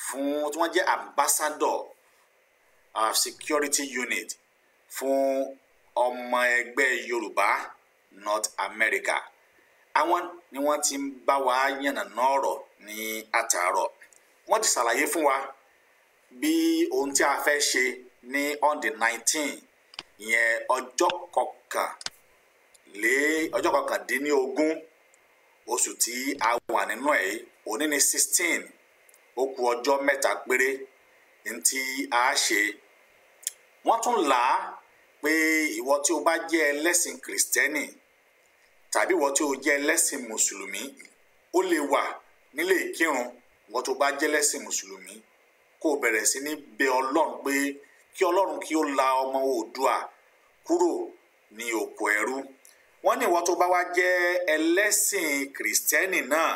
fún tí wọ́n jẹ́ ambassador uh, security unit fún ọmọ ẹgbẹ́ Yorùbá North America àwọn ni wọ́n ti ń bá wa yànnàná ọ̀rọ̀ ní àtàárọ̀ wọ́n ti ṣàlàyé fún wa bí ohun tí a fẹ́ ṣe ní on the nineteen ìyẹn ọjọ́ kọkànlé ọjọ́ kọkàndínlógún oṣù tí a wà nínú ẹ̀ òní ní sixteen ó kù ọjọ́ mẹ́ta péré ní tí a ṣe wọ́n tún là á pé ìwọ tí o bá jẹ́ ẹlẹ́sìn kìrìsìtẹ́nì tàbí ìwọ tí o jẹ́ ẹlẹ́sìn mùsùlùmí ó lè wà nílé ìkírun ìwọ tó bá jẹ́ ẹlẹ́sìn mùsùlùmí kó o bẹ̀rẹ̀ sí ní bẹ Ọlọ́run pé kí ọlọ́run kí ó la ọmọ oòdùà kúrò ní oko ẹrú wọ́n ní ìwọ tó bá wá jẹ́ ẹlẹ́sìn kìrìsìtẹ́nì náà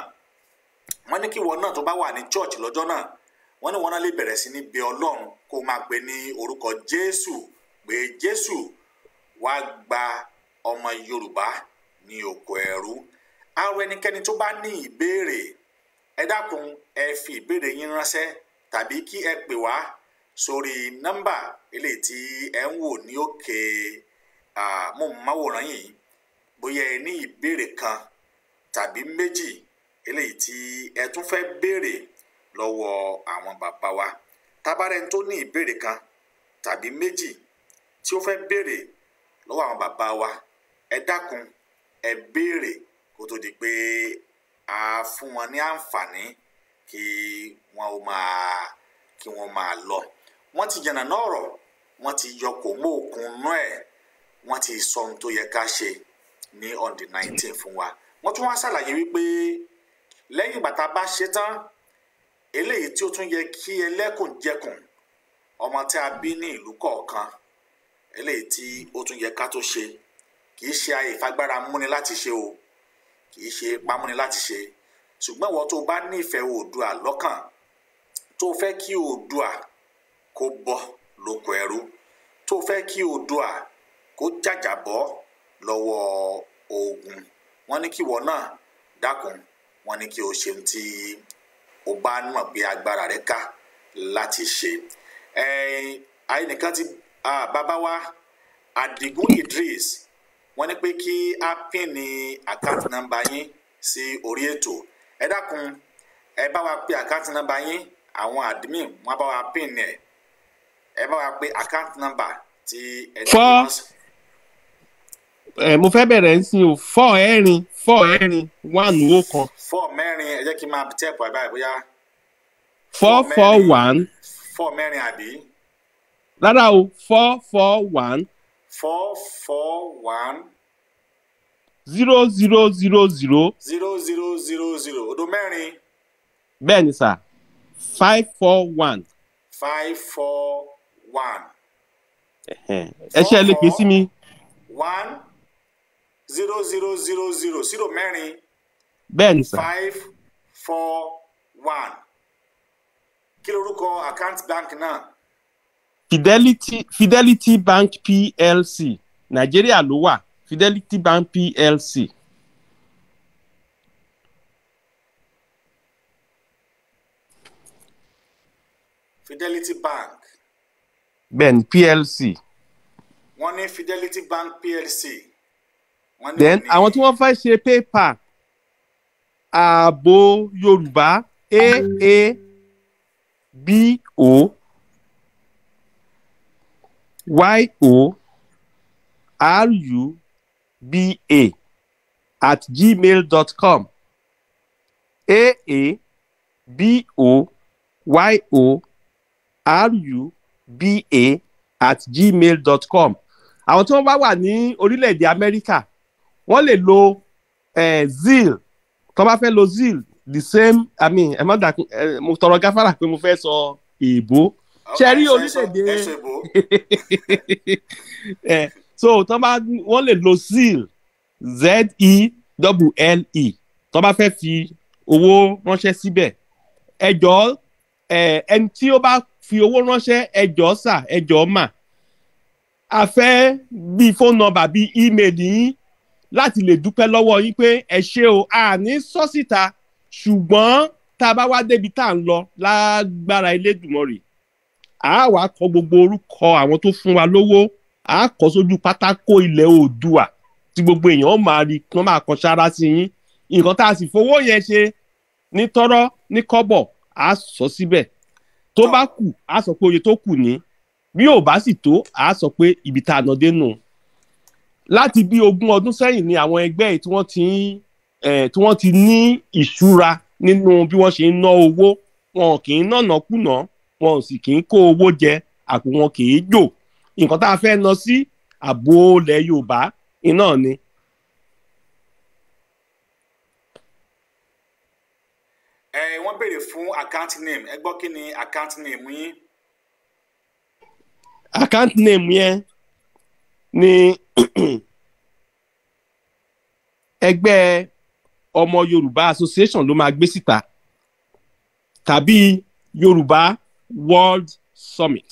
wọ́n ní kí ìwọ náà tó bá wà ní church lọ́jọ́ náà wọ́n ní wọ́n náà lè bẹ̀rẹ̀ sí ní bẹ ọlọ́run kó máa pè ní orúkọ jésù pé jésù wá gba ọmọ yorùbá ní oko ẹrú arọ ẹnikẹ́ni tó bá ní ìbéèrè ẹ dákun ẹ fi ìbéèrè yín ránṣẹ́ tàbí kí ẹ pè wá sórí nọ́mbà eléyìí tí ẹ ń wò ní òkè móhùnmáwòrán yìí bóyá ẹ ní ìbéèrè kan tàbí méjì eléyìí tí ẹ tún fẹ́ béèrè lọ́wọ́ àwọn bàbá wa tábàárẹ̀ ń tó ní ìbéèrè kan tàbí méjì tí ó fẹ́ béèrè lọ́wọ́ àwọn bàbá wa ẹ dákun ẹ béèrè kó tó di pé a fún wọn ní àǹfààní kí wọ́n máa kí wọ́n máa lọ wọ́n ti yànnàná ọ̀rọ̀ wọ́n ti yọ kò mọ́ òkun nú ẹ̀ wọ́n ti sọ ohun tó yẹ ká ṣe ní on the nineteen fún wa wọ́n tún wá ṣàlàyé wípé lẹ́yìn ìgbà tá a bá ṣe tán eléyìí tí ó tún yẹ kí ẹlẹ́kùnjẹkùn ọmọ tí a bí ní ìlú kọ̀ọ̀kan eléyìí tí ó tún yẹ ká tó ṣe kì í ṣe àìfagbára múni láti ṣe o kì í ṣe pamúni láti ṣe ṣùgbọ́n ìwọ tó bá nífẹ̀ẹ́ oòdùà lọ́kàn tó fẹ́ kí oòdùà kó bọ́ lóko ẹrú tó fẹ́ kí Oòduà kó jàjàbọ́ lọ́wọ́ ogun wọ́n ní kíwọ náà dákun wọ́n ní kí o ṣeun tí o bá mọ̀ pé agbára rẹ ká láti ṣe àyìnìkan ti bàbá wa Adigun Idris wọ́n ní pé kí a pín ní àkáǹtì nọ́mbà yín sí orí ètò ẹ dákun ẹ bá wa pín àkáǹtì nọ́mbà yín àwọn admin wọ́n bá wa pín ní ẹ ẹ bá wa pé account number ti ẹni tó wọ́n sọ. ẹ mo fẹ́ bẹ̀rẹ̀ ń sin o four ẹ̀rin four ẹ̀rin one owó kan. four mẹ́rin ẹ jẹ́ kí n máa tẹ́ẹ̀pù ẹ̀ báyìí bóyá. four four one. four mẹ́rin àbí. rárá o four four one. four four one zero zero zero zero. zero zero zero zero odo mẹ́rin. bẹ́ẹ̀ ni sà five four one. five four one. ẹ ṣe lè pè sí mi. one zero zero zero zero zero mẹ́rin. bẹ́ẹ̀ni sà. five four one. kí lorúkọ account bank náà. Fidelity Fidelity Bank PLC Nàìjíríà ló wà Fidelity Bank PLC. Fidelity Bank bẹ́ẹ̀ni plc. wọ́n ní fidelity bank plc. then àwọn tí wọ́n fẹ́ ṣe paypal ààbò yorùbá aabo yo ruba at gmail dot com aabo yo ruba ba at gmail dot com àwọn tí wọ́n bá wà ní orílẹ̀-èdè amẹ́ríkà wọ́n lè lo eh, zeal tó bá fẹ́ lo zeal the same i mean ẹ má dà mo tọrọ gáfárà pé mo fẹ́ sọ èèbó ṣe rí orílẹ̀-èdè so tó bá wọ́n lè lo zeal z e double l e tó bá fẹ́ fi owó ránṣẹ́ síbẹ̀ ẹ jọ̀ọ́ ẹni tí ó bá fi owó ránṣẹ́ ẹjọ́ sà ẹjọ́ mà a fẹ́ bí fóònù nọ́mbà bí ímeèlì yín láti lè dúpẹ́ lọ́wọ́ yín pé ẹ ṣe o àní sọ́sìta ṣùgbọ́n tá a bá wá débi tá à ń lọ lágbára Elédùmarè a wàá kọ gbogbo orúkọ àwọn tó fún wa lówó a kọ sójú pátákó ilẹ̀ Oòduà tí gbogbo èèyàn máa rí kí wọ́n máa kọ sára sí yín nǹkan tá a sì fowó yẹn ṣe ní tọ́rọ́ ní kọ́bọ̀ a sọ síbẹ̀ tó bá kù á sọ pé oye tó kù ní bí ò bá sì tó á sọ pé ibi tá a nà dé nù láti bí ogún ọdún sẹ́yìn ni àwọn ẹgbẹ́ tí wọ́n ti tí wọ́n ti ní ìṣúra nínú bí wọ́n ṣe ń ná owó wọn kì í nànà kùnà wọn sì kì í kó owó jẹ àpò wọn kì í jò nǹkan tá a fẹ́ lọ sí ààbò ilẹ̀ Yorùbá iná ni ẹ wọ́n béèrè fún account name ẹ gbọ́ kí ni account name yín. account name yẹn ni ẹgbẹ́ ọmọ Yorùbá association ló máa gbé síta tàbí Yorùbá World Summit.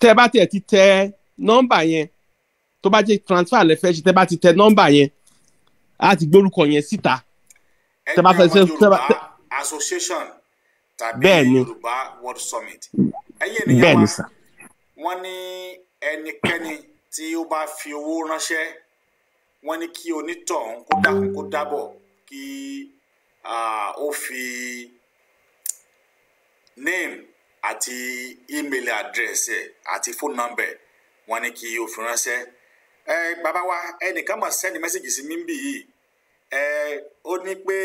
tẹ́ bá tẹ̀ ti tẹ nọ́mbà yẹn tó bá jẹ́ transfer lẹ fẹ́ ṣe tẹ́ bá ti tẹ nọ́mbà yẹn á gbórúkọ yẹn síta. tẹ́ bá fẹ́ association tàbí Yorùbá World Summit. bẹ́ẹ̀ ni sà. wọ́n ní ẹnikẹ́ni tí ó bá fi owó ránṣẹ́ wọ́n ní kí onítọ̀hún kó dákun kó dábọ̀ kí ó fi name àti email address ẹ̀ àti phone number wọ́n ní kí ó fi ránṣẹ́ ẹ bàbá wa ẹnìkan mà sẹ́ni mẹ́sàgì sí mi bì yìí ẹ ó ní pé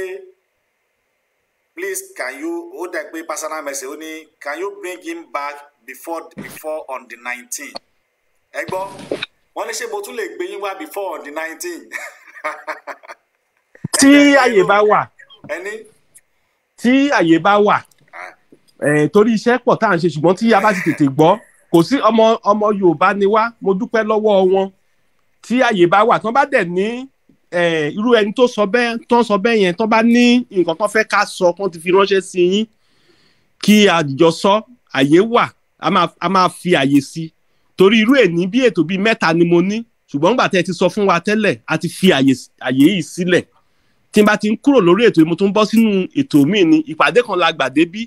please can you ó dà pé personal message ó ní can you bring him back before before on the nineteen ẹ gbọ́ wọ́n ní ṣé mo tún lè gbé yín wá before on the nineteen. tí àyè bá wà ẹni tí àyè bá wà torí iṣẹ́ pọ̀ tá à ń ṣe ṣùgbọ́n tí a bá ti tètè gbọ́ kò sí ọmọ ọmọ Yorùbá ni wá mo dúpẹ́ lọ́wọ́ wọn tí àyè bá wà tán bá dẹ̀ ní irú ẹni tó sọ bẹ́ẹ̀ tán sọ bẹ́ẹ̀ yẹn tán bá ní nǹkan tán fẹ́ ká sọ kán ti fi ránṣẹ́ sí yín kí àjọ sọ àyè wà a máa fi àyè sí torí irú èní bí ètò bíi mẹ́ta ni mo ní ṣùgbọ́n nígbà tẹ́ ẹ ti sọ fún wa tẹ́lẹ̀ a ti fi àyè yìí sílẹ̀ tí n bá ti ń kúrò lórí ètò yìí mo tún bọ́ sínú ètò míì ni ìpàdé kan la gbàdé bí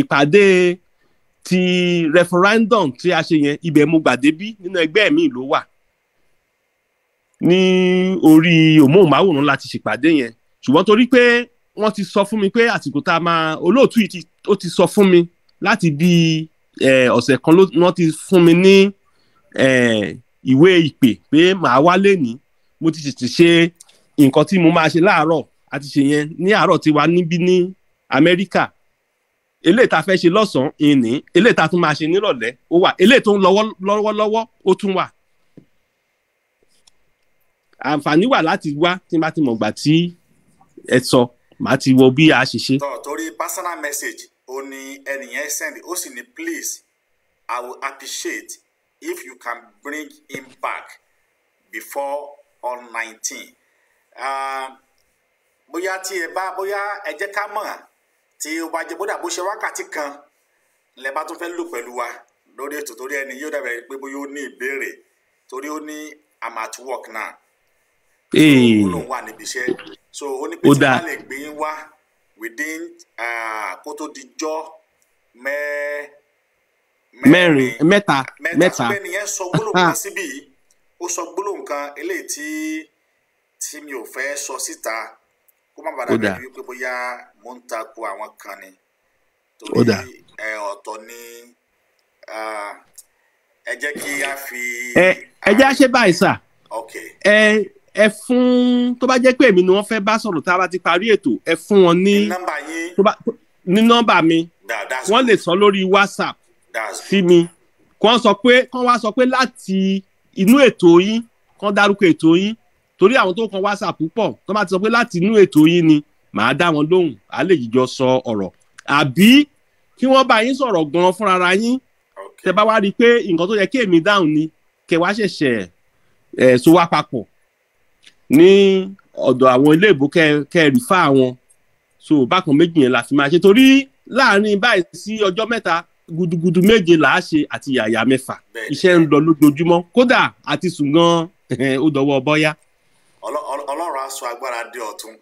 ìpàdé ti referendum tí a ṣe yẹn ibẹ̀ mo gbàdé bí nínú ẹgbẹ́ mi ló wà ní orí òmóhùnmáwòrán láti ṣèpàdé yẹn ṣùgbọ́n torí pé wọ́n ti sọ fún mi pé àsìkò tá a máa olóòtú yìí ó ti sọ fún mi láti bí ọ̀sẹ̀ kan ló ti fún mi ní ìwé ìpè pé màá wá lẹ́ni mo ti tètè ṣe nǹkan tí mo máa ṣe láàárọ̀ àti ṣe yẹn ní àárọ̀ tiwa níbí ní Amẹ́ríkà eléyìí tá a fẹ́ ṣe lọ́sàn-án ìní eléyìí tá a tún máa ṣe nírọ̀lẹ́ ó wà eléyìí tó ń lọ́wọ́lọ́wọ́ ó tún wà àǹfààní wà láti wá tí bá ti mọ̀ gbà tí ẹ sọ màá ti wo bí a ṣe ṣe. torí personal message ó ní ẹnìyẹn send ó sì ní please i will appreciate if you can bring him back before on nineteen bóyá tí ẹ bá bóyá ẹ jẹ́ ká mọ̀ tí ó bá jẹ́ bódà bó ṣe wákàtí kan lẹ bá tún fẹ́ lò pẹ̀lú wa lórí ètò torí ẹni yóò dàbẹ̀ pé bóyá ó ní ìbéèrè torí ó ní I'm at work now òun náà wà níbi iṣẹ́ so ó ní pé tí wọ́n ah. ó sọ gbólóhùn kan eléyìí tí tí mi ò fẹ́ sọ síta kó má bàa dàbí wípé bóyá mò ń takò àwọn kan ni torí ọ̀tọ̀ ni ẹ jẹ́ kí a fi. ẹ jẹ́ àṣẹ báyìí sà. ok ẹ fún tó bá jẹ́ pé èmi ni wọ́n fẹ́ bá sọ̀rọ̀ tá a bá ti parí ètò ẹ fún wọn ní ní nọ́mbà mi wọ́n lè sọ lórí whatsapp sí mi kàn sọ pé kàn wá sọ pé láti inú ètò yín kàn dárúkọ ètò yín torí àwọn tó kàn whatsapp púpọ̀ tó bá ti sọ pé láti inú ètò yín ni màá dá wọn lóhùn á lè jíjọ sọ ọ̀rọ̀ àbí kí wọ́n bá yín sọ̀rọ̀ gan fúnra yín tẹ́ bá wá rí i pé nǹkan tó yẹ kí èmi dáhùn ni kẹ́ wá ṣẹ̀ṣẹ̀ ẹ̀ wá papọ̀ ní ọ̀dọ̀ àwọn ilé ìbò kẹrì fá wọn so bákan méjì yẹn la fi máa ṣe torí láàrin báyìí sí ọjọ́ mẹ́ta gudugudu méje là á ṣe àti yàyà mẹ́fà iṣẹ́ ń lọ lójoojúmọ́ kódà àti sùn gan ó dọwọ́ bọ́yá. ọlọ́run á agbára dé ọ̀tún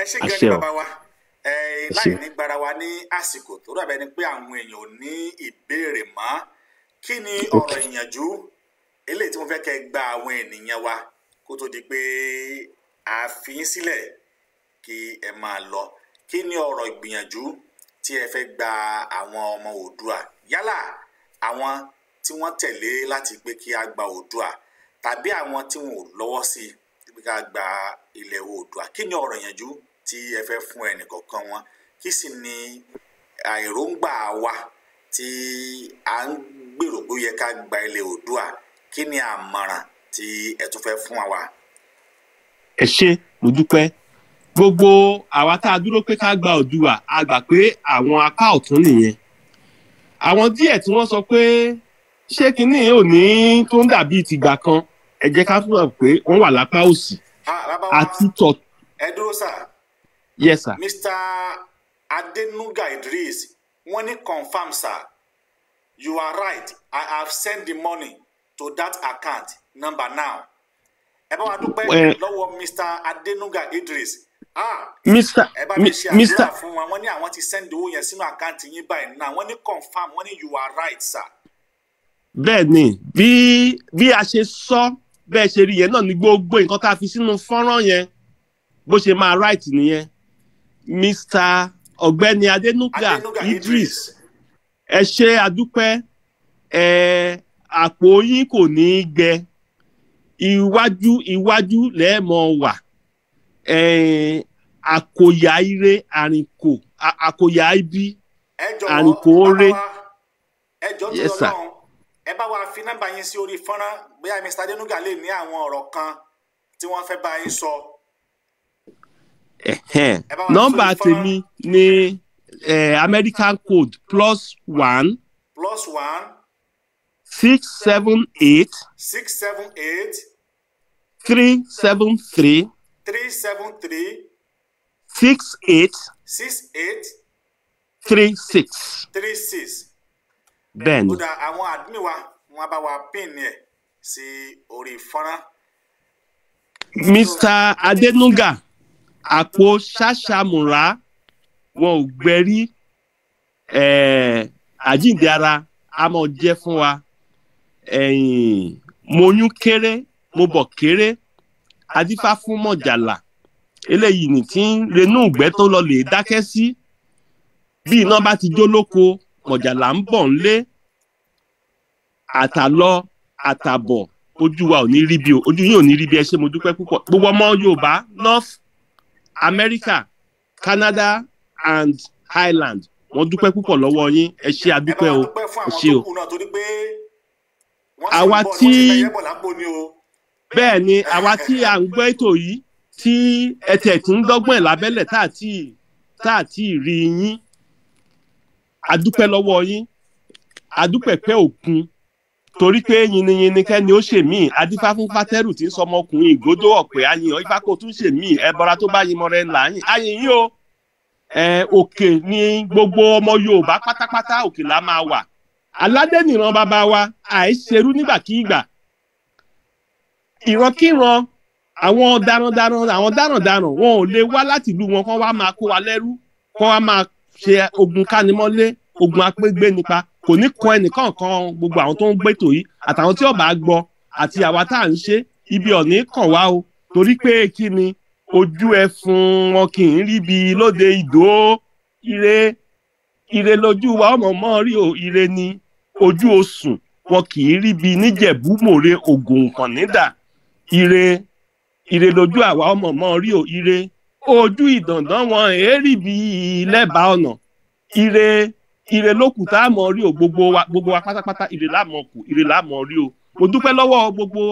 ẹ ṣe gẹ́gẹ́ bàbá wa láì ní gbára wa ní àsìkò tó dàbẹ́ ni pé àwọn èèyàn ò ní ìbéèrè mọ́ kí ni ọ̀rọ̀ ìyànjú eléyìí tí mo fẹ́ kẹ́ gba àwọn ènìyàn wa kó tó di pé a fi yín sílẹ̀ kí ẹ máa lọ kí ni ọ̀rọ̀ ìgbìyànjú tí ẹ fẹ́ gba àwọn ọmọ Oòduà yálà àwọn tí wọ́n tẹ̀lé láti pé kí a gba Oòduà tàbí àwọn tí wọn ò lọ́wọ́ sí i pé gba ilẹ̀ Oòduà kí ni ọ̀rọ̀ ìyànjú tí ẹ fẹ́ fún ẹnìkọ̀ọ̀kan wọn kí sì ni èròǹgbà wa tí à ń gbèrò pé ó yẹ ká gba ilẹ̀ Oòduà kí ni àmọ̀ràn tí ẹ tún fẹ́ fún wa. ẹ ṣé mo gbogbo àwa tá a dúró pé ká gba Oòduà a gbà pé àwọn apá ọ̀tún nìyẹn àwọn díẹ̀ tí wọ́n sọ pé ṣé kinní ò ní tó ń dàbí tìgbà kan ẹ jẹ́ ká fún wa pé wọ́n wà lápá òsì àti tọ̀. ẹ dúró sà. yes sir. Mr. Adenuga Idris wọ́n ní confam sir you are right I have sent the money to that account number now ẹ wa dúpẹ́ lọ́wọ́ mr adenuga idris ah ẹ bá mi ṣe àdúrà fún wa wọ́n ní àwọn ti send owó yẹn sínú àkáǹtì yín báyìí náà wọ́n ní confam wọ́n ní you are right sir. bẹ́ẹ̀ ni bí bí a ṣe sọ bẹ́ẹ̀ ṣe rí yẹn náà ní gbogbo nǹkan tá a fi sínú fọ́nrán yẹn bó ṣe máa right nìyẹn mr ọ̀gbẹ́ni adenuga idris ẹ ṣe àdúpẹ́ ẹ àpò yín kò ní í gbẹ iwájú iwájú lẹ́ẹ̀mọ wà àkòyà ire àrìnkò àkòyà ibi àrìnkò oore. ẹ jọ̀ọ́ tó lọ ẹ bá wa fi nọ́mbà yín sí orí fọ́nrán bóyá Mr. Adenuga lè ní àwọn ọ̀rọ̀ kan tí wọ́n fẹ́ bá yín sọ. nọ́mbà tèmi ni American code plus one. plus one six seven eight. six seven eight. three seven three. three seven three. six eight. six eight. three six. three six. bẹ́ẹ̀ni. kódà àwọn àdúmí wa wọ́n bá wa pín ní ẹ̀ sí orí fọ́nrán. mr adenuga àpò ṣàṣàmùrà wọn ò gbẹrí àjíǹde ara a máa jẹ́ fún wa ẹ̀yìn mo yún kéré mo bọ̀ kéré adífá fún mọ̀jàlá eléyìí ní tí ń renú ìgbẹ́ tó lọ lè dákẹ́ sí bí iná bá ti jó lóko mọ̀jàlá ń bọ̀ ńlé àtàlọ àtàbọ̀ ojú wa ò ní rí bí ojú yín ò ní rí bí ẹ ṣe mo dúpẹ́ púpọ̀ gbogbo ọmọ Yorùbá North America Canada and Ireland wọ́n dúpẹ́ púpọ̀ lọ́wọ́ yín ẹ ṣé adúpẹ́ o ẹ ṣé o àwa tí bẹ́ẹ̀ ni àwa tí à ń gbọ́ ètò yìí tí ẹtẹ̀ tí ń dọ́gbọ́n ẹ̀ lábẹ́lẹ̀ tá à tí ì rí yín àdúpẹ́ lọ́wọ́ yín àdúpẹ́ pẹ́ òkun torí pé yìnyínní kẹ́ni ó ṣe míì adífá fún fátẹ́rù tí ń sọ ọmọkùnrin ìgòdó ọ̀pẹ ayìnbọn ifá kò tún ṣe míì ẹbọra tó bá yìnbọn rẹ là yìn ayìnyín o òkè ni gbogbo ọmọ Yorùbá pátápátá òkè la máa wà aládẹ́nìran bàbá wa àìṣerú nígbàkigbà ìrankíran àwọn darandaran àwọn darandaran wọn ò lè wá láti ìlú wọn kán wá máa kó wa lẹ́rú kán wá máa ṣe ogun kánimọ́lé ogun apégbé nípa kò ní kan ẹnìkan kan gbogbo àwọn tó ń gbé tòyí àtàwọn tí ọba gbọ́ àti àwa tá à ń ṣe ibi ọ̀ní kàn wá o torí pé kí ni ojú ẹ fún wọn kì í ríbi lóde ìdó ire ire lójú wa ọmọ mọ́ rí o ire ni ojú osùn wọn kì í ríbi níjẹ̀bú mòre ògùn nǹkan nídà ire ire lójú àwa ọmọ mọ rí o ire ojú ìdàndán wọn èérì bí lẹ́bàá ọ̀nà ire ire lókù tá rí o gbogbo wa gbogbo wa pátápátá ire la mọ̀ kù ire la mọ̀ rí o mo dúpẹ́ lọ́wọ́ gbogbo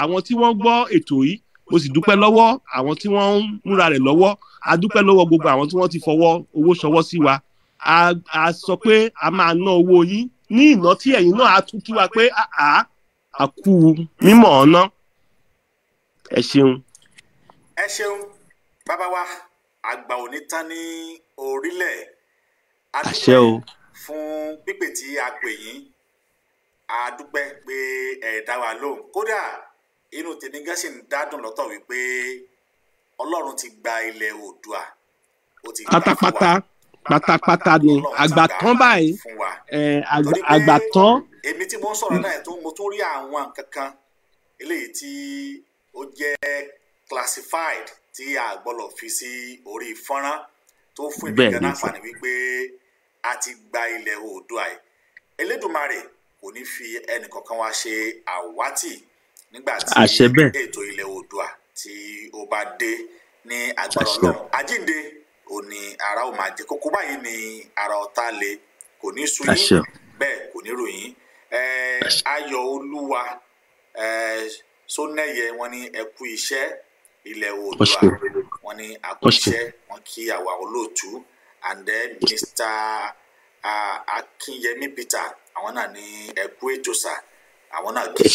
àwọn tí wọ́n gbọ́ ètò yìí mo sì dúpẹ́ lọ́wọ́ àwọn tí wọ́n ń múra rẹ̀ lọ́wọ́ a dúpẹ́ lọ́wọ́ gbogbo àwọn tí wọ́n ti fọwọ́ owó ṣọwọ́ sí wa a sọ pé a máa ná owó yín ní ìná tí ẹ̀yin náà á tún kí wa pé àá àkú mímọ̀ ọ̀nà ẹ ṣeun. ẹ ṣeun bàbá wa àgbà òní tán ní orílẹ̀ àṣẹ o fún pípè tí a pè yín a dúpẹ́ pé ẹ̀ dá wa lóhùn kódà inú tèmi gẹ́sì ń dádùn lọ́tọ̀ wípé ọlọ́run ti gba ilẹ̀ oòdùà ó ti gbà fún wa. pátápátá pátápátá ni àgbàtán báyìí àgbàtán. èmi tí mo ń sọ̀rọ̀ náà tó mo tún rí àwọn nǹkan eléyìí tí ó jẹ́ classified tí a gbọ́dọ̀ fi sí orí fọ́nrán tó fún èmi gan láǹfààní wípé a ti gba ilẹ̀ oòdùà yìí Elédùmarè kò ní fi ẹnì kankan wá ṣe àwátì nígbà tí ètò ilẹ̀ oòdùà tí ó bá dé ní agbára Ọlọ́run àjíǹde ò ní ara ò máa jẹ kókó báyìí ni ara ọ̀tá le kò ní sú yín bẹ́ẹ̀ kò ní ròyìn ayọ̀ olúwa sónẹ́yẹ wọn ní ẹkú iṣẹ́ ilẹ̀ oòdùà wọn ní àkúṣe wọn kí àwa olóòtú and then mr uh, peter àwọn náà ní ẹkú ètò sà àwọn náà kí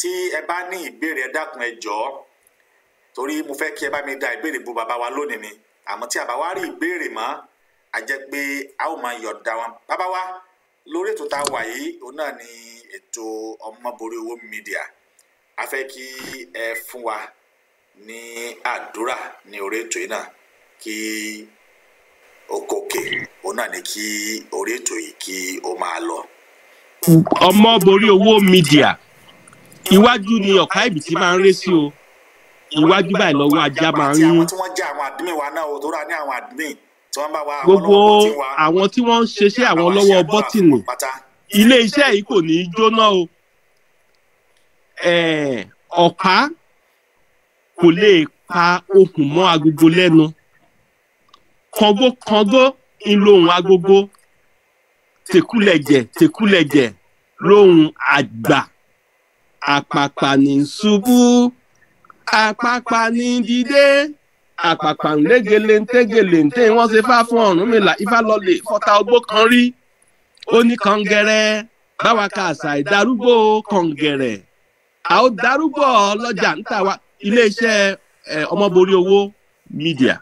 tí ẹ bá ní ìbéèrè ẹ dákun ẹ jọ̀ọ́ torí mo fẹ́ kí ẹ bá mi dá ìbéèrè bo bàbá wa lónìí ni. àmọ́ tí a bá wá a jẹ́ pé a ó máa wọn bàbá wa lórí ètò tá wà yìí òun náà ni ètò ọmọborí owó mídíà a fẹ́ kí ẹ fún wa ní àdúrà ní orí ètò yìí náà kí okòkè òun náà ni kí orí ètò yìí kí ó máa lọ. owó mídíà iwájú ni ọ̀ka máa ń ré o. iwájú báyìí lọ́wọ́ ajá máa ń rún. gbogbo àwọn tí wọ́n ń ṣeṣẹ́ àwọn lọ́wọ́ bọ́tìnì ilé iṣẹ́ yìí kò ní í jóná o ọ̀pá kò lè pa okùn mọ́ agogo lẹ́nu kọ́ngókọ́ngó ń lo ohun agogo tẹ̀kúlẹ̀jẹ̀ tẹ̀kúlẹ̀jẹ̀ lóhun àgbà àpàpà ní ṣubú àpàpà ní dídé àpàpà ńlégelentégélente wọ́n ṣe fá fún Ọ̀rúnmìlà ifá lọlẹ fọta ogbó kan rí ó ní kàngẹrẹ báwa ka àṣà ìdarúgbó kàngẹrẹ a ó darúgbó lọ́jà ń tà wá iléeṣẹ́ owó media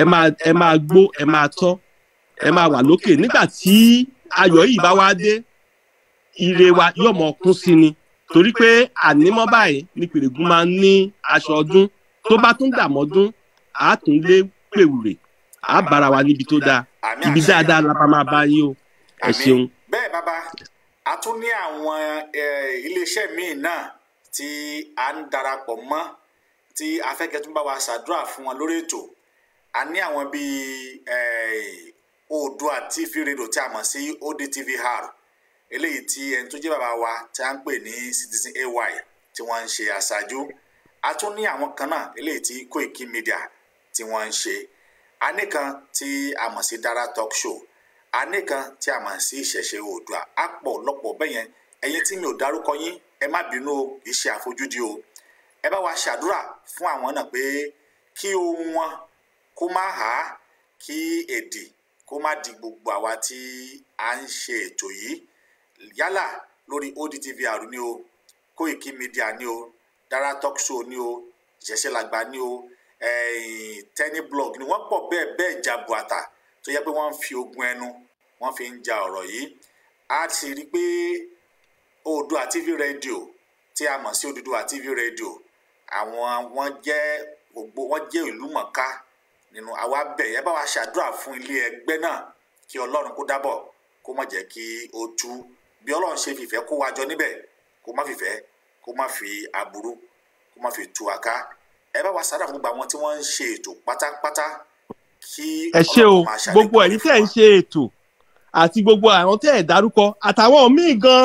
ẹ máa ẹ máa gbó ẹ máa tọ́ ẹ máa wà lókè nígbà tí ayọ̀ yìí bá wá dé ire wa yóò mọ kún sí ni torí pé ànímọ́ báyìí ni pèrègùn máa ń ní aṣọ ọdún tó bá tún dààmú ọdún á tún lé pèwùrè á bára wa níbi tó dáa ibi dáadáa la bá máa bá yín o ẹ ṣeun. bẹ́ẹ̀ bàbá a tún ní àwọn iléeṣẹ́ míì náà tí a ń darapọ̀ mọ́ tí afẹ́kẹ́ tún bá ṣàdúrà fún wọn lórí ètò a ní àwọn bíi Oòduà TV rédíò tí a mọ̀ sí ODTVR eléyìí tí ẹni tó jẹ́ bàbá wa tí a ń pè ní Citizen AY tí wọ́n ń ṣe aṣáájú a tún ní àwọn kan náà eléyìí tí Koiki Media tí wọ́n ń ṣe a ní kan tí a mọ̀ sí Dara Talk Show a ní kan tí a mọ̀ sí Ìṣẹ̀ṣe Oòduà a pọ̀ lọ́pọ̀ bẹ́yẹn ẹ̀yin tí mi ò dárúkọ yín ẹ má bínú o kì í ṣe àfojúdi o ẹ bá wa ṣàdúrà fún àwọn náà pé kí ohun wọn kó má há kí èdè kó má di gbogbo àwa tí a ń ṣe ètò yìí yálà lórí ODTVR ni o Koiki Media ni o Dara Talk Show ni o ìṣẹ̀ṣẹ̀ làgbà ni o tẹ́ni blog ni wọ́n pọ̀ bẹ́ẹ̀ bẹ́ẹ̀ ja buata tó yẹ pé wọ́n ń fi ogun ẹnu wọ́n fi ń ja ọ̀rọ̀ yìí a sì rí i pé Oòduà TV Radio tí a mọ̀ sí Oòduà TV Radio àwọn wọ́n jẹ́ gbogbo wọ́n jẹ́ ìlú mọ̀ká nínú àwa bẹ̀ yẹ bá wa ṣàdúrà fún ilé ẹgbẹ́ náà kí Ọlọ́run kó dábọ̀ kó má jẹ́ kí ó tú bí ọlọ́run ṣe fìfẹ́ kó wa jọ níbẹ̀ kó má fìfẹ́ kó má fi aburú kó má fi tu àká ẹ bá wa sára gbogbo àwọn tí wọ́n ń ṣe ètò pátápátá kí ọlọ́run máa ṣàlékún fún wa. ẹ ṣé o gbogbo ẹ̀yin tẹ́ ń ṣe ètò àti gbogbo àwọn tẹ́ ẹ̀ dárúkọ àtàwọn míì gan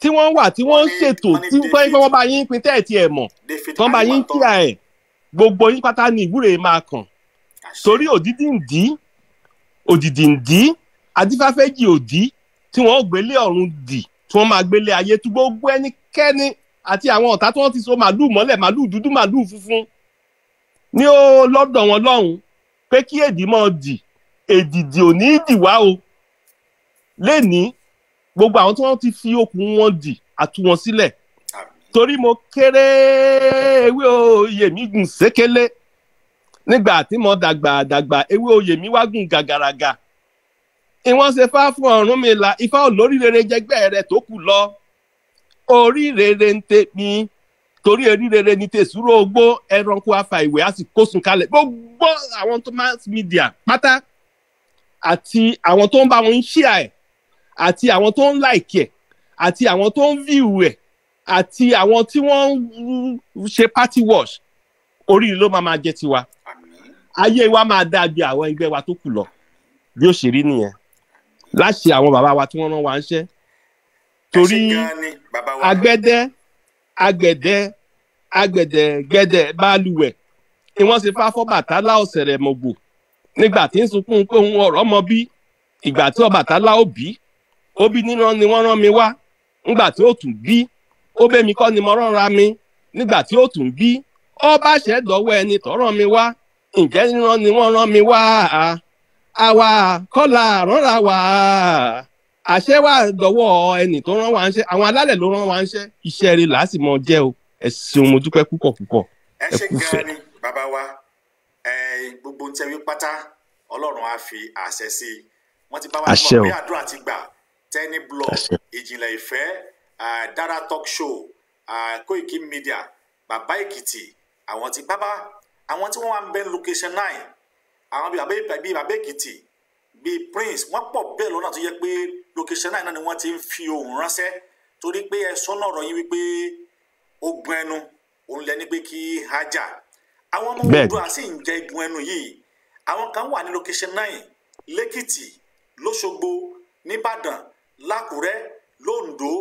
tí wọ́n wà tí wọ́n ń ṣètò tí wọ́n pé wọ́n bá yín pin tẹ́ẹ̀tì ẹ̀ mọ̀ wọ́n bá yín kíá ẹ̀ gbogbo yín pátá ni ìwúre máa kàn torí òdìdí ń dí òdìdí ń dí adífáfẹ́jì òdí tí wọ́n gbélé ọ̀run dì tí wọ́n máa gbélé ayé tí gbogbo ẹnikẹ́ni àti àwọn ọ̀tá tí wọ́n ti so màlúù mọ́lẹ̀ màlúù dúdú màlúù funfun ní ó lọ́dọ̀ wọn lọ́hùn pé kí èdè mọ́ dì èdìdì ò ní í dì wá o lénìí gbogbo àwọn tí wọ́n ti fi okùn wọn dì àtú wọn sílẹ̀ torí mo kéré ewé oyè mi gùn sékélé nígbà tí mo dàgbà dàgbà ewé oyè mi wá gùn gàgàràgà. Ga ìwọ́n ṣe fá fún Ọ̀rúnmìlà ifá olóríire jẹgbẹ́ rẹ̀ tó kù lọ oríire ń tèmi torí eríire ní tèsúrò ogbó ẹranko afàìwé a sì kósun kalẹ̀ gbogbo àwọn tó mass media pátá àti àwọn tó ń bá wọn ń ṣíà ẹ̀ àti àwọn tó ń láìkì ẹ̀ àti àwọn tó ń fíìwù ẹ̀ àti àwọn tí wọ́n ń ṣe party wash oríire ló máa máa jẹ́ tiwa ayé wa máa dáa ju àwọn ẹgbẹ́ wa tó kù lọ bí ó ṣe rí nìyẹn láṣẹ àwọn bàbá wa tí wọ́n rán wa ń ṣẹ́ torí agbẹ́dẹ́ agbẹ̀dẹ́ agbẹ̀dẹ̀ gẹ́dẹ̀ báàlùwẹ̀ ni wọ́n ṣe fáfọ́ bàtálá ọ̀sẹ̀rẹ̀ mọ̀gbò nígbà tí ń sunkún pé òun ọ̀rọ̀ mọ bí ìgbà tí Ọbàtálá ó bí ó bí nínú ni wọ́n rán mi wá nígbà tí ó tún bí ó bẹ́ mi kọ́ ni mo rán ra mi nígbà tí ó tún bí ọba ṣẹ́dọ̀wọ́ ẹni tọ́rọ̀ mi wá ǹjẹ́ nínú ni wọ́n rán mi wá àwa kọ́là rọ́ra wà á àṣẹ wà dọ́wọ́ ẹnì tó rán wa ń ṣe àwọn alálẹ̀ ló rán wa ń ṣe iṣẹ́ rẹ̀ làá sì mọ jẹ́ o ẹ ṣeun mo dúpẹ́ púpọ̀ púpọ̀ ẹ kú fẹ́. ẹ ṣe gan ni bàbá wa gbogbo ń tẹ̀wé pátá ọlọ́run á fi àṣẹ sí i wọ́n ti bá wa mọ̀ pé àdúrà ti gbà tẹ́ni blog ìjìnlẹ̀ ìfẹ́ dára talk show Koiki media bàbá èkìtì àwọn ti bàbá àwọn tí wọ́n wá ń bẹ location nine àwọn bíi bàbá bíi bàbá èkìtì bíi prince wọ́n pọ̀ bẹ́ẹ̀ lọ́nà tó yẹ pé location náà ni wọ́n ti ń fi ohùn ránṣẹ́ torí pé ẹ sọ́nà ọ̀rọ̀ yín wípé ogun ẹnu òun lẹni pé kí haja àwọn ọmọ Oòduà sì ń jẹ igun ẹnu yìí àwọn kan wà ní location nine lẹ́kìtì lọ́ṣogbo nìbàdàn làkúrẹ́ londo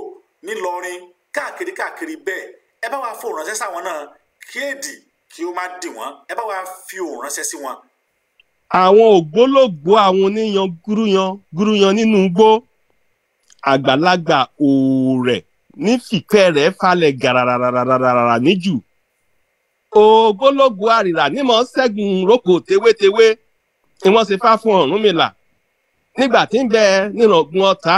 nílọrin káàkiri káàkiri bẹ́ẹ̀ ẹ bá wa fòrànṣẹ́ sáwọn náà kéèdì kí ó má dì wọ́n ẹ bá wa fi òrànṣẹ́ sí wọn àwọn ògbólógbòó àwọn oníyan gúrúyan gúrúyan nínú igbó àgbàlagbà òòrẹ̀ ní fìkẹ́ rẹ̀ falẹ̀ gàràràràràràrà níjù ògbólógbòó àrìrà nímọ̀ ṣẹ́gun rókò tewétewé ni wọ́n ṣe fá fún Ọ̀rúnmìlà nígbà tí ń bẹ nírọ̀gùn ọ̀tá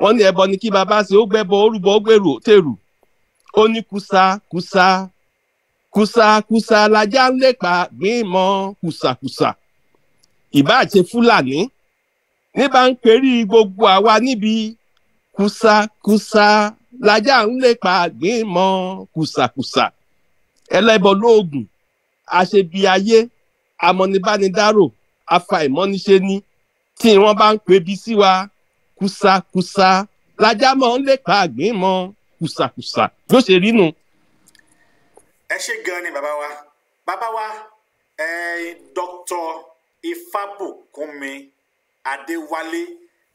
wọ́n ní ẹbọ ni kí baba ṣe ó gbẹ́bọ orúbọ ó gbèrò tèrù ó ní kùsàkùsà kùsàkùsà lajá ń lépa gbìmọ̀ kùsàkùsà ìbáà ṣe fúlàní ní bá ń perí gbogbo àwa níbi kùsàkùsà lajá ń lépa àgbín mọ kùsàkùsà ẹlẹ́bọ lóògùn àṣebi ayé amọ̀nibánidárò afàìmọ́niṣe ni tí wọ́n bá ń pebi sí wa kùsàkùsà lajá mọ̀ ń lépa àgbín mọ kùsàkùsà ló ṣe rí nu. ẹ ṣe gan ni bàbá wa bàbá wa eh, dr ifábùkúnmi adéwálé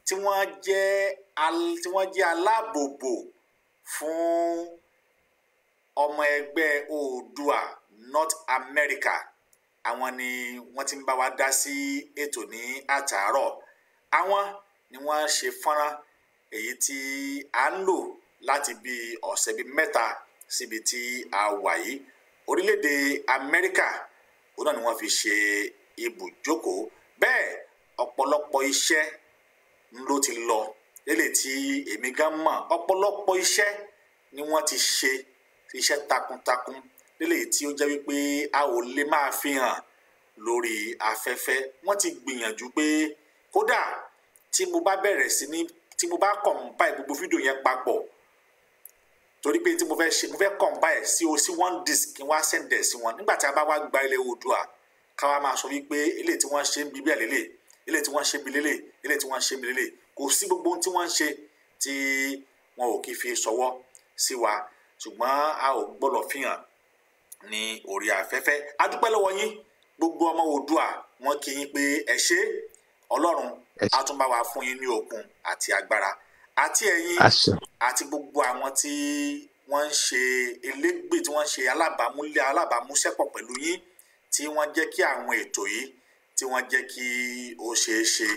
tí wọ́n jẹ́ tí wọ́n jẹ́ aláàbòbò fún ọmọ ẹgbẹ́ oòdùà north america àwọn ni wọ́n ti ń bá wa dá sí ètò ní àtàárọ̀ àwọn ni wọ́n ṣe fọ́nrán èyí tí a ń lò láti bí ọ̀sẹ̀ bíi mẹ́ta síbi tí a wà yìí orílẹ̀-èdè amẹ́ríkà òun náà ni wọ́n fi ṣe ibùjókòó bẹ́ẹ̀ ọ̀pọ̀lọpọ̀ iṣẹ́ ló ti lọ lélẹ̀ tí èmi gan mọ̀ ọ̀pọ̀lọpọ̀ iṣẹ́ ni wọ́n ti ṣe iṣẹ́ takuntakun lélẹ̀ tí ó jẹ́ wípé a ò lè máa fi hàn lórí afẹ́fẹ́ wọ́n ti gbìyànjú pé kódà tí mo bá bẹ̀rẹ̀ sí ní tí mo bá kọ̀m̀bá gbogbo fídíò yẹn papọ̀ torí pé tí mo fẹ́ ṣe mo fẹ́ kọ̀m̀bá ẹ̀ sí o sí one disc kí n wá sẹ̀ǹdẹ̀ sí wọn nígbà tí a bá wá gba ilẹ̀ Oòduà ká wá máa sọ wípé eléyìí tí wọ́n ṣe ń bi bí àlélè eléyìí tí wọ́n ṣe ń bi lélè eléyìí tí wọ́n ṣe ń bi lélè kò sí gbogbo ohun tí wọ́n ń ṣe tí wọn ò kì í fi sọwọ́ sí wa ṣùgbọ́n a ò gbọ́dọ̀ fihàn ní orí afẹ́fẹ́ a dúpẹ́ lọ́wọ́ yín gbogbo ọmọ Oòduà wọn kì í pé ẹ ṣé Ọlọ́run á fún yín ní okun àti agbára àti ẹ̀yin àti gbogbo àwọn tí wọ́n ń ṣe elégbè tí wọ́n ń ṣe alábàámúlẹ̀ alábàámúṣẹ́pọ̀ pẹ̀lú yín tí wọ́n jẹ́ kí àwọn ètò yìí tí wọ́n jẹ́ kí ó ṣeé ṣe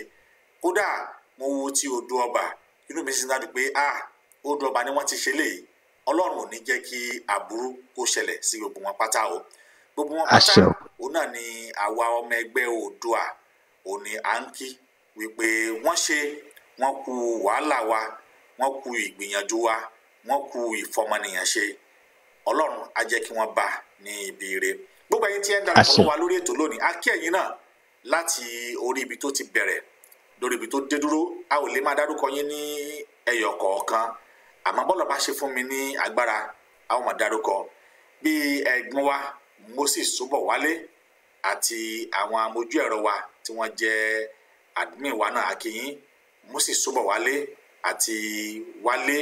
kódà mo wo ti odò ọba inú mi sì ń dádùn pé ah odò ọba ni wọ́n ti ṣe léyìí ọlọ́run ò ní jẹ́ kí aburú kó ṣẹlẹ̀ sí gbogbo wọn pátá o gbogbo wọn pátá òun náà ni àwa ọmọ ẹgbẹ́ oòdùà òní à ń kí wípé wọ́n ṣe wọ́n kú wàhálà wa wọ́n kú ìgbìyànjú wa wọ́n kú ìfọmọnìyàn ṣe ọlọ́run á jẹ́ kí wọ́n bá ní ibi rẹ̀ gbogbo ẹ̀yin tí ẹ ń darapọ̀ wá lórí ètò lónìí a kí ẹ̀yin náà láti orí ibi tó ti bẹ̀rẹ̀ lórí ibi tó dé dúró a ò lè máa dárúkọ yín ní ẹyọ kọ̀ọ̀kan àmọ́ bọ́lọ̀ bá ṣe fún mi ní agbára a ó máa dárúkọ bí ẹ̀gbọ́n wa Moses Sobowale àti àwọn amójú ẹ̀rọ wa tí wọ́n jẹ́ admin wa náà a kí yín Moses Sobowale àti Wálé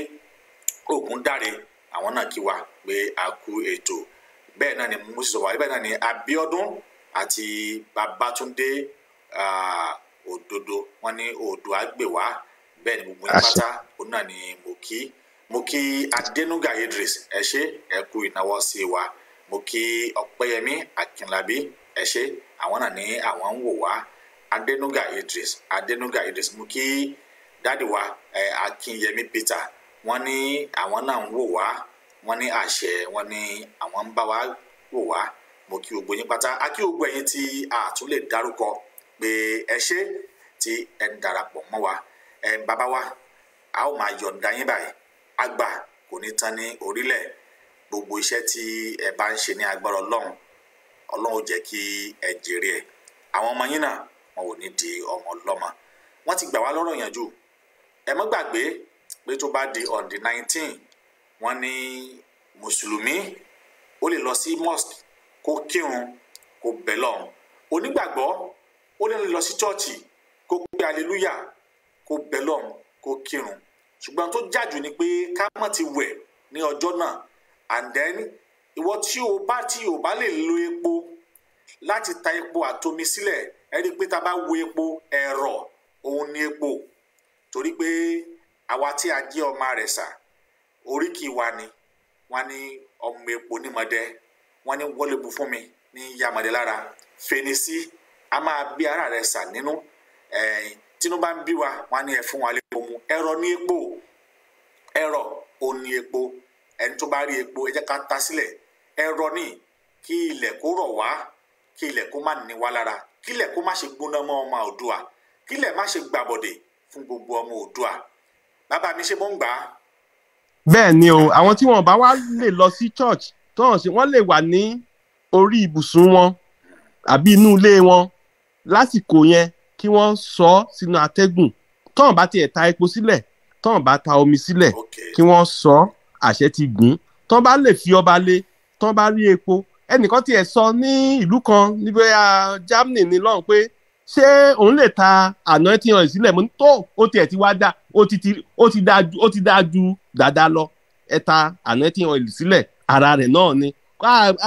Ògúndàrẹ àwọn náà kí wa pé a kú ètò. E bẹ́ẹ̀ náà ni Moses Sowore bẹ́ẹ̀ náà ni Abíọ́dún àti Babátúndé Òdodo wọn ní odò àgbèwá bẹ́ẹ̀ ni gbogbo yín pátá òun náà ni mo kí mo kí Adénúgà Idris ẹ ṣé ẹ kú ìnáwó sí wa mo kí Ọpẹ́yẹmí Akínlábí ẹ ṣé àwọn náà ní àwọn ń wò wá Adénúgà Idris Adénúgà Idris mo kí dáàdì wa Akínyẹmí Peter wọn ní àwọn náà ń wò wá wọ́n ní àṣẹ wọ́n ní àwọn ń bá wa wò wá mo kí gbogbo yín pátá a kí gbogbo ẹ̀yin tí a tún lè dárúkọ pé ẹ ṣé tí ẹ ń darapọ̀ mọ́ wa ẹ ń bàbá wa a ó máa yọ̀ǹda yín báyìí àgbà kò ní tán ní orílẹ̀ gbogbo iṣẹ́ tí ẹ bá ń ṣe ní agbára ọlọ́run ọlọ́run jẹ́ kí ẹ jèrè ẹ̀ àwọn ọmọ yín náà wọn ò ní di ọmọ ọlọ́mọ wọ́n ti gbà wá lọ́rọ̀ yànjú ẹ mọ́ gbàgbé pé tó bá di on the nineteen wọ́n ní mùsùlùmí ó lè lọ sí mosque kó kírun kó bẹ̀ lọ́hùn onígbàgbọ́ ó lè lọ sí chọ́ọ̀chì kó pe aleluya kó bẹ̀ kó kírun ṣùgbọ́n tó jájú ni pé ká má ti wẹ̀ ní ọjọ́ náà and then ìwọ tí o bá tí o bá lè lo epo láti ta epo àtomi sílẹ̀ ẹ pé tá bá wo epo ẹ̀rọ òun ni epo torí pé àwa tí a jẹ́ ọmọ rẹ̀ sà oríkì wa ni wọ́n ní ọmọ epo nímọ̀dẹ́ wọ́n ní wọ́lé bu fún mi ní yamọ̀dẹ́ lára fènísí a máa bí ara rẹ̀ sà nínú tínú bá ń bí wa wọ́n ní ẹ fún wa lépo mu ẹ̀rọ ní epo ẹ̀rọ ò ní epo ẹni tó bá rí epo ẹ ká ta sílẹ̀ ẹ̀rọ ní kí ilẹ̀ kó rọ̀ wá kí ilẹ̀ kó má ní wa lára kí ilẹ̀ kó má ṣe gbóná mọ́ ọmọ Oòduà kí ilẹ̀ má ṣe gbàbọ̀dẹ̀ fún gbogbo ọmọ Oòduà bàbá mi ṣe mọ́ ń gbà á bẹ́ẹ̀ ni o àwọn tí wọ́n bá wá lè lọ sí church tọ́hàn sí wọ́n lè wà ní orí ibùsùn wọn àbí inú ilé wọn lásìkò yẹn kí wọ́n sọ sínú atẹ́gùn tọ́hàn bá tiẹ̀ ta epo sílẹ̀ tọ́hàn bá ta omi sílẹ̀ kí wọ́n sọ àṣẹ ti gùn tọ́hàn bá lè fi ọba lé tọ́hàn bá rí epo ẹnìkan tiẹ̀ sọ ní ìlú kan níbi Germany ní lọ́hùn pé ṣé òun lè ta àná tí hàn sílẹ̀ mo ní tó ó tiẹ̀ ti wá dá o ti dáa ju ó ti dáa ju dáadáa lọ ẹ ta àná tí hàn sílẹ̀ ara rẹ̀ náà ni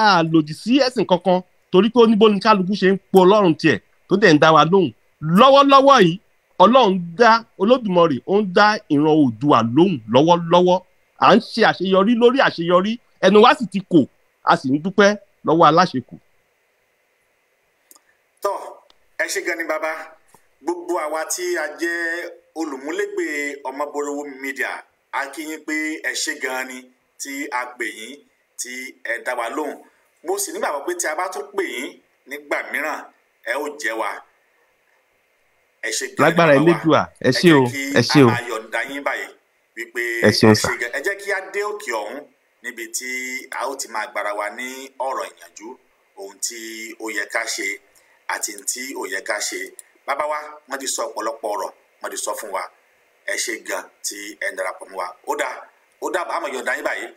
a lòdì sí ẹ̀sìn kankan torí pé oníbo ni kálukú ṣe ń po ọlọ́run tiẹ̀ tó dẹ̀ ń dá wa lóhùn lọ́wọ́lọ́wọ́ yìí ọlọ́run dá olódùmarè ó ń dá ìran oòdùà lóhùn lọ́wọ́lọ́wọ́ à ń ṣe àṣeyọrí lórí àṣeyọrí ẹnu wa sì ti kò a sì ń dúpẹ́ lọ́wọ́ aláṣekù ẹ ṣe gan ni bàbá gbogbo àwa tí a jẹ́ olùmúlégbè ọmọborowo media a kí yín pé ẹ ṣe gan ni tí a pè yín tí ẹ dá wa lóhùn mo sì nígbàgbọ́ pé tí a bá tún pè yín nígbà mìíràn ẹ ó jẹ́ wa ẹ ṣe gan ni bàbá wa ẹ jẹ́ kí a yọ̀ǹda yín báyìí wípé ẹ ṣe gan ẹ jẹ́ kí a dé òkè ọ̀hún níbi tí a ó ti máa gbára wa ní ọ̀rọ̀ ìyànjú ohun tí ó yẹ ká ṣe àti tí ò yẹ ká ṣe bàbá wa wọ́n ti sọ ọ̀pọ̀lọpọ̀ ọ̀rọ̀ wọ́n ti sọ fún wa ẹ ṣe gan tí ẹ darapọ̀ mọ́ wa ó dáa ó dáa bàá mọ̀ yọ̀ǹda yín báyìí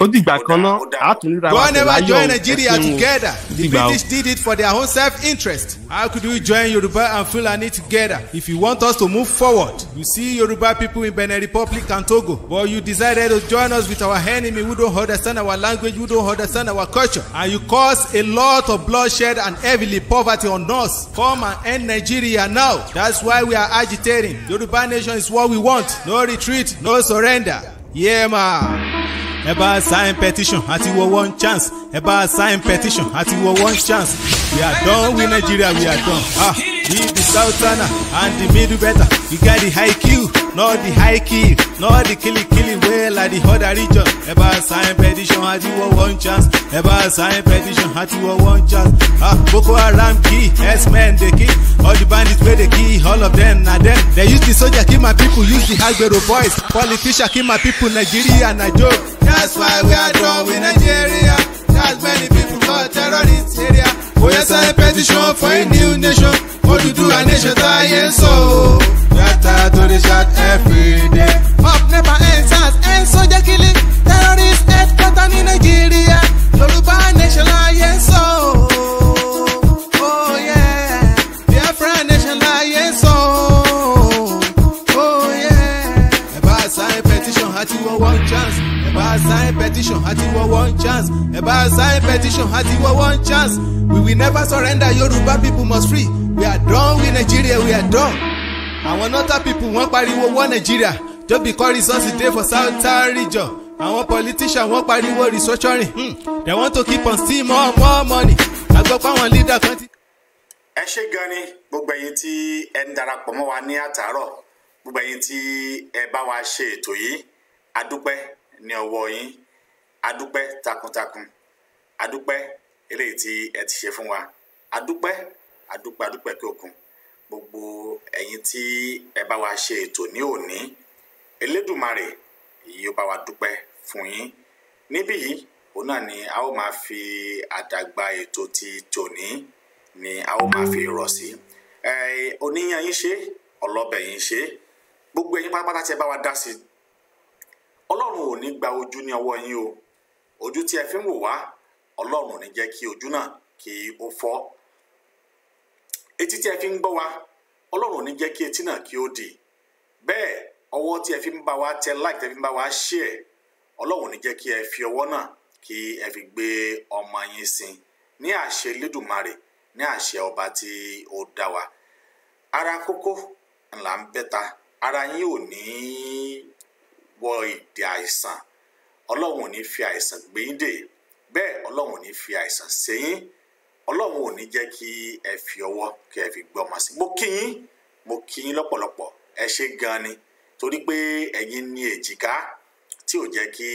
ó dìgbà kan náà àtúnira wa pẹ̀lú ayọ̀ join Nigeria together the British did it for their own self interest how could we join Yoruba and Fulani together if you want us to move forward you see Yoruba people in Benin Republic and Togo but you decided to join us with our enemy who don't understand our language who don't understand our culture and you cause a lot of bloodshed and heavily poverty on us come and end Nigeria now that's why we are agitating Yoruba nation is what we want no retreat no surrender yeah man ẹ bá sign petition àti wọ one chance ẹ bá sign petition àti wọ one chance we are done We Nigeria we are done. Ah. Be the Sultana and the middle better. You got the high Q, not the high key, not the killy killy way like the other region. Ever sign petition, had you one chance. Ever sign petition, had you one chance. Ah, Boko Haram key, S-Men they key. All the bandits where they key, all of them na them. They use the soldier kill my people, use the Agbero boys. Politician kill my people, Nigeria na joke. That's why we are done with Nigeria. That's many people call terrorist area. For oh, oyesa petition for a new nation do, a nation táyé ń sọ. yàtà tó lè shot every day. Pop never ends as ẹ̀ sọ́jà kílẹ̀. petition àti wọ one chance ẹ bá sign petition àti wọ one chance we will never surrender Yorùbá people must free we are done with Nigeria we are done. àwọn northern people wọ́n pariwo wọ Nigeria just because resources dey for southern region àwọn politician wọ́n pariwo restructuring hmm. they want to keep on steal more more money agbọ́pọ̀ àwọn leader kan ti. ẹ ṣe gani? ni gbogbo ẹ̀yin tí ẹ ń darapọ̀ mọ́ wa ní àtàárọ̀ gbogbo ẹ̀yin tí ẹ bá wa ṣe ètò yìí adúpẹ́ ní ọwọ́ yín adúpẹ́ takuntakun adúpẹ́ eléyìí tí ẹ ti ṣe fún wa adúpẹ́ adúpẹ́ adúpẹ́ kí òkun gbogbo ẹ̀yin tí ẹ bá wa ṣe ètò ní òní Elédùmarè yóò bá wa dúpẹ́ fún yín níbí yìí òun náà ni a ó máa fi àdàgbà ètò ti tòní ni a ó máa fi rọ̀ sí ẹ oníyan yín ṣe ọlọ́bẹ̀ yín ṣe gbogbo ẹ̀yin pátápátá tí ẹ bá wa dá sí Ọlọ́run ò ní gba ojú ní ọwọ́ yín o. ojú tí ẹ fi ń wò wá ọlọ́run ní jẹ́ kí ojú náà kí ó fọ́ etí tí ẹ fi ń gbọ́ wa ọlọ́run ní jẹ́ kí etí náà kí ó dì bẹ́ẹ̀ ọwọ́ tí ẹ fi ń bá wa tẹ like tí fi ń bá wa share ọlọ́run ní jẹ́ kí ẹ fi ọwọ́ náà kí ẹ fi gbé ọmọ yín sin ní àṣẹ Elédùmarè ní àṣẹ ọba tí ó dá wa ara kókó ńlá ń bẹ́ta ara yín ò ní wọ ìdè àìsàn ọlọ́run ò ní fi àìsàn gbé yín dè bẹ́ẹ̀ ọlọ́run ò ní fi àìsàn ṣe yín ọlọ́run ò ní jẹ́ kí ẹ fi ọwọ́ kí ẹ fi gbé ọmọ sí mo kí yín mo kí yín lọ́pọ̀lọpọ̀ ẹ ṣe gan ni torí pé ẹ̀yin ni èjìká tí ò jẹ́ kí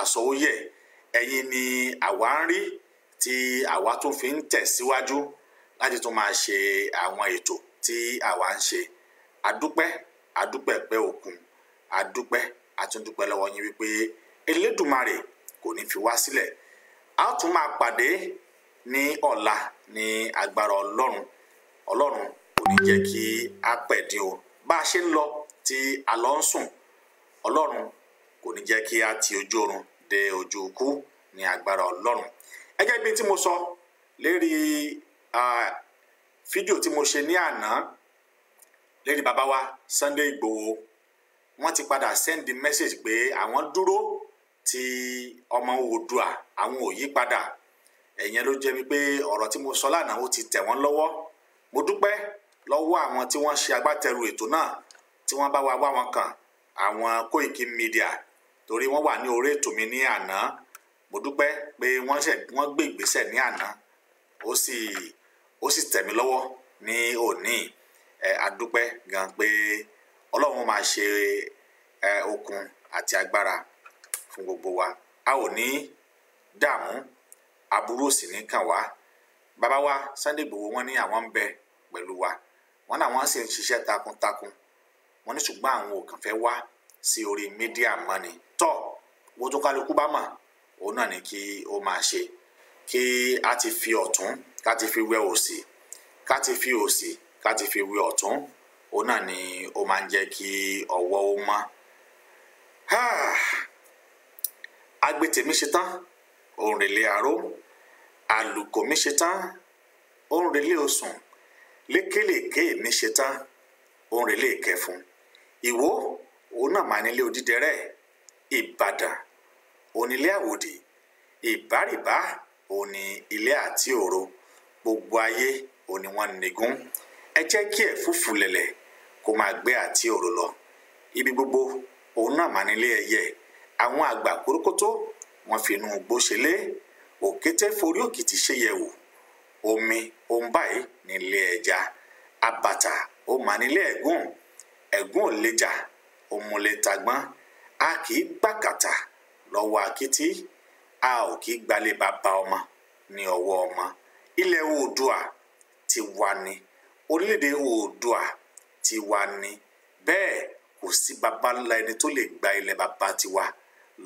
aṣọ ó yẹ̀ ẹ̀yin ni àwa ń rí tí àwa tó fi ń tẹ̀síwájú láti tún máa ṣe àwọn ètò tí àwa ń ṣe àdúpẹ́ àdúpẹ́ pẹ́ òkun àdúpẹ́ àtúndúpẹ́ lọ́wọ́ yín wípé elédùmarè kò ní fi wá sílẹ̀ a tún máa pàdé ní ọ̀la ní agbára ọlọ́run ọlọ́run kò ní jẹ́ kí a pẹ̀ dín o bá a ṣe ń lọ tí a lọ ń sùn ọlọ́run kò ní jẹ́ kí a ti ojú oorun dé ojú ikú ní agbára ọlọ́run ẹgẹ́ bíi tí mo sọ lérí fídíò tí mo ṣe ní àná lérí bàbá Sunday Igboho wọ́n ti padà send message pé àwọn dúró ti ọmọ oòdùà àwọn ò yí padà ẹ̀yẹn ló jẹ́ wípé ọ̀rọ̀ tí mo sọ lánàá ó ti tẹ̀ wọ́n lọ́wọ́ mo dúpẹ́ lọ́wọ́ àwọn tí wọ́n ṣe agbátẹrù ètò náà tí wọ́n bá wa wá wọn kàn àwọn Koiki Media torí wọ́n wà ní orí ètò mi ní àná mo dúpẹ́ pé wọ́n ṣe wọ́n gbé ìgbésẹ̀ ní àná ó sì ó sì tẹ̀ mí lọ́wọ́ ní òní ẹ adúpẹ́ gan pé Ọlọ́run máa ṣe ẹ okun àti agbára fún gbogbo wa a ò ní dààmú aburú sì ní kàn wá bàbá wa Sunday Igboho wọn ní àwọn ń bẹ pẹ̀lú wa wọn náà wọn sì ń ṣiṣẹ́ takuntakun wọn ní ṣùgbọ́n àwọn ò kàn fẹ́ wá sí orí mídíà mọ́ ni tọ́ wo tó kálukú bá mọ̀ òun náà ni kí ó máa ṣe kí a ti fi ọ̀tún ká ti fi wẹ òsì ká ti fi òsì ká ti fi wẹ ọ̀tún òun náà ni ó máa ń jẹ́ kí ọwọ́ ó mọ́ agbètèmí ṣetán òǹrèlé àró àlùkò mi ṣetán òǹrèlé osùn lékèlèké mi ṣetán òǹrèlé ìkẹfun ìwó òun náà máa nílé odídẹrẹ ìbàdàn onílé àwòdì ìbárìbá òní ilé àti òro gbogbo ayé òní wọn nìgún ẹ jẹ́ kí ẹ fúfú lẹ̀lẹ̀ kó máa gbé àti òro lọ ibi gbogbo òun náà máa àwọn àgbà kórókótó wọ́n fi inú igbó ṣeré òkété forí òkìtì ṣe yẹ̀wò omi òun báyìí nílé ẹja àbàtà ó mà nílé ẹ̀gún ẹ̀gún ò lè jà òmùlẹ tagbọn a kì í gbàkàtà lọ́wọ́ akitì a ò kì í gbalẹ̀ bàbá ọmọ ní ọwọ́ ọmọ ilẹ̀ oòdùà ti wà ní orílẹ̀ oòdùà ti wà ní bẹ́ẹ̀ kò sí baba tó lè gba ilẹ̀ baba tiwa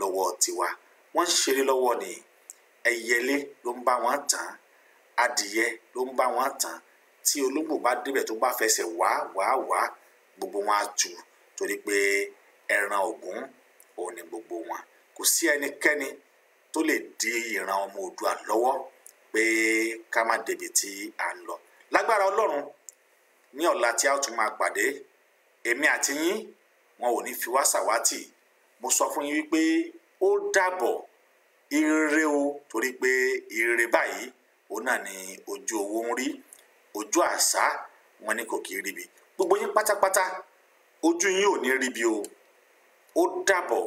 lọ́wọ́ tiwa wọ́n ń ṣeré lọ́wọ́ ni ẹyẹlé ló ń bá wọn tàn adìyẹ ló ń bá wọn tàn tí olóńgbò bá débẹ̀ tó bá fẹsẹ̀ wá wá wá gbogbo wọn á tu torí pé ẹran ògún òun ni gbogbo wọn kò sí ẹnikẹ́ni tó lè di ìran ọmọ Oòduà lọ́wọ́ pé ká má débi tí à ń lọ lágbára Ọlọ́run ní ọ̀la tí a tún máa pàdé èmi àti yín wọn ò ní fi wá ṣàwátì mo sọ fún yín wípé ó dàbọ̀ ire o torí pé ire báyìí òun náà ni ojú owó ń rí ojú àṣà wọn ni kò kì í ríbi gbogbo yín pátápátá ojú yín ò ní ríbi o ó dàbọ̀.